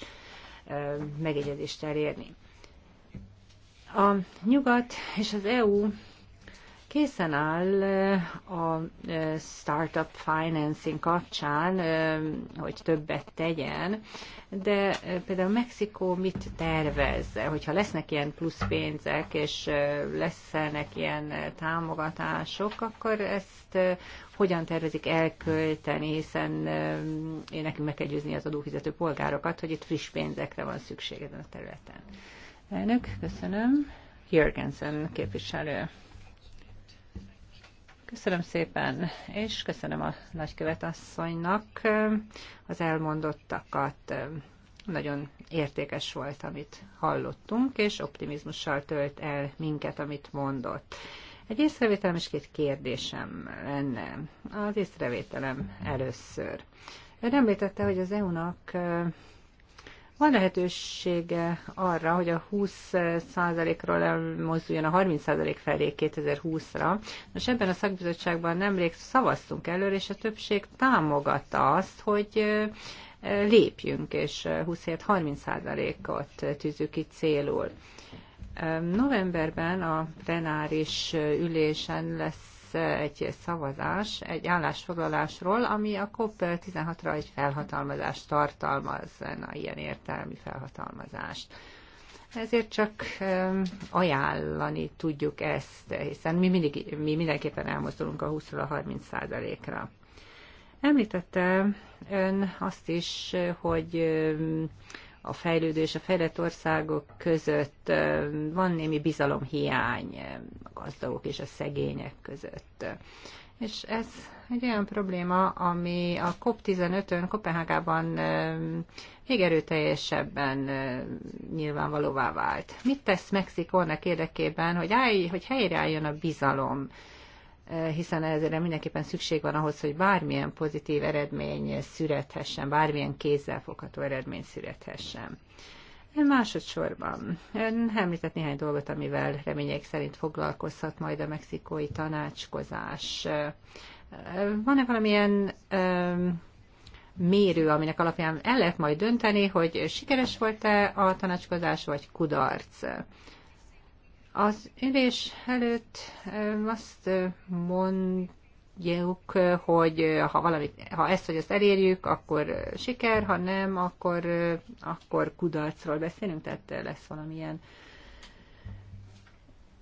megegyezést elérni? A nyugat és az EU Készen áll eh, a eh, startup financing kapcsán, eh, hogy többet tegyen, de például Mexikó mit tervez, hogyha lesznek ilyen plusz pénzek, és lesznek ilyen támogatások, akkor ezt hogyan tervezik elkölteni, hiszen én nekünk meg kell győzni az adófizető polgárokat, hogy itt friss pénzekre van szükség ezen a területen. Elnök, köszönöm. Jörgensen képviselő. Köszönöm szépen, és köszönöm a nagykövet asszonynak az elmondottakat. Nagyon értékes volt, amit hallottunk, és optimizmussal tölt el minket, amit mondott. Egy észrevételem és két kérdésem lenne. Az észrevételem először. Ön említette, hogy az EU-nak van lehetősége arra, hogy a 20%-ról elmozduljon a 30% felé 2020-ra. Most ebben a szakbizottságban nemrég szavaztunk előre, és a többség támogatta azt, hogy lépjünk, és 27-30%-ot tűzünk ki célul. Novemberben a plenáris ülésen lesz lesz egy szavazás egy állásfoglalásról, ami a COP16-ra egy felhatalmazást tartalmaz, na, ilyen értelmi felhatalmazást. Ezért csak ajánlani tudjuk ezt, hiszen mi, mindig, mi mindenképpen elmozdulunk a 20 ra a 30 százalékra. Említette ön azt is, hogy a fejlődő és a fejlett országok között, van némi bizalomhiány a gazdagok és a szegények között. És ez egy olyan probléma, ami a COP15-ön Kopenhágában még erőteljesebben nyilvánvalóvá vált. Mit tesz Mexikó érdekében, hogy, állj, hogy helyreálljon a bizalom Eh, hiszen ezre mindenképpen szükség van ahhoz, hogy bármilyen pozitív eredmény születhessen, bármilyen kézzelfogható eredmény születhessen. Eh, másodszorban eh, említett néhány dolgot, amivel remények szerint foglalkozhat majd a mexikói tanácskozás. Van-e valamilyen mérő, aminek alapján el lehet majd dönteni, hogy sikeres volt-e a tanácskozás, vagy kudarc? Az ülés előtt azt mondjuk, hogy ha, valamit, ha ezt vagy ezt elérjük, akkor siker, ha nem, akkor, akkor kudarcról beszélünk, tehát lesz valamilyen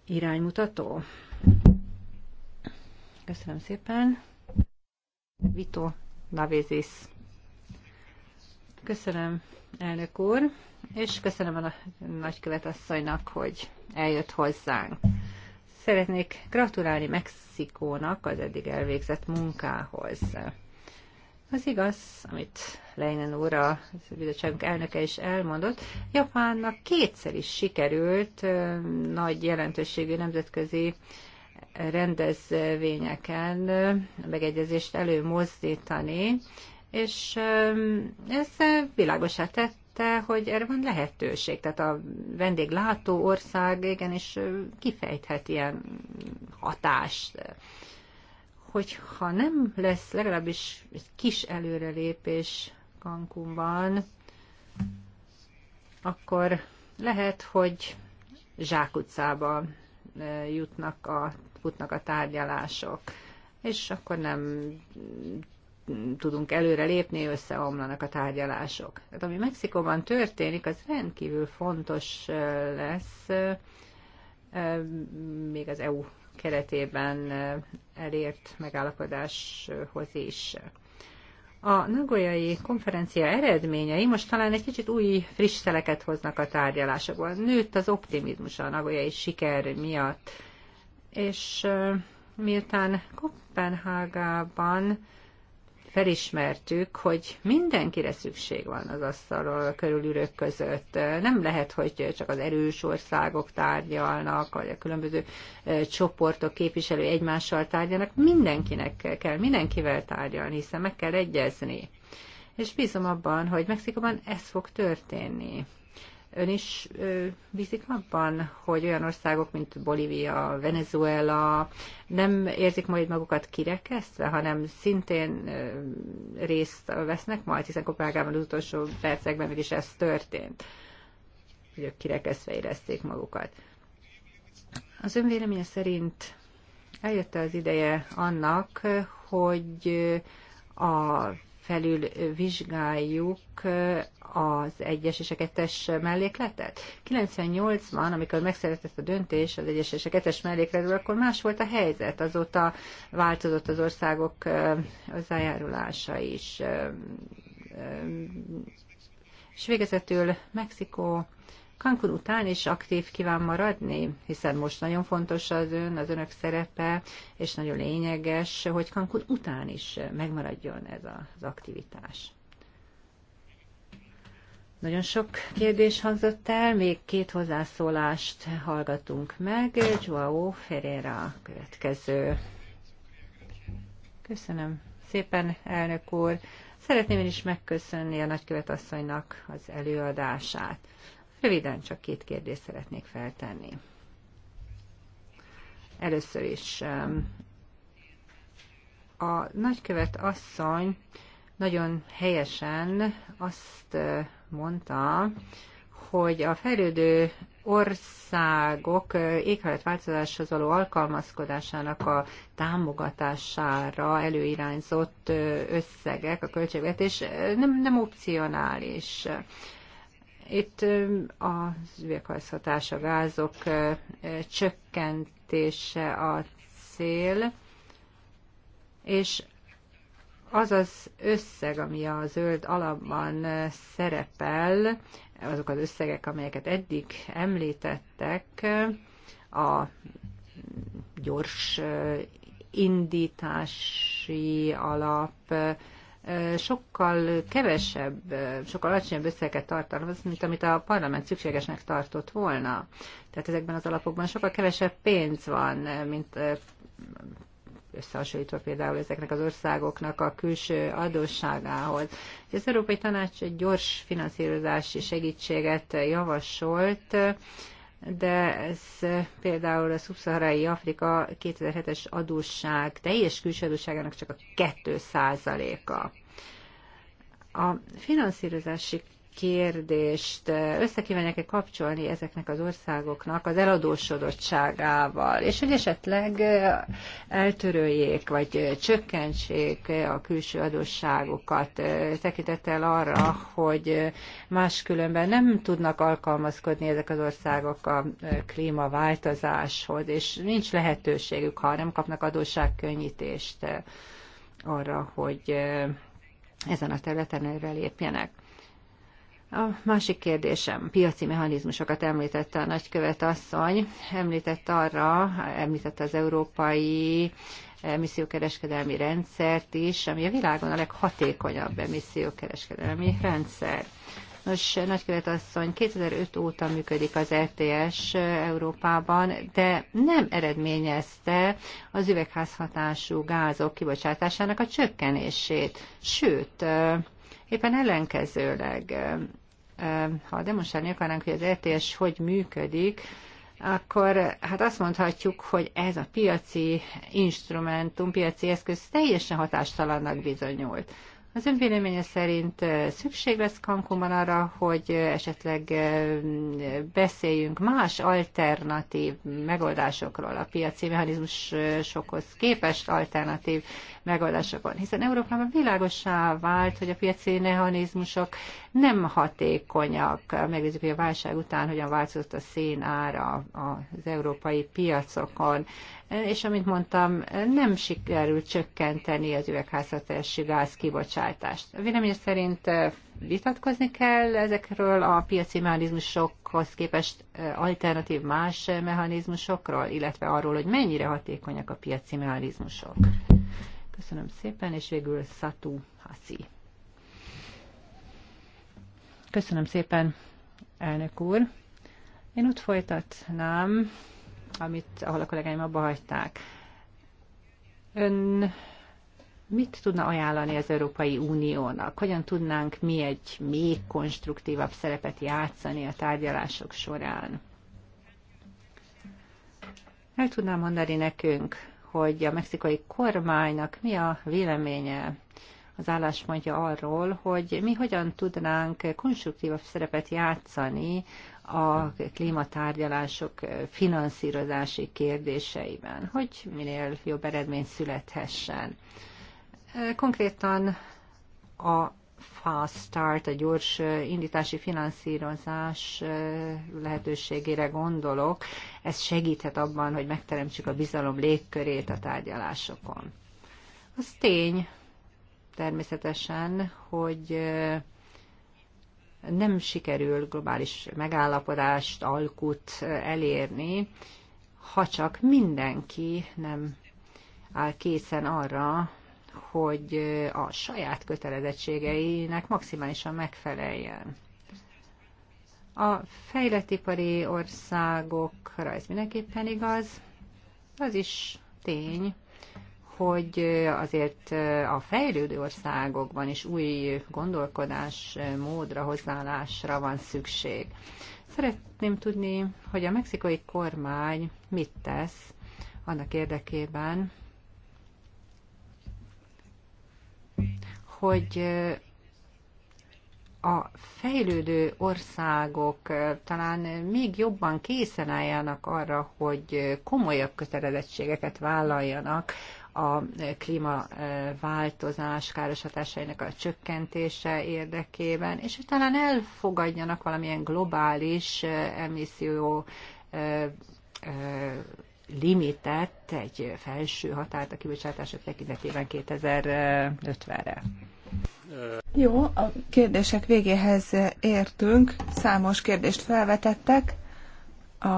iránymutató. Köszönöm szépen. Vito Navézis. Köszönöm, elnök úr, és köszönöm a nagykövet asszonynak, hogy eljött hozzánk. Szeretnék gratulálni Mexikónak az eddig elvégzett munkához. Az igaz, amit Leinen úr, a bizottságunk elnöke is elmondott, Japánnak kétszer is sikerült nagy jelentőségű nemzetközi rendezvényeken megegyezést előmozdítani, és ez világosá tette, hogy erre van lehetőség. Tehát a vendéglátó ország igenis kifejthet ilyen hatást hogyha nem lesz legalábbis egy kis előrelépés Cancúnban, akkor lehet, hogy zsákutcába jutnak a, futnak a tárgyalások, és akkor nem tudunk előre lépni, összeomlanak a tárgyalások. Tehát ami Mexikóban történik, az rendkívül fontos lesz még az EU keretében elért megállapodáshoz is. A Nagoyai konferencia eredményei most talán egy kicsit új, friss szeleket hoznak a tárgyalásokban. Nőtt az optimizmus a Nagoyai siker miatt, és miután Kopenhágában felismertük, hogy mindenkire szükség van az asztal körülülők között. Nem lehet, hogy csak az erős országok tárgyalnak, vagy a különböző csoportok képviselő egymással tárgyalnak. Mindenkinek kell, mindenkivel tárgyalni, hiszen meg kell egyezni. És bízom abban, hogy Mexikóban ez fog történni. Ön is bízik abban, hogy olyan országok, mint Bolívia, Venezuela nem érzik majd magukat kirekesztve, hanem szintén részt vesznek majd, hiszen Kopenhágában az utolsó percekben mégis ez történt, hogy ők kirekesztve érezték magukat. Az ön véleménye szerint eljött az ideje annak, hogy a felül vizsgáljuk az egyes és a kettes mellékletet? 98-ban, amikor ezt a döntés az egyes és a kettes mellékletről, akkor más volt a helyzet. Azóta változott az országok hozzájárulása is. És végezetül Mexikó Cancun után is aktív kíván maradni, hiszen most nagyon fontos az ön, az önök szerepe, és nagyon lényeges, hogy Cancun után is megmaradjon ez az aktivitás. Nagyon sok kérdés hangzott el, még két hozzászólást hallgatunk meg. Joao Ferreira következő. Köszönöm szépen, elnök úr. Szeretném én is megköszönni a nagykövetasszonynak asszonynak az előadását. Röviden csak két kérdést szeretnék feltenni. Először is um, a nagykövet asszony nagyon helyesen azt mondta, hogy a fejlődő országok éghajlatváltozáshoz való alkalmazkodásának a támogatására előirányzott összegek, a költségvetés nem, nem opcionális. Itt az üveghajszhatás, a gázok csökkentése a cél, és az az összeg, ami a zöld alapban szerepel, azok az összegek, amelyeket eddig említettek, a gyors indítási alap sokkal kevesebb, sokkal alacsonyabb összeget tartalmaz, mint amit a parlament szükségesnek tartott volna. Tehát ezekben az alapokban sokkal kevesebb pénz van, mint összehasonlítva például ezeknek az országoknak a külső adósságához. Az Európai Tanács egy gyors finanszírozási segítséget javasolt, de ez például a szubszaharai Afrika 2007-es adósság, teljes külső adósságának csak a 2 százaléka. A finanszírozási kérdést eh, összekívánják-e kapcsolni ezeknek az országoknak az eladósodottságával, és hogy esetleg eh, eltöröljék, vagy eh, csökkentsék a külső adósságokat tekintettel arra, hogy máskülönben nem tudnak alkalmazkodni ezek az országok a klímaváltozáshoz, és nincs lehetőségük, ha nem kapnak adósságkönnyítést arra, hogy ezen a területen előre lépjenek. A másik kérdésem, piaci mechanizmusokat említette a nagykövet asszony, említett arra, említette az európai emissziókereskedelmi rendszert is, ami a világon a leghatékonyabb emissziókereskedelmi rendszer. Nos, nagykövet asszony, 2005 óta működik az RTS er Európában, de nem eredményezte az üvegházhatású gázok kibocsátásának a csökkenését. Sőt, Éppen ellenkezőleg, ha demonstrálni akarnánk, hogy az RTS e hogy működik, akkor hát azt mondhatjuk, hogy ez a piaci instrumentum, piaci eszköz teljesen hatástalannak bizonyult. Az önvéleménye szerint szükség lesz kankumban arra, hogy esetleg beszéljünk más alternatív megoldásokról a piaci mechanizmusokhoz képest alternatív megoldásokon. Hiszen Európában világosá vált, hogy a piaci mechanizmusok nem hatékonyak. Megnézzük, hogy a válság után hogyan változott a szén ára az európai piacokon. És amint mondtam, nem sikerült csökkenteni az üvegházhatási gáz kibocsátást. A vélemény szerint vitatkozni kell ezekről a piaci mechanizmusokhoz képest alternatív más mechanizmusokról, illetve arról, hogy mennyire hatékonyak a piaci mechanizmusok. Köszönöm szépen, és végül Szatú Haszi. Köszönöm szépen, elnök úr. Én ott folytatnám, amit, ahol a kollégáim abba hagyták. Ön mit tudna ajánlani az Európai Uniónak? Hogyan tudnánk mi egy még konstruktívabb szerepet játszani a tárgyalások során? El tudnám mondani nekünk, hogy a mexikai kormánynak mi a véleménye az álláspontja arról, hogy mi hogyan tudnánk konstruktívabb szerepet játszani a klímatárgyalások finanszírozási kérdéseiben, hogy minél jobb eredmény születhessen. Konkrétan a fast start, a gyors indítási finanszírozás lehetőségére gondolok, ez segíthet abban, hogy megteremtsük a bizalom légkörét a tárgyalásokon. Az tény természetesen, hogy nem sikerül globális megállapodást, alkut elérni, ha csak mindenki nem áll készen arra, hogy a saját kötelezettségeinek maximálisan megfeleljen. A fejlettipari országokra ez mindenképpen igaz. Az is tény, hogy azért a fejlődő országokban is új gondolkodás módra, hozzáállásra van szükség. Szeretném tudni, hogy a mexikai kormány mit tesz annak érdekében, hogy a fejlődő országok talán még jobban készen álljanak arra, hogy komolyabb kötelezettségeket vállaljanak a klímaváltozás káros hatásainak a csökkentése érdekében, és hogy talán elfogadjanak valamilyen globális emisszió limitet, egy felső határt a kibocsátások tekintetében 2050-re. Jó, a kérdések végéhez értünk. Számos kérdést felvetettek a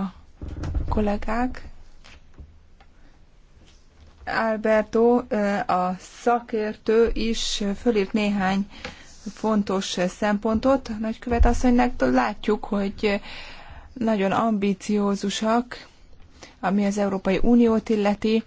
kollégák. Alberto, a szakértő is fölírt néhány fontos szempontot. Nagykövet asszonynak látjuk, hogy nagyon ambiciózusak ami az Európai Uniót illeti.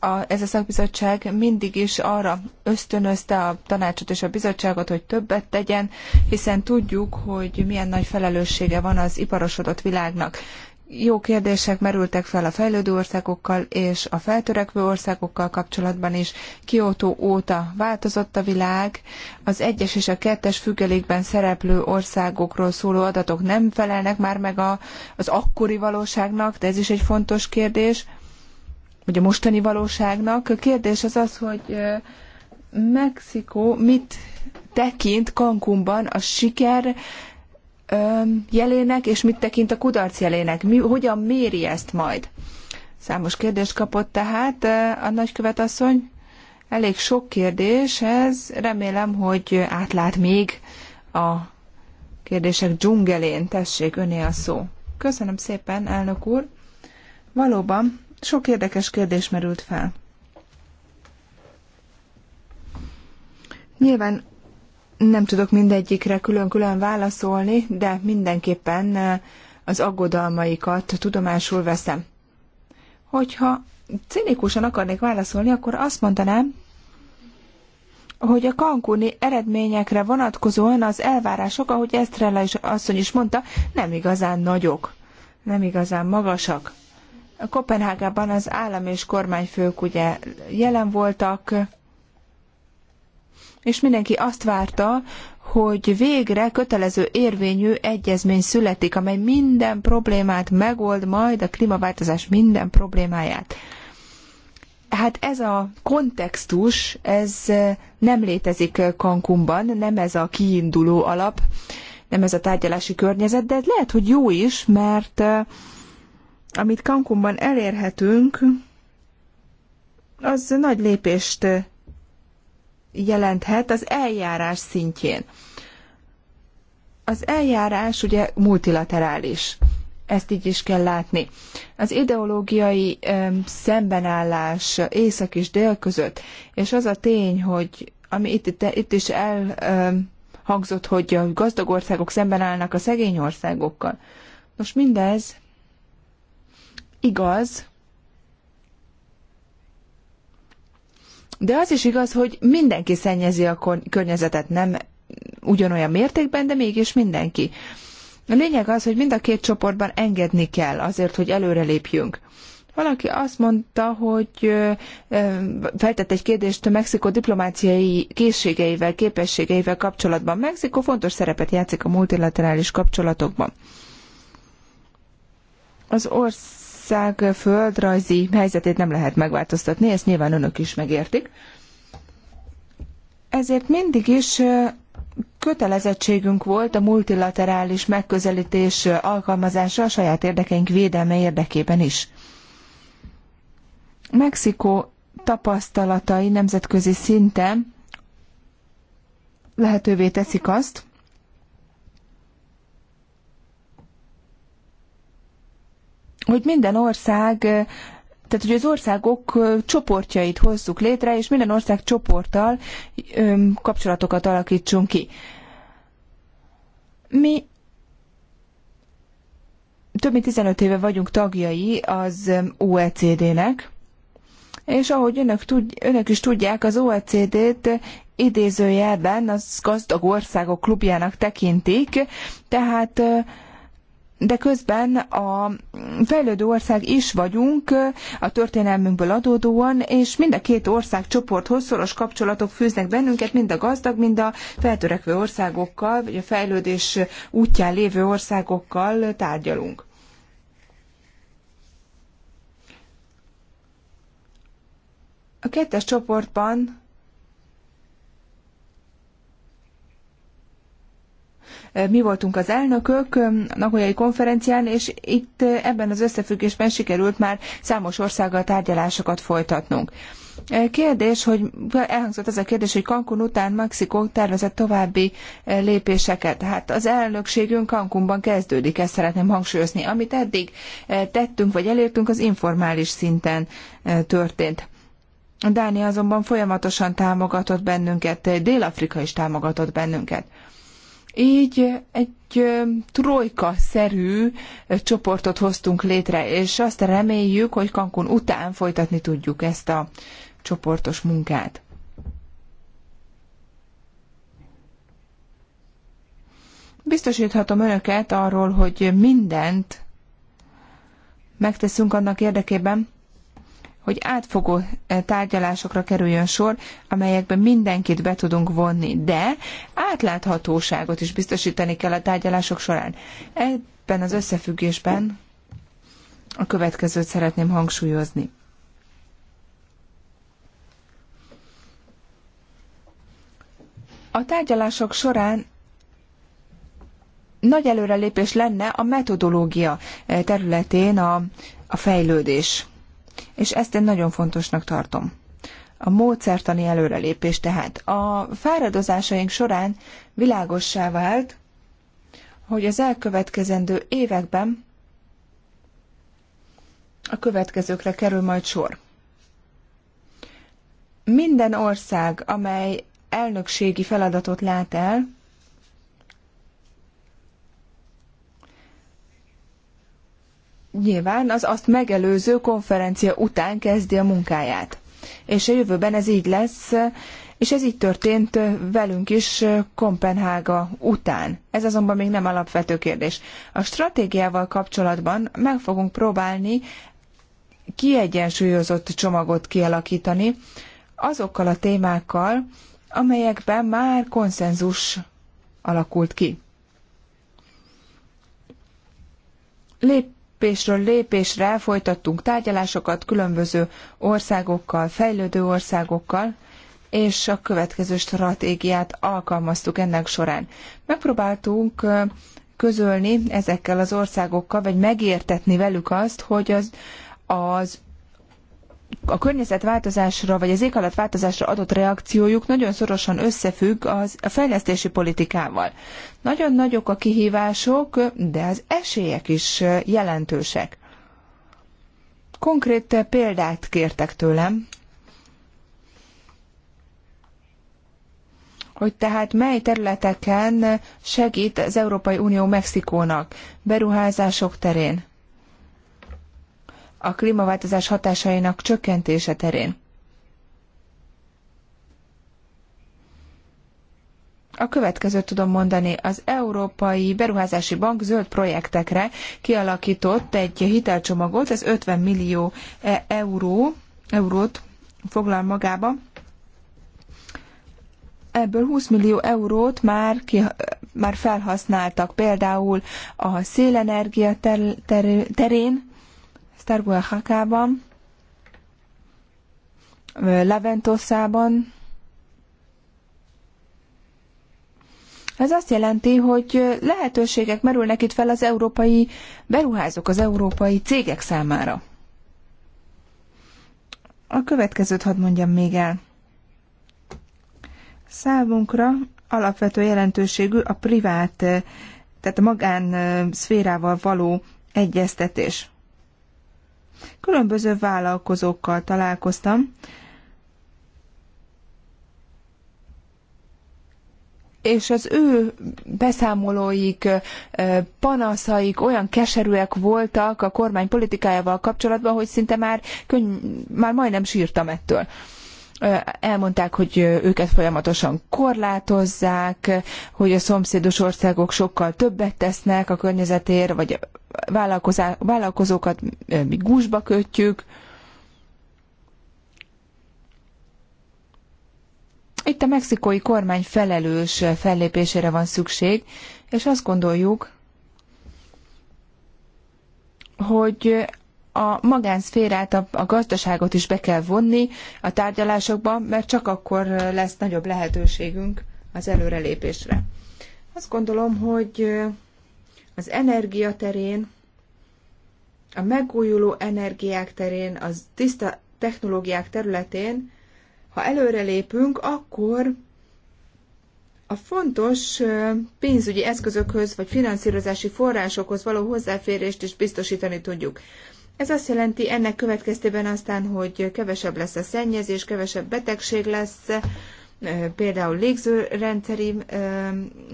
A, ez a szakbizottság mindig is arra ösztönözte a tanácsot és a bizottságot, hogy többet tegyen, hiszen tudjuk, hogy milyen nagy felelőssége van az iparosodott világnak jó kérdések merültek fel a fejlődő országokkal és a feltörekvő országokkal kapcsolatban is. Kiotó óta változott a világ, az egyes és a kettes függelékben szereplő országokról szóló adatok nem felelnek már meg a, az akkori valóságnak, de ez is egy fontos kérdés, vagy a mostani valóságnak. A kérdés az az, hogy Mexikó mit tekint Cancúnban a siker jelének, és mit tekint a kudarc jelének? Mi, hogyan méri ezt majd? Számos kérdést kapott tehát a nagykövet asszony. Elég sok kérdés ez. Remélem, hogy átlát még a kérdések dzsungelén. Tessék, öné a szó. Köszönöm szépen, elnök úr. Valóban sok érdekes kérdés merült fel. Nyilván nem tudok mindegyikre külön-külön válaszolni, de mindenképpen eh, az aggodalmaikat tudomásul veszem. Hogyha cinikusan akarnék válaszolni, akkor azt mondanám, hogy a kankuni eredményekre vonatkozóan az elvárások, ahogy Esztrella is, asszony is mondta, nem igazán nagyok, nem igazán magasak. Kopenhágában az állam és kormányfők ugye jelen voltak, és mindenki azt várta, hogy végre kötelező érvényű egyezmény születik, amely minden problémát megold majd, a klímaváltozás minden problémáját. Hát ez a kontextus, ez nem létezik Cancunban, nem ez a kiinduló alap, nem ez a tárgyalási környezet, de lehet, hogy jó is, mert eh, amit Cancunban elérhetünk, az nagy lépést eh, jelenthet az eljárás szintjén. Az eljárás ugye multilaterális, ezt így is kell látni. Az ideológiai szembenállás észak és dél között, és az a tény, hogy ami itt, itt, itt is elhangzott, hogy a gazdag országok szemben állnak a szegény országokkal. Nos, mindez igaz, De az is igaz, hogy mindenki szennyezi a környezetet, nem ugyanolyan mértékben, de mégis mindenki. A lényeg az, hogy mind a két csoportban engedni kell azért, hogy előrelépjünk. Valaki azt mondta, hogy feltett egy kérdést a Mexikó diplomáciai készségeivel, képességeivel kapcsolatban. Mexikó fontos szerepet játszik a multilaterális kapcsolatokban. Az ország ország földrajzi helyzetét nem lehet megváltoztatni, ezt nyilván önök is megértik. Ezért mindig is kötelezettségünk volt a multilaterális megközelítés alkalmazása a saját érdekeink védelme érdekében is. Mexikó tapasztalatai nemzetközi szinten lehetővé teszik azt, hogy minden ország, tehát hogy az országok csoportjait hozzuk létre, és minden ország csoporttal kapcsolatokat alakítsunk ki. Mi több mint 15 éve vagyunk tagjai az OECD-nek, és ahogy önök, tud, önök is tudják, az OECD-t idézőjelben az gazdag országok klubjának tekintik, tehát de közben a fejlődő ország is vagyunk a történelmünkből adódóan, és mind a két ország csoporthoz szoros kapcsolatok fűznek bennünket, mind a gazdag, mind a feltörekvő országokkal, vagy a fejlődés útján lévő országokkal tárgyalunk. A kettes csoportban mi voltunk az elnökök a Nagoyai konferencián, és itt ebben az összefüggésben sikerült már számos országgal tárgyalásokat folytatnunk. Kérdés, hogy elhangzott az a kérdés, hogy Cancun után Mexikó tervezett további lépéseket. Hát az elnökségünk Cancunban kezdődik, ezt szeretném hangsúlyozni. Amit eddig tettünk vagy elértünk, az informális szinten történt. Dánia azonban folyamatosan támogatott bennünket, Dél-Afrika is támogatott bennünket. Így egy trojka-szerű csoportot hoztunk létre, és azt reméljük, hogy Cancun után folytatni tudjuk ezt a csoportos munkát. Biztosíthatom önöket arról, hogy mindent megteszünk annak érdekében, hogy átfogó eh, tárgyalásokra kerüljön sor, amelyekben mindenkit be tudunk vonni, de átláthatóságot is biztosítani kell a tárgyalások során. Ebben az összefüggésben a következőt szeretném hangsúlyozni. A tárgyalások során nagy előrelépés lenne a metodológia eh, területén a, a fejlődés és ezt én nagyon fontosnak tartom. A módszertani előrelépés tehát. A fáradozásaink során világossá vált, hogy az elkövetkezendő években a következőkre kerül majd sor. Minden ország, amely elnökségi feladatot lát el, nyilván az azt megelőző konferencia után kezdi a munkáját. És a jövőben ez így lesz, és ez így történt velünk is Kopenhága után. Ez azonban még nem alapvető kérdés. A stratégiával kapcsolatban meg fogunk próbálni kiegyensúlyozott csomagot kialakítani azokkal a témákkal, amelyekben már konszenzus alakult ki. Lép, lépésről lépésre folytattunk tárgyalásokat különböző országokkal, fejlődő országokkal, és a következő stratégiát alkalmaztuk ennek során. Megpróbáltunk közölni ezekkel az országokkal, vagy megértetni velük azt, hogy az, az a környezetváltozásra vagy az éghajlatváltozásra adott reakciójuk nagyon szorosan összefügg az, a fejlesztési politikával. Nagyon nagyok a kihívások, de az esélyek is jelentősek. Konkrét példát kértek tőlem, hogy tehát mely területeken segít az Európai Unió Mexikónak beruházások terén a klímaváltozás hatásainak csökkentése terén. A következőt tudom mondani. Az Európai Beruházási Bank zöld projektekre kialakított egy hitelcsomagot, ez 50 millió e, euró, eurót foglal magába. Ebből 20 millió eurót már, ki, már felhasználtak például a szélenergia ter, ter, terén, Sztarguahákában, Leventoszában. Ez azt jelenti, hogy lehetőségek merülnek itt fel az európai beruházók, az európai cégek számára. A következőt hadd mondjam még el. Számunkra alapvető jelentőségű a privát, tehát a magán szférával való egyeztetés. Különböző vállalkozókkal találkoztam, és az ő beszámolóik, panaszaik olyan keserűek voltak a kormány politikájával kapcsolatban, hogy szinte már, könny- már majdnem sírtam ettől elmondták, hogy őket folyamatosan korlátozzák, hogy a szomszédos országok sokkal többet tesznek a környezetért, vagy vállalkozókat mi gúzsba kötjük. Itt a mexikói kormány felelős fellépésére van szükség, és azt gondoljuk, hogy a magánszférát, a, a gazdaságot is be kell vonni a tárgyalásokba, mert csak akkor lesz nagyobb lehetőségünk az előrelépésre. Azt gondolom, hogy az energia terén, a megújuló energiák terén, az tiszta technológiák területén, ha előrelépünk, akkor a fontos pénzügyi eszközökhöz vagy finanszírozási forrásokhoz való hozzáférést is biztosítani tudjuk. Ez azt jelenti ennek következtében aztán, hogy kevesebb lesz a szennyezés, kevesebb betegség lesz, például légzőrendszeri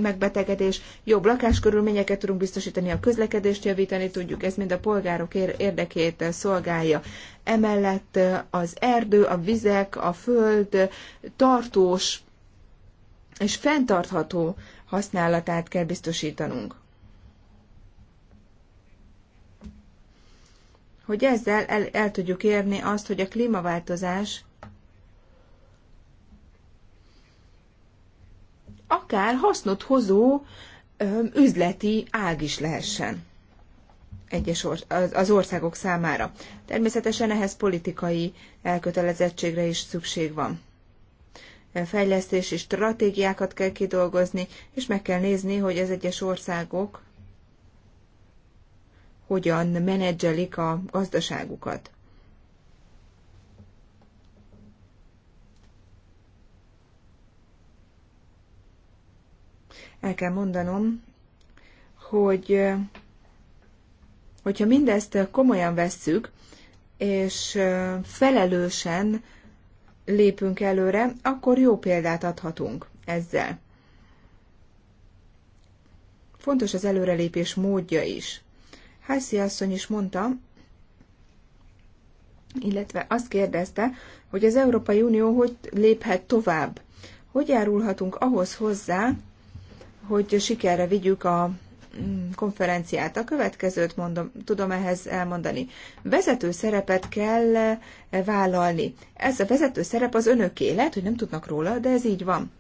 megbetegedés, jobb lakáskörülményeket tudunk biztosítani, a közlekedést javítani tudjuk, ez mind a polgárok érdekét szolgálja. Emellett az erdő, a vizek, a föld tartós és fenntartható használatát kell biztosítanunk. hogy ezzel el, el tudjuk érni azt, hogy a klímaváltozás akár hasznot hozó üzleti ág is lehessen egyes or- az országok számára. Természetesen ehhez politikai elkötelezettségre is szükség van. Fejlesztési stratégiákat kell kidolgozni, és meg kell nézni, hogy az egyes országok hogyan menedzselik a gazdaságukat. El kell mondanom, hogy hogyha mindezt komolyan vesszük, és felelősen lépünk előre, akkor jó példát adhatunk ezzel. Fontos az előrelépés módja is. Hászi asszony is mondta, illetve azt kérdezte, hogy az Európai Unió hogy léphet tovább, hogy járulhatunk ahhoz hozzá, hogy sikerre vigyük a mm, konferenciát. A következőt mondom, tudom ehhez elmondani. Vezető szerepet kell e, vállalni. Ez a vezető szerep az önöké. Lehet, hogy nem tudnak róla, de ez így van.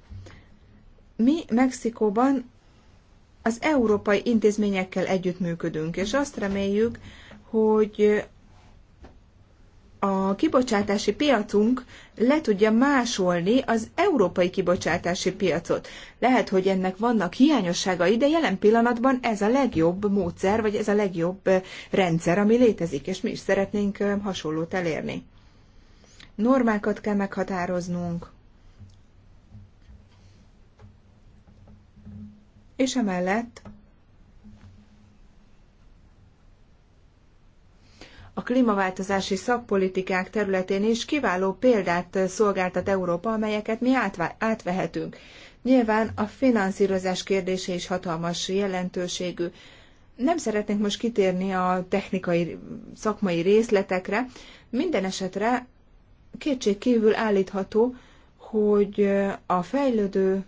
Mi Mexikóban az európai intézményekkel együttműködünk, és azt reméljük, hogy a kibocsátási piacunk le tudja másolni az európai kibocsátási piacot. Lehet, hogy ennek vannak hiányosságai, de jelen pillanatban ez a legjobb módszer, vagy ez a legjobb rendszer, ami létezik, és mi is szeretnénk hasonlót elérni. Normákat kell meghatároznunk, és emellett a klímaváltozási szakpolitikák területén is kiváló példát szolgáltat Európa, amelyeket mi átvehetünk. Nyilván a finanszírozás kérdése is hatalmas jelentőségű. Nem szeretnék most kitérni a technikai, szakmai részletekre. Minden esetre kétség kívül állítható, hogy a fejlődő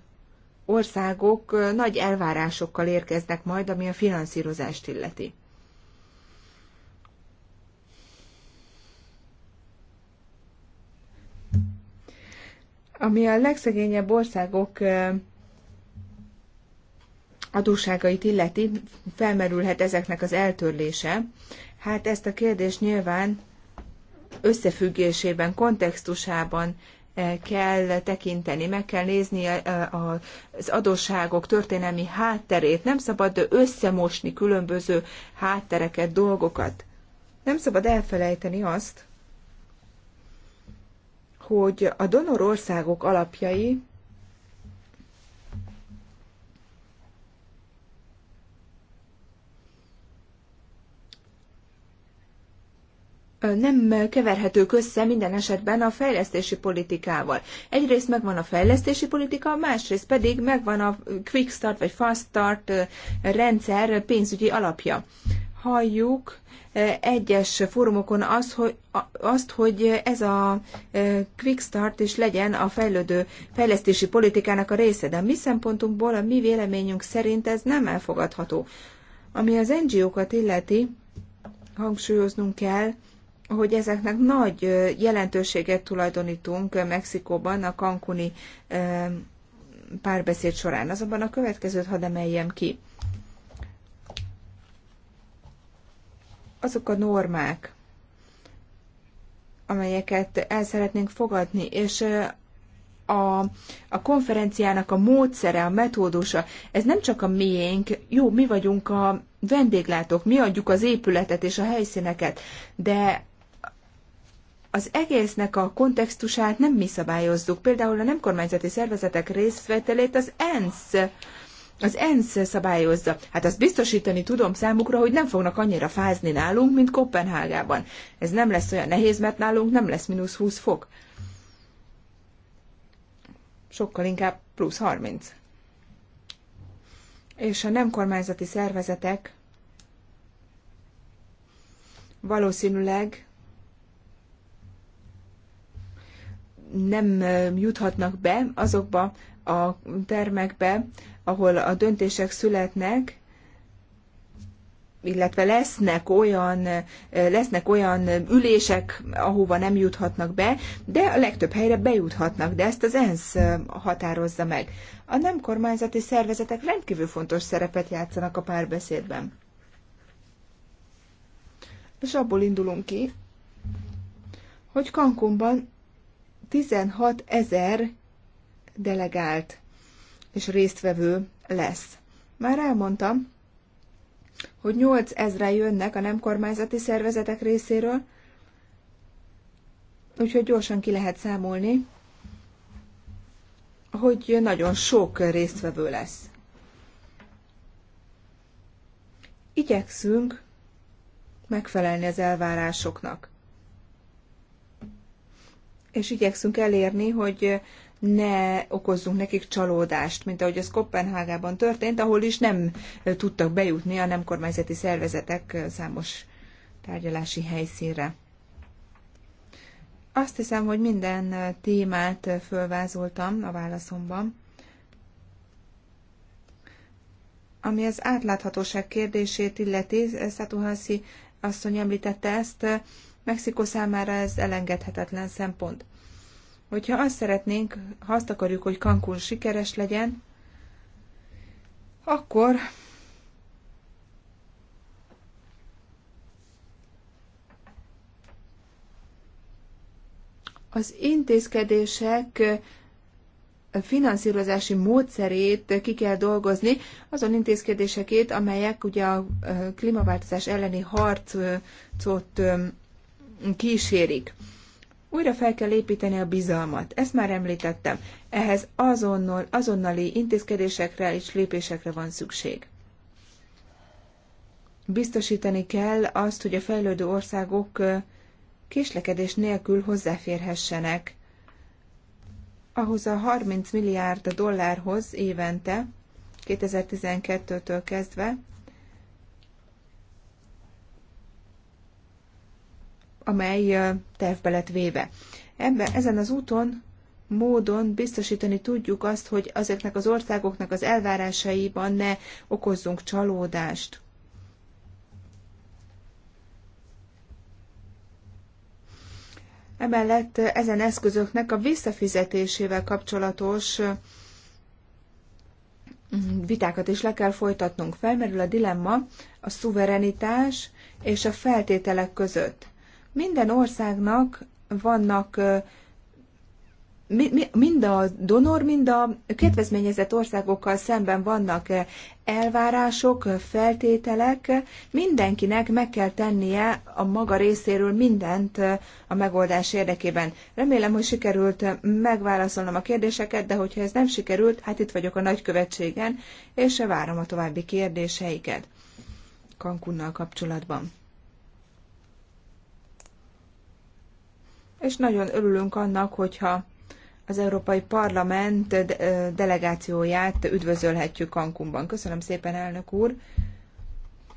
országok nagy elvárásokkal érkeznek majd, ami a finanszírozást illeti. Ami a legszegényebb országok adósságait illeti, felmerülhet ezeknek az eltörlése. Hát ezt a kérdést nyilván összefüggésében, kontextusában kell tekinteni, meg kell nézni az adósságok történelmi hátterét. Nem szabad összemosni különböző háttereket, dolgokat. Nem szabad elfelejteni azt, hogy a donor országok alapjai nem keverhetők össze minden esetben a fejlesztési politikával. Egyrészt megvan a fejlesztési politika, másrészt pedig megvan a quick start vagy fast start rendszer pénzügyi alapja. Halljuk egyes fórumokon azt, hogy, azt, hogy ez a quick start is legyen a fejlődő fejlesztési politikának a része, de a mi szempontunkból, a mi véleményünk szerint ez nem elfogadható. Ami az NGO-kat illeti, hangsúlyoznunk kell, hogy ezeknek nagy jelentőséget tulajdonítunk Mexikóban a Cancuni párbeszéd során. Azonban a következőt hadd emeljem ki. Azok a normák, amelyeket el szeretnénk fogadni, és a, a konferenciának a módszere, a metódusa, ez nem csak a miénk, jó, mi vagyunk a vendéglátók, mi adjuk az épületet és a helyszíneket, de az egésznek a kontextusát nem mi szabályozzuk. Például a nem kormányzati szervezetek részvételét az ENSZ az ENSZ szabályozza. Hát azt biztosítani tudom számukra, hogy nem fognak annyira fázni nálunk, mint Kopenhágában. Ez nem lesz olyan nehéz, mert nálunk nem lesz mínusz 20 fok. Sokkal inkább plusz 30. És a nem kormányzati szervezetek valószínűleg nem juthatnak be azokba a termekbe, ahol a döntések születnek, illetve lesznek olyan, lesznek olyan ülések, ahova nem juthatnak be, de a legtöbb helyre bejuthatnak, de ezt az ENSZ határozza meg. A nem kormányzati szervezetek rendkívül fontos szerepet játszanak a párbeszédben. És abból indulunk ki, hogy Cancúnban 16 ezer delegált és résztvevő lesz. Már elmondtam, hogy 8 ezre jönnek a nem kormányzati szervezetek részéről, úgyhogy gyorsan ki lehet számolni, hogy nagyon sok résztvevő lesz. Igyekszünk megfelelni az elvárásoknak és igyekszünk elérni, hogy ne okozzunk nekik csalódást, mint ahogy ez Kopenhágában történt, ahol is nem tudtak bejutni a nem kormányzati szervezetek számos tárgyalási helyszínre. Azt hiszem, hogy minden témát fölvázoltam a válaszomban. Ami az átláthatóság kérdését illeti, Szatuhászi asszony említette ezt, Mexikó számára ez elengedhetetlen szempont. Hogyha azt szeretnénk, ha azt akarjuk, hogy Cancún sikeres legyen, akkor az intézkedések finanszírozási módszerét ki kell dolgozni, azon intézkedésekét, amelyek ugye a klímaváltozás elleni harcot kísérik. Újra fel kell építeni a bizalmat, ezt már említettem. Ehhez azonnal, azonnali intézkedésekre és lépésekre van szükség. Biztosítani kell azt, hogy a fejlődő országok késlekedés nélkül hozzáférhessenek ahhoz a 30 milliárd dollárhoz évente, 2012-től kezdve, amely tervbe lett véve. Ebben, ezen az úton módon biztosítani tudjuk azt, hogy ezeknek az országoknak az elvárásaiban ne okozzunk csalódást. Emellett ezen eszközöknek a visszafizetésével kapcsolatos vitákat is le kell folytatnunk. Felmerül a dilemma a szuverenitás és a feltételek között. Minden országnak vannak mind a donor, mind a kedvezményezett országokkal szemben vannak elvárások, feltételek, mindenkinek meg kell tennie a maga részéről mindent a megoldás érdekében. Remélem, hogy sikerült megválaszolnom a kérdéseket, de hogyha ez nem sikerült, hát itt vagyok a nagykövetségen, és várom a további kérdéseiket Cancunnal kapcsolatban. és nagyon örülünk annak, hogyha az Európai Parlament delegációját üdvözölhetjük Cancúnban. Köszönöm szépen, elnök úr!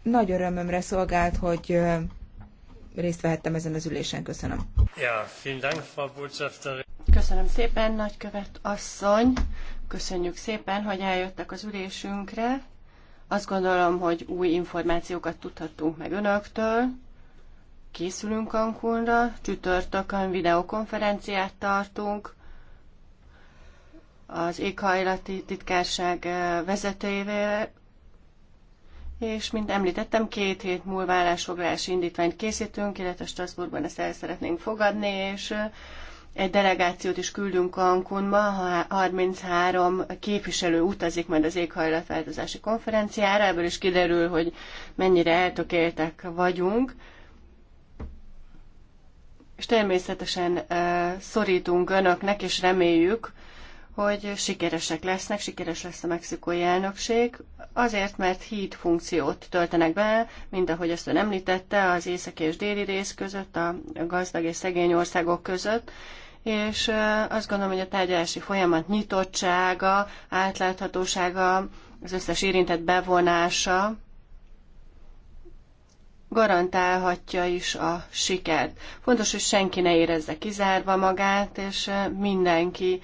Nagy örömömre szolgált, hogy részt vehettem ezen az ülésen. Köszönöm. Ja, Dank, Frau Köszönöm szépen, nagykövet asszony. Köszönjük szépen, hogy eljöttek az ülésünkre. Azt gondolom, hogy új információkat tudhattunk meg önöktől készülünk Cancúnra, csütörtökön videokonferenciát tartunk, az éghajlati titkárság vezetőjével, és mint említettem, két hét múlva állásfoglalási indítványt készítünk, illetve Strasbourgban ezt el szeretnénk fogadni, és egy delegációt is küldünk ha 33 képviselő utazik majd az éghajlatváltozási konferenciára, ebből is kiderül, hogy mennyire eltökéltek vagyunk és természetesen szorítunk önöknek, és reméljük, hogy sikeresek lesznek, sikeres lesz a mexikói elnökség, azért, mert híd funkciót töltenek be, mint ahogy azt ön említette, az északi és déli rész között, a gazdag és szegény országok között, és azt gondolom, hogy a tárgyalási folyamat nyitottsága, átláthatósága, az összes érintett bevonása garantálhatja is a sikert. Fontos, hogy senki ne érezze kizárva magát, és mindenki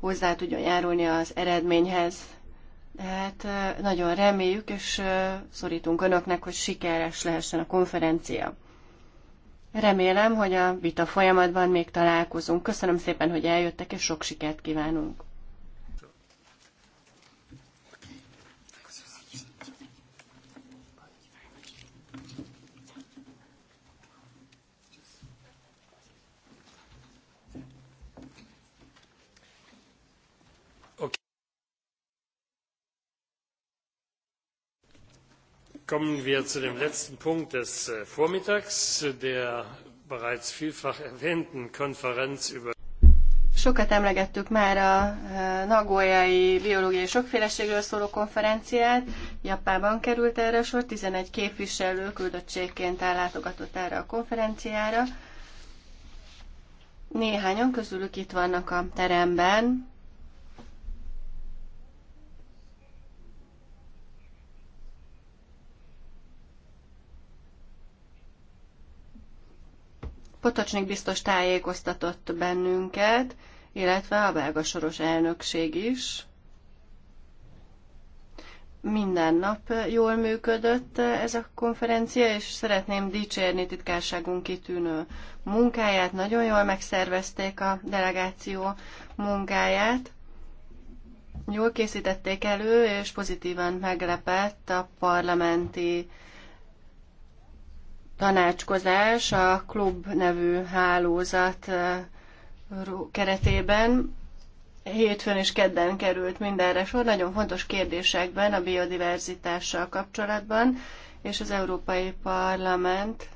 hozzá tudjon járulni az eredményhez. Tehát nagyon reméljük, és szorítunk önöknek, hogy sikeres lehessen a konferencia. Remélem, hogy a vita folyamatban még találkozunk. Köszönöm szépen, hogy eljöttek, és sok sikert kívánunk! kommen wir zu dem letzten punkt des äh, vormittags der bereits vielfach erwähnten konferenz über Sokat emlegettük már a Nagoyai Biológiai Sokféleségről szóló konferenciát. Japánban került erre sor, 11 képviselő küldöttségként ellátogatott erre a konferenciára. Néhányan közülük itt vannak a teremben, Potocsnik biztos tájékoztatott bennünket, illetve a belga soros elnökség is. Minden nap jól működött ez a konferencia, és szeretném dicsérni titkárságunk kitűnő munkáját. Nagyon jól megszervezték a delegáció munkáját. Jól készítették elő, és pozitívan meglepett a parlamenti tanácskozás a klub nevű hálózat eh, keretében hétfőn és kedden került mindenre sor, nagyon fontos kérdésekben a biodiverzitással kapcsolatban, és az Európai Parlament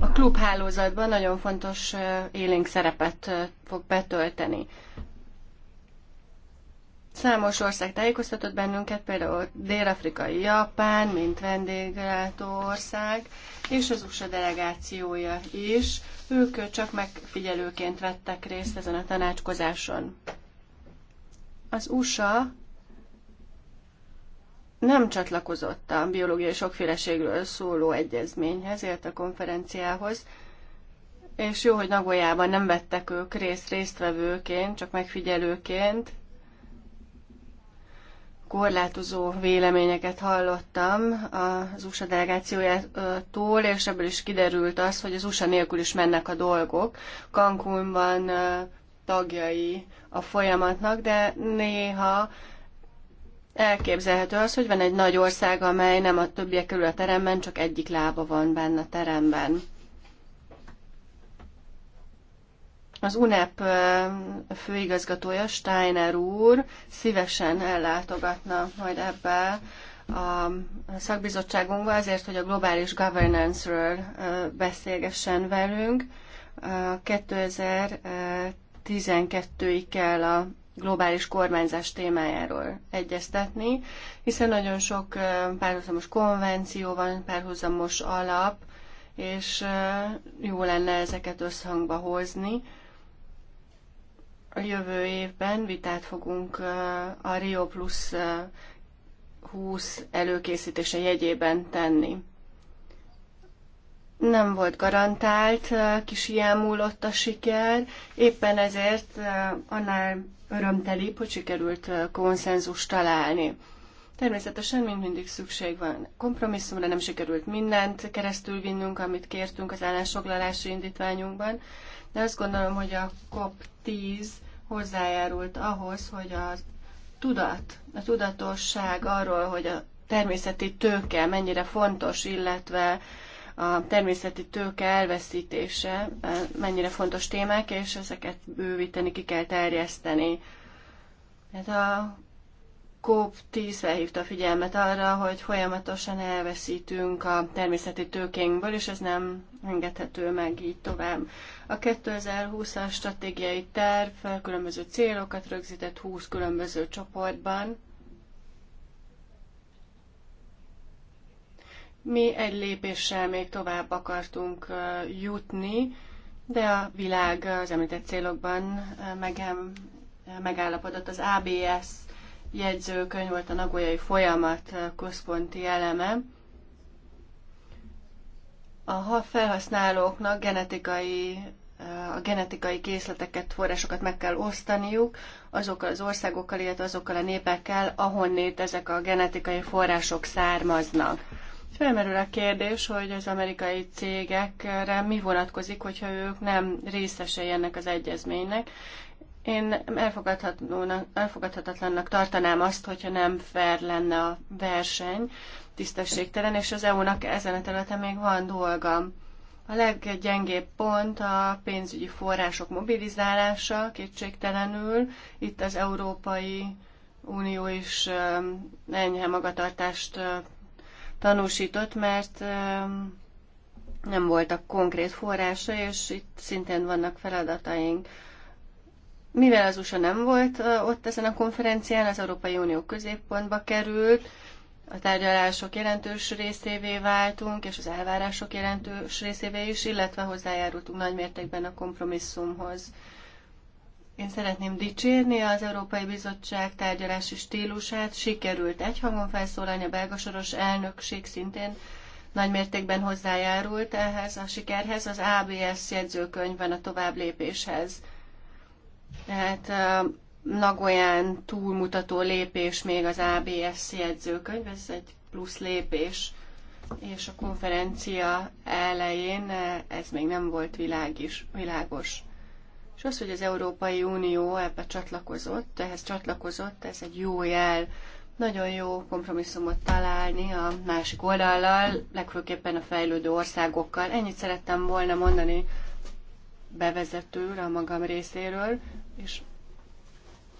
a klubhálózatban nagyon fontos eh, élénk szerepet eh, fog betölteni. Számos ország tájékoztatott bennünket, például Dél-Afrikai Japán, mint vendéglátó ország, és az USA delegációja is. Ők csak megfigyelőként vettek részt ezen a tanácskozáson. Az USA nem csatlakozott a biológiai sokféleségről szóló egyezményhez, illetve a konferenciához, és jó, hogy Nagoyában nem vettek ők részt résztvevőként, csak megfigyelőként, korlátozó véleményeket hallottam az USA delegációjától, és ebből is kiderült az, hogy az USA nélkül is mennek a dolgok. Cancúnban tagjai a folyamatnak, de néha elképzelhető az, hogy van egy nagy ország, amely nem a többiek körül a teremben, csak egyik lába van benne a teremben. Az UNEP főigazgatója, Steiner úr szívesen ellátogatna majd ebbe a szakbizottságunkba azért, hogy a globális governance-ről beszélgessen velünk. 2012-ig kell a globális kormányzás témájáról egyeztetni, hiszen nagyon sok párhuzamos konvenció van, párhuzamos alap, és jó lenne ezeket összhangba hozni, a jövő évben vitát fogunk a Rio Plus 20 előkészítése jegyében tenni. Nem volt garantált, kis múlott a siker, éppen ezért annál örömtelibb, hogy sikerült konszenzus találni. Természetesen mind mindig szükség van kompromisszumra, nem sikerült mindent keresztül vinnünk, amit kértünk az állásfoglalási indítványunkban, de azt gondolom, hogy a COP10 hozzájárult ahhoz, hogy a tudat, a tudatosság arról, hogy a természeti tőke mennyire fontos, illetve a természeti tőke elveszítése e, mennyire fontos témák, és ezeket bővíteni, ki kell terjeszteni. Ez a COP10 felhívta a figyelmet arra, hogy folyamatosan elveszítünk a természeti tőkénkből, és ez nem engedhető meg így tovább. A 2020-as stratégiai terv különböző célokat rögzített 20 különböző csoportban. Mi egy lépéssel még tovább akartunk jutni, de a világ az említett célokban megállapodott az ABS jegyzőkönyv volt a nagolyai folyamat eh, központi eleme. A felhasználóknak genetikai, eh, a genetikai készleteket, forrásokat meg kell osztaniuk azokkal az országokkal, illetve azokkal a népekkel, ahonnét ezek a genetikai források származnak. Felmerül a kérdés, hogy az amerikai cégekre mi vonatkozik, hogyha ők nem részesei ennek az egyezménynek, én elfogadhatatlannak tartanám azt, hogyha nem fair lenne a verseny, tisztességtelen, és az EU-nak ezen a területen még van dolga. A leggyengébb pont a pénzügyi források mobilizálása kétségtelenül. Itt az Európai Unió is enyhe magatartást tanúsított, mert nem voltak konkrét forrása, és itt szintén vannak feladataink. Mivel az USA nem volt ott ezen a konferencián, az Európai Unió középpontba került, a tárgyalások jelentős részévé váltunk, és az elvárások jelentős részévé is, illetve hozzájárultunk nagymértékben a kompromisszumhoz. Én szeretném dicsérni az Európai Bizottság tárgyalási stílusát, sikerült egyhangon felszólalni, a belga soros elnökség szintén nagymértékben hozzájárult ehhez a sikerhez, az ABS jegyzőkönyvben a tovább lépéshez. Tehát uh, Nagoyán túlmutató lépés még az ABS jegyzőkönyv, ez egy plusz lépés, és a konferencia elején uh, ez még nem volt világis, világos. És az, hogy az Európai Unió ebbe csatlakozott, ehhez csatlakozott, ez egy jó jel, nagyon jó kompromisszumot találni a másik oldallal, legfőképpen a fejlődő országokkal. Ennyit szerettem volna mondani bevezetőre a magam részéről és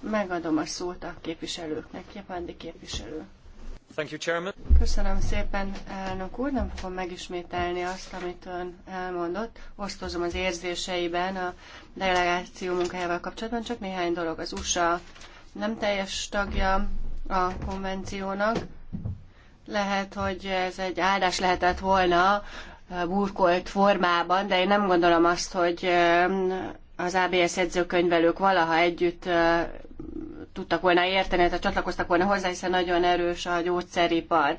megadom a szót a képviselőknek, Japándi képviselő. Thank you, Chairman. Köszönöm szépen, elnök úr. Nem fogom megismételni azt, amit ön elmondott. Osztozom az érzéseiben a delegáció munkájával kapcsolatban, csak néhány dolog. Az USA nem teljes tagja a konvenciónak. Lehet, hogy ez egy áldás lehetett volna burkolt formában, de én nem gondolom azt, hogy az ABS edzőkönyvelők valaha együtt tudtak volna érteni, tehát csatlakoztak volna hozzá, hiszen nagyon erős a gyógyszeripar.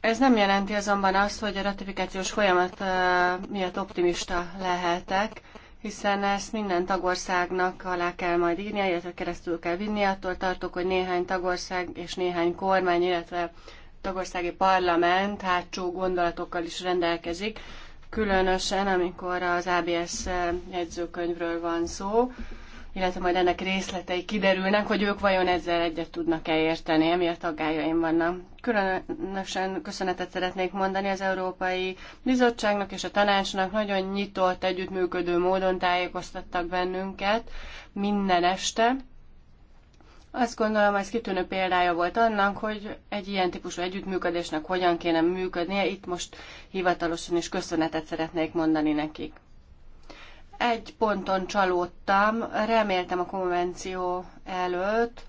Ez nem jelenti azonban azt, hogy a ratifikációs folyamat miatt optimista lehetek, hiszen ezt minden tagországnak alá kell majd írnia, illetve keresztül kell vinni. Attól tartok, hogy néhány tagország és néhány kormány, illetve tagországi parlament hátsó gondolatokkal is rendelkezik, különösen amikor az ABS eh, jegyzőkönyvről van szó, illetve majd ennek részletei kiderülnek, hogy ők vajon ezzel egyet tudnak-e érteni, emiatt aggájaim vannak. Különösen köszönetet szeretnék mondani az Európai Bizottságnak és a tanácsnak, nagyon nyitott, együttműködő módon tájékoztattak bennünket minden este, azt gondolom, ez kitűnő példája volt annak, hogy egy ilyen típusú együttműködésnek hogyan kéne működnie. Itt most hivatalosan is köszönetet szeretnék mondani nekik. Egy ponton csalódtam, reméltem a konvenció előtt,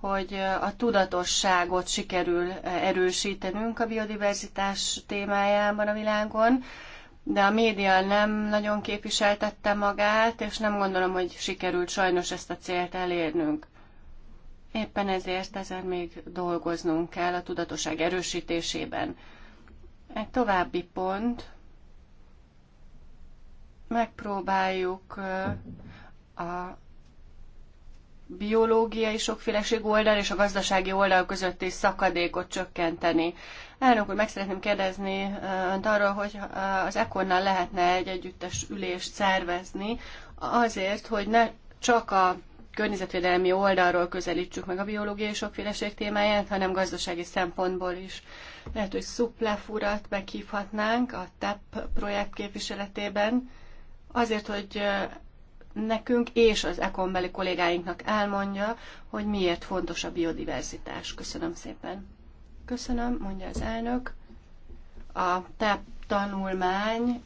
hogy a tudatosságot sikerül erősítenünk a biodiverzitás témájában a világon, de a média nem nagyon képviseltette magát, és nem gondolom, hogy sikerült sajnos ezt a célt elérnünk. Éppen ezért ezen még dolgoznunk kell a tudatosság erősítésében. Egy további pont, megpróbáljuk a biológiai sokféleség oldal és a gazdasági oldal közötti szakadékot csökkenteni. Elnök úr, meg szeretném kérdezni önt arról, hogy az Ekonnal lehetne egy együttes ülést szervezni azért, hogy ne csak a környezetvédelmi oldalról közelítsük meg a biológiai sokféleség témáját, hanem gazdasági szempontból is. Lehet, hogy Szuplef meghívhatnánk a TEP projekt képviseletében, azért, hogy nekünk és az ekonbeli kollégáinknak elmondja, hogy miért fontos a biodiverzitás. Köszönöm szépen. Köszönöm, mondja az elnök. A TEP tanulmány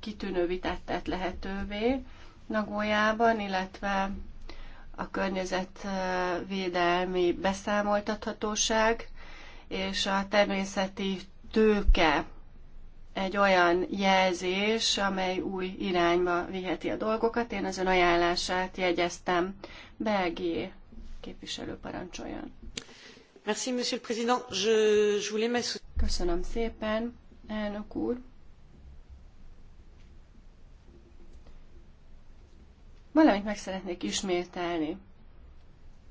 kitűnő vitát tett lehetővé Nagójában, illetve a környezetvédelmi beszámoltathatóság és a természeti tőke egy olyan jelzés, amely új irányba viheti a dolgokat. Én az ön ajánlását jegyeztem. Belgié képviselő parancsoljon. Merci, monsieur le président. Je, je voulais Köszönöm szépen, elnök úr. Valamit meg szeretnék ismételni.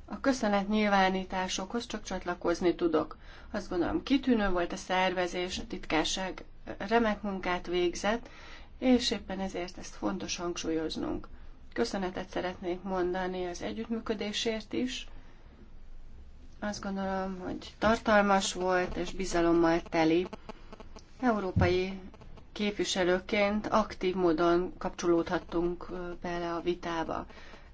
A köszönet nyilvánításokhoz csak csatlakozni tudok. Azt gondolom, kitűnő volt a szervezés, a titkárság remek munkát végzett, és éppen ezért ezt fontos hangsúlyoznunk. Köszönetet szeretnék mondani az együttműködésért is. Azt gondolom, hogy tartalmas volt és bizalommal teli. Európai képviselőként aktív módon kapcsolódhattunk bele a vitába.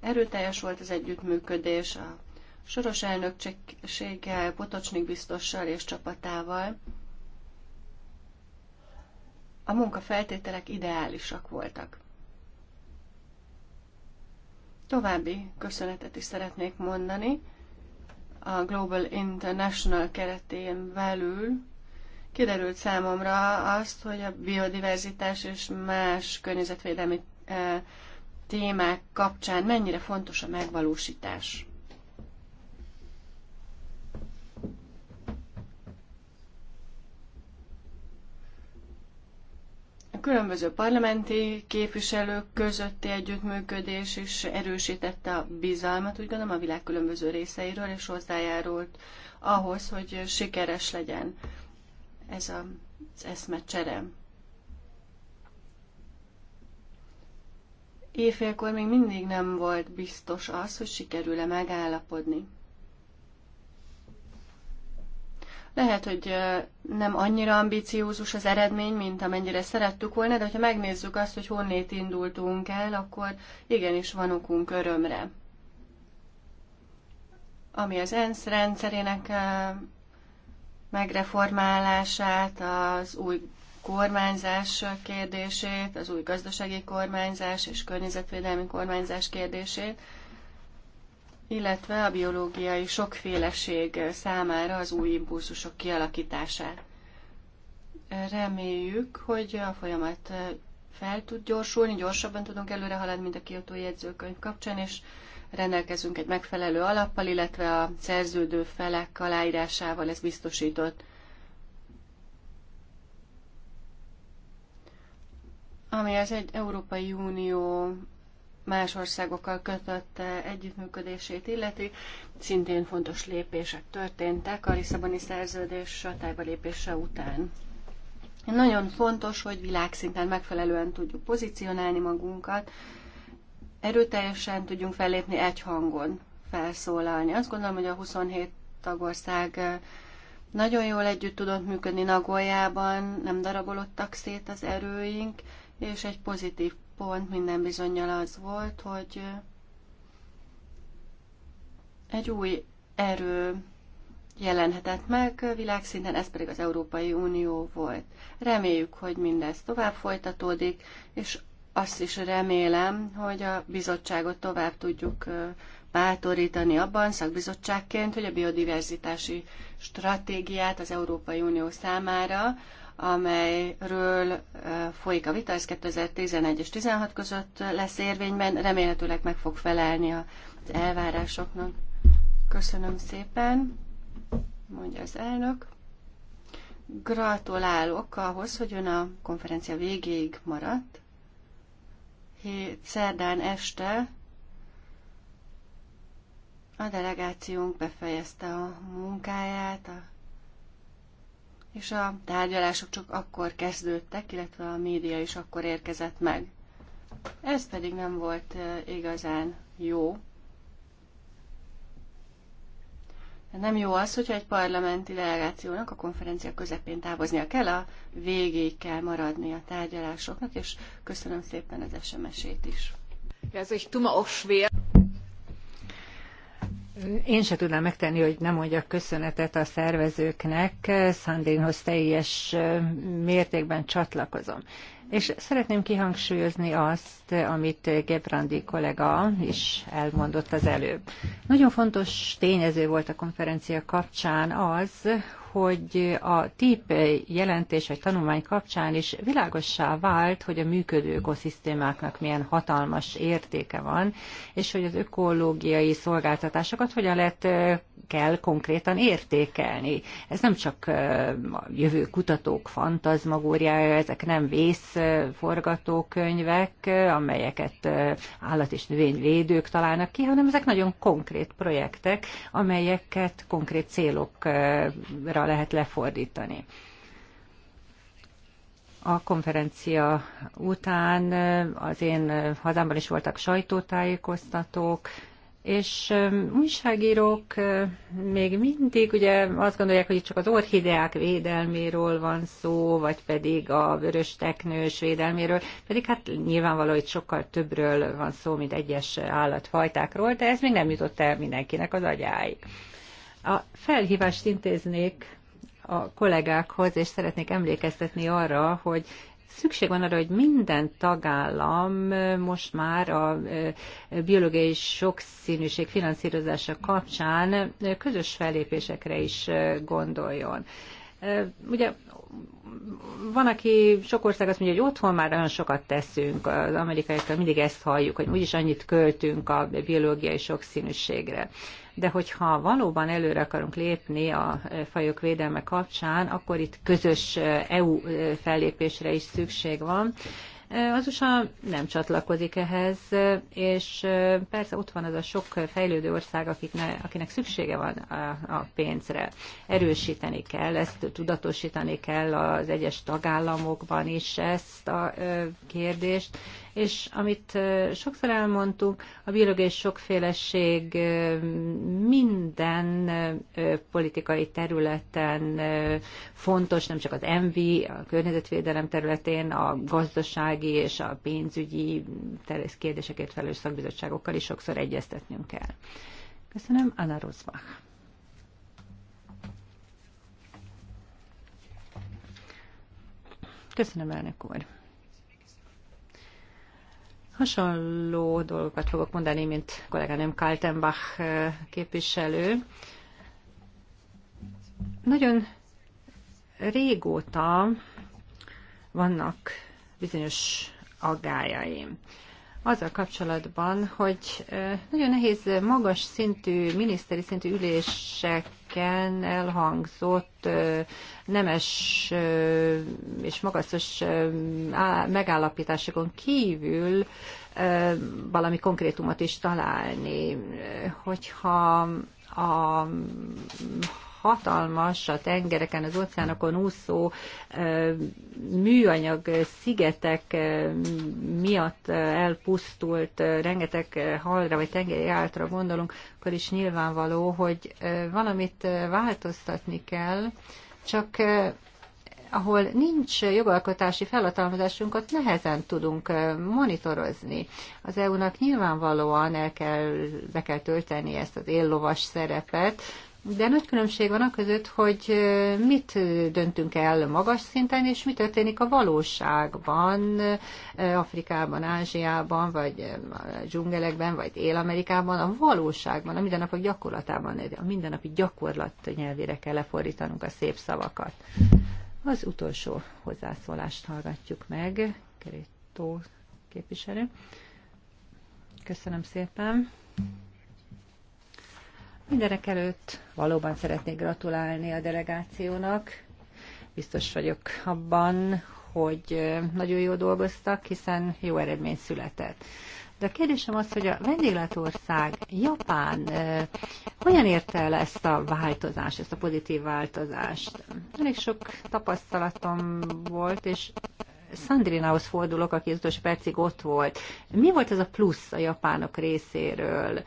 Erőteljes volt az együttműködés a soros elnökséggel, Potocsnik biztossal és csapatával. A munkafeltételek ideálisak voltak. További köszönetet is szeretnék mondani a Global International keretén belül Kiderült számomra azt, hogy a biodiverzitás és más környezetvédelmi e, témák kapcsán mennyire fontos a megvalósítás. A különböző parlamenti képviselők közötti együttműködés is erősítette a bizalmat, úgy gondolom a világ különböző részeiről, és hozzájárult ahhoz, hogy sikeres legyen ez a, az cserem. Éjfélkor még mindig nem volt biztos az, hogy sikerül-e megállapodni. Lehet, hogy nem annyira ambiciózus az eredmény, mint amennyire szerettük volna, de ha megnézzük azt, hogy honnét indultunk el, akkor igenis van okunk örömre. Ami az ENSZ rendszerének megreformálását, az új kormányzás kérdését, az új gazdasági kormányzás és környezetvédelmi kormányzás kérdését, illetve a biológiai sokféleség számára az új impulzusok kialakítását. Reméljük, hogy a folyamat fel tud gyorsulni, gyorsabban tudunk előre haladni, mint a kiotói jegyzőkönyv kapcsán, és rendelkezünk egy megfelelő alappal, illetve a szerződő felek aláírásával ez biztosított. Ami az egy Európai Unió más országokkal kötött együttműködését illeti, szintén fontos lépések történtek a Lisszaboni szerződés hatályba lépése után. Nagyon fontos, hogy világszinten megfelelően tudjuk pozícionálni magunkat, erőteljesen tudjunk fellépni egy hangon felszólalni. Azt gondolom, hogy a 27 tagország eh, nagyon jól együtt tudott működni Nagoljában, nem darabolottak szét az erőink, és egy pozitív pont minden bizonyal az volt, hogy eh, egy új erő jelenhetett meg világszinten, ez pedig az Európai Unió volt. Reméljük, hogy mindez tovább folytatódik, és azt is remélem, hogy a bizottságot tovább tudjuk bátorítani abban szakbizottságként, hogy a biodiverzitási stratégiát az Európai Unió számára, amelyről folyik a vita, ez 2011 és 16 között lesz érvényben, remélhetőleg meg fog felelni az elvárásoknak. Köszönöm szépen, mondja az elnök. Gratulálok ahhoz, hogy ön a konferencia végéig maradt szerdán este a delegációnk befejezte a munkáját, a, és a tárgyalások csak akkor kezdődtek, illetve a média is akkor érkezett meg. Ez pedig nem volt igazán jó, Nem jó az, hogyha egy parlamenti delegációnak a konferencia közepén távoznia kell, a végéig kell maradni a tárgyalásoknak, és köszönöm szépen az SMS-ét is. Ja, also ich tue mir auch schwer. Én se tudnám megtenni, hogy nem mondjak köszönetet a szervezőknek, Szandénhoz teljes mértékben csatlakozom. És szeretném kihangsúlyozni azt, amit Gebrandi kollega is elmondott az előbb. Nagyon fontos tényező volt a konferencia kapcsán az, hogy a TIP jelentés vagy tanulmány kapcsán is világossá vált, hogy a működő ökoszisztémáknak milyen hatalmas értéke van, és hogy az ökológiai szolgáltatásokat hogyan lehet kell konkrétan értékelni. Ez nem csak a jövő kutatók fantazmagóriája, ezek nem vészforgatókönyvek, amelyeket állat- és növényvédők találnak ki, hanem ezek nagyon konkrét projektek, amelyeket konkrét célokra lehet lefordítani. A konferencia után az én hazámban is voltak sajtótájékoztatók, és újságírók még mindig ugye azt gondolják, hogy csak az orchideák védelméről van szó, vagy pedig a vörös teknős védelméről, pedig hát nyilvánvaló, hogy sokkal többről van szó, mint egyes állatfajtákról, de ez még nem jutott el mindenkinek az agyáig. A felhívást intéznék a kollégákhoz, és szeretnék emlékeztetni arra, hogy szükség van arra, hogy minden tagállam most már a biológiai sokszínűség finanszírozása kapcsán közös fellépésekre is gondoljon. Ugye van, aki sok ország azt mondja, hogy otthon már olyan sokat teszünk, az amerikaiakkal mindig ezt halljuk, hogy úgyis annyit költünk a biológiai sokszínűségre de hogyha valóban előre akarunk lépni a e, fajok védelme kapcsán, akkor itt közös e, EU e, fellépésre is szükség van. Az USA nem csatlakozik ehhez, és persze ott van az a sok fejlődő ország, akiknek, akinek szüksége van a, a pénzre. Erősíteni kell, ezt tudatosítani kell az egyes tagállamokban is ezt a kérdést, és amit sokszor elmondtunk, a biológiai sokféleség minden politikai területen fontos, nem csak az MV, a környezetvédelem területén, a gazdasági és a pénzügyi kérdésekért felelős szakbizottságokkal is sokszor egyeztetnünk kell. Köszönöm, Anna Rosbach. Köszönöm, elnök úr. Hasonló dolgokat fogok mondani, mint kolléganőm Kaltenbach eh, képviselő. Nagyon régóta vannak bizonyos aggájaim. Azzal kapcsolatban, hogy eh, nagyon nehéz magas szintű, miniszteri szintű ülések üléseken elhangzott nemes és magasztos megállapításokon kívül valami konkrétumot is találni. Hogyha a hatalmas a tengereken, az óceánokon úszó műanyag szigetek miatt elpusztult rengeteg halra vagy tengeri áltra gondolunk, akkor is nyilvánvaló, hogy valamit változtatni kell, csak ahol nincs jogalkotási felhatalmazásunk, ott nehezen tudunk monitorozni. Az EU-nak nyilvánvalóan el kell, be kell tölteni ezt az éllovas szerepet, de nagy különbség van a között, hogy mit döntünk el magas szinten, és mi történik a valóságban, Afrikában, Ázsiában, vagy a dzsungelekben, vagy Él-Amerikában, a valóságban, a mindennapok gyakorlatában, a mindennapi gyakorlat nyelvére kell lefordítanunk a szép szavakat. Az utolsó hozzászólást hallgatjuk meg, Kerétó képviselő. Köszönöm szépen. Mindenek előtt valóban szeretnék gratulálni a delegációnak. Biztos vagyok abban, hogy nagyon jól dolgoztak, hiszen jó eredmény született. De a kérdésem az, hogy a vendéglátország, Japán hogyan érte el ezt a változást, ezt a pozitív változást? Elég sok tapasztalatom volt, és Sandrinához fordulok, aki az utolsó percig ott volt. Mi volt ez a plusz a japánok részéről?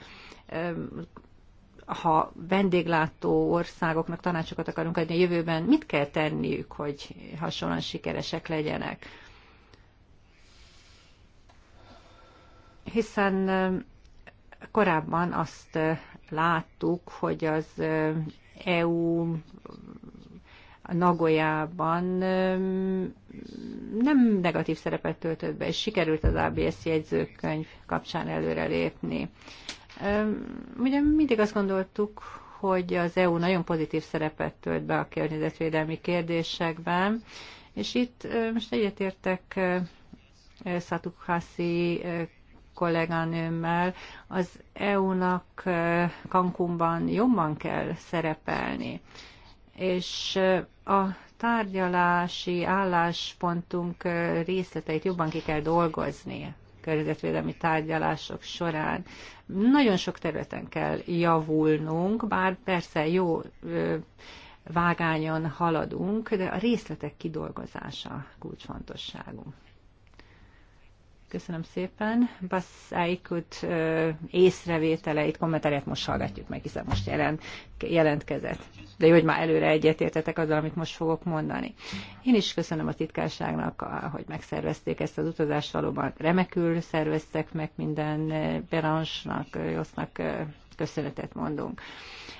ha vendéglátó országoknak tanácsokat akarunk adni a jövőben, mit kell tenniük, hogy hasonlóan sikeresek legyenek? Hiszen korábban azt láttuk, hogy az EU Nagoyában nem negatív szerepet töltött be, és sikerült az ABS jegyzőkönyv kapcsán előrelépni. Ugye mindig azt gondoltuk, hogy az EU nagyon pozitív szerepet tölt be a környezetvédelmi kérdésekben, és itt most egyetértek Szatukhászi kolléganőmmel, az EU-nak Cancúnban jobban kell szerepelni. És a tárgyalási álláspontunk részleteit jobban ki kell dolgozni környezetvédelmi tárgyalások során. Nagyon sok területen kell javulnunk, bár persze jó vágányon haladunk, de a részletek kidolgozása kulcsfontosságú. Köszönöm szépen. Basszáikut észrevételeit, kommenterjét most hallgatjuk meg, hiszen most jelent, jelentkezett. De jó, hogy már előre egyetértetek azzal, amit most fogok mondani. Én is köszönöm a titkárságnak, hogy megszervezték ezt az utazást, valóban remekül szerveztek meg minden Beransnak, Josznak köszönetet mondunk.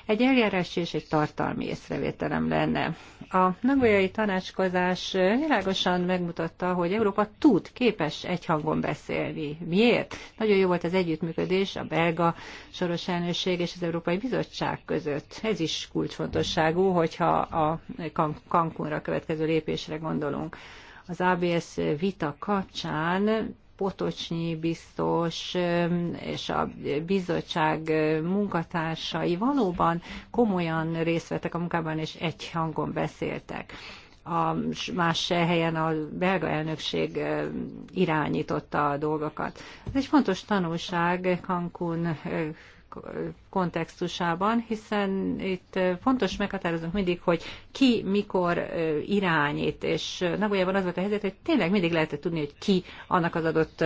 Egy eljárás és egy tartalmi észrevételem lenne. A nagolyai tanácskozás világosan megmutatta, hogy Európa tud, képes egyhangon beszélni. Miért? Nagyon jó volt az együttműködés a belga soros elnökség és az Európai Bizottság között. Ez is kulcsfontosságú, hogyha a Cancúnra következő lépésre gondolunk az ABS vita kapcsán Potocsnyi biztos és a bizottság munkatársai valóban komolyan részt vettek a munkában, és egy hangon beszéltek a más helyen a belga elnökség irányította a dolgokat. Ez egy fontos tanulság Cancún kontextusában, hiszen itt fontos meghatározunk mindig, hogy ki mikor irányít, és nagyjából az volt a helyzet, hogy tényleg mindig lehetett tudni, hogy ki annak az adott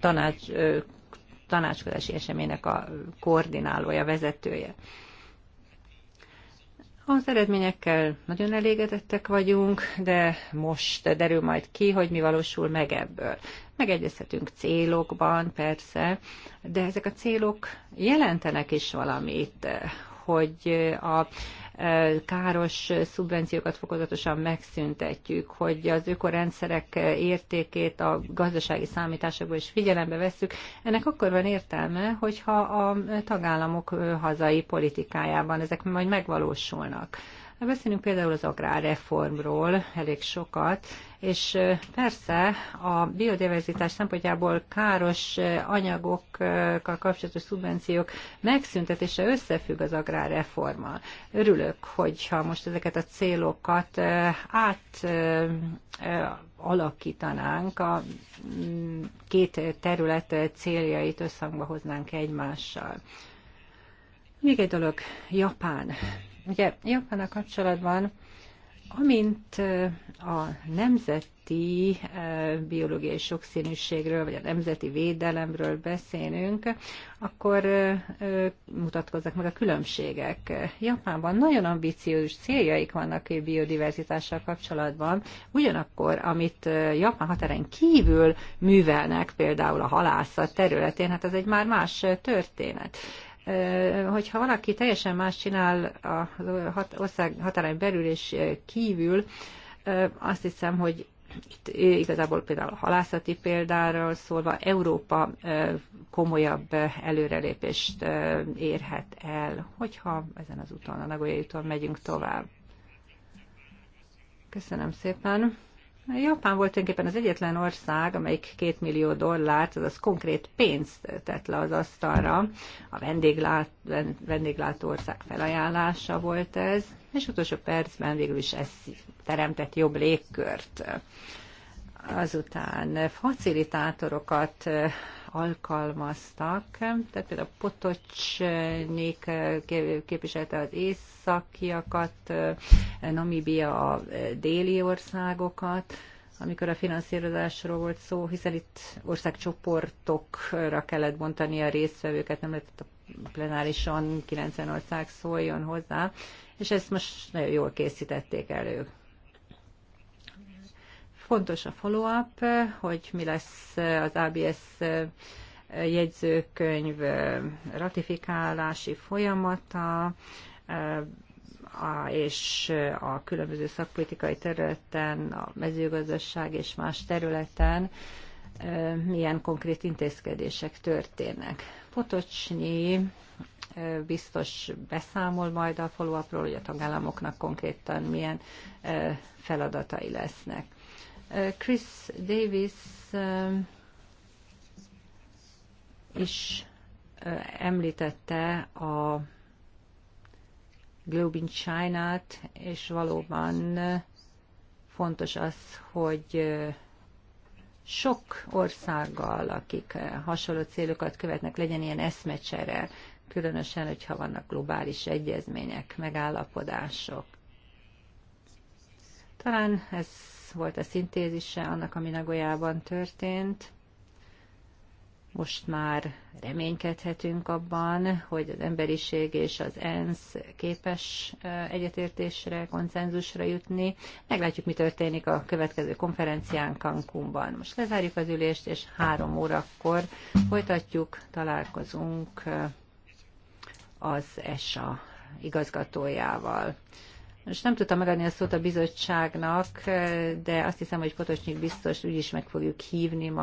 tanács, tanácskozási eseménynek a koordinálója, vezetője. Az eredményekkel nagyon elégedettek vagyunk, de most derül majd ki, hogy mi valósul meg ebből. Megegyezhetünk célokban, persze, de ezek a célok jelentenek is valamit, hogy a káros szubvenciókat fokozatosan megszüntetjük, hogy az ökorendszerek értékét a gazdasági számításokból is figyelembe vesszük. Ennek akkor van értelme, hogyha a tagállamok hazai politikájában ezek majd megvalósulnak Na, hát beszélünk például az agrárreformról, elég sokat, és persze a biodiverzitás szempontjából káros anyagokkal kapcsolatos szubvenciók megszüntetése összefügg az agrárreformmal. Örülök, hogyha most ezeket a célokat át alakítanánk, a mm, két terület céljait összhangba hoznánk egymással. Még egy dolog, Japán. Ugye a kapcsolatban, amint a nemzeti biológiai sokszínűségről, vagy a nemzeti védelemről beszélünk, akkor mutatkoznak meg a különbségek. Japánban nagyon ambiciózus céljaik vannak a biodiverzitással kapcsolatban, ugyanakkor, amit Japán határen kívül művelnek, például a halászat területén, hát ez egy már más történet hogyha valaki teljesen más csinál az ország határain belül és kívül, azt hiszem, hogy itt igazából például a halászati példáról szólva Európa komolyabb előrelépést érhet el, hogyha ezen az úton, a Nagoya úton megyünk tovább. Köszönöm szépen. Japán volt tulajdonképpen az egyetlen ország, amelyik két millió dollárt, azaz konkrét pénzt tett le az asztalra. A vendéglát, vendéglátó ország felajánlása volt ez, és utolsó percben végül is ez teremtett jobb légkört. Azután facilitátorokat alkalmaztak. Tehát például Potocsnék eh, képviselte az északiakat, eh, Namibia a eh, déli országokat, amikor a finanszírozásról volt szó, hiszen itt országcsoportokra kellett bontani a résztvevőket, nem lehetett a plenárison 90 ország szóljon hozzá, és ezt most nagyon jól készítették elő. Fontos a follow-up, hogy mi lesz az ABS jegyzőkönyv ratifikálási folyamata, és a különböző szakpolitikai területen, a mezőgazdaság és más területen milyen konkrét intézkedések történnek. Potocsnyi biztos beszámol majd a follow hogy a tagállamoknak konkrétan milyen feladatai lesznek. Chris Davis um, is uh, említette a Globe in China-t, és valóban uh, fontos az, hogy uh, sok országgal, akik hasonló célokat követnek, legyen ilyen eszmecsere, különösen, hogyha vannak globális egyezmények, megállapodások. Talán ez volt a szintézise annak, ami Nagoyában történt. Most már reménykedhetünk abban, hogy az emberiség és az ENSZ képes egyetértésre, konszenzusra jutni. Meglátjuk, mi történik a következő konferencián Cancúnban. Most lezárjuk az ülést, és három órakor folytatjuk, találkozunk az ESA igazgatójával. Most nem tudtam megadni a szót a bizottságnak, de azt hiszem, hogy Potocsnyik biztos úgyis meg fogjuk hívni majd.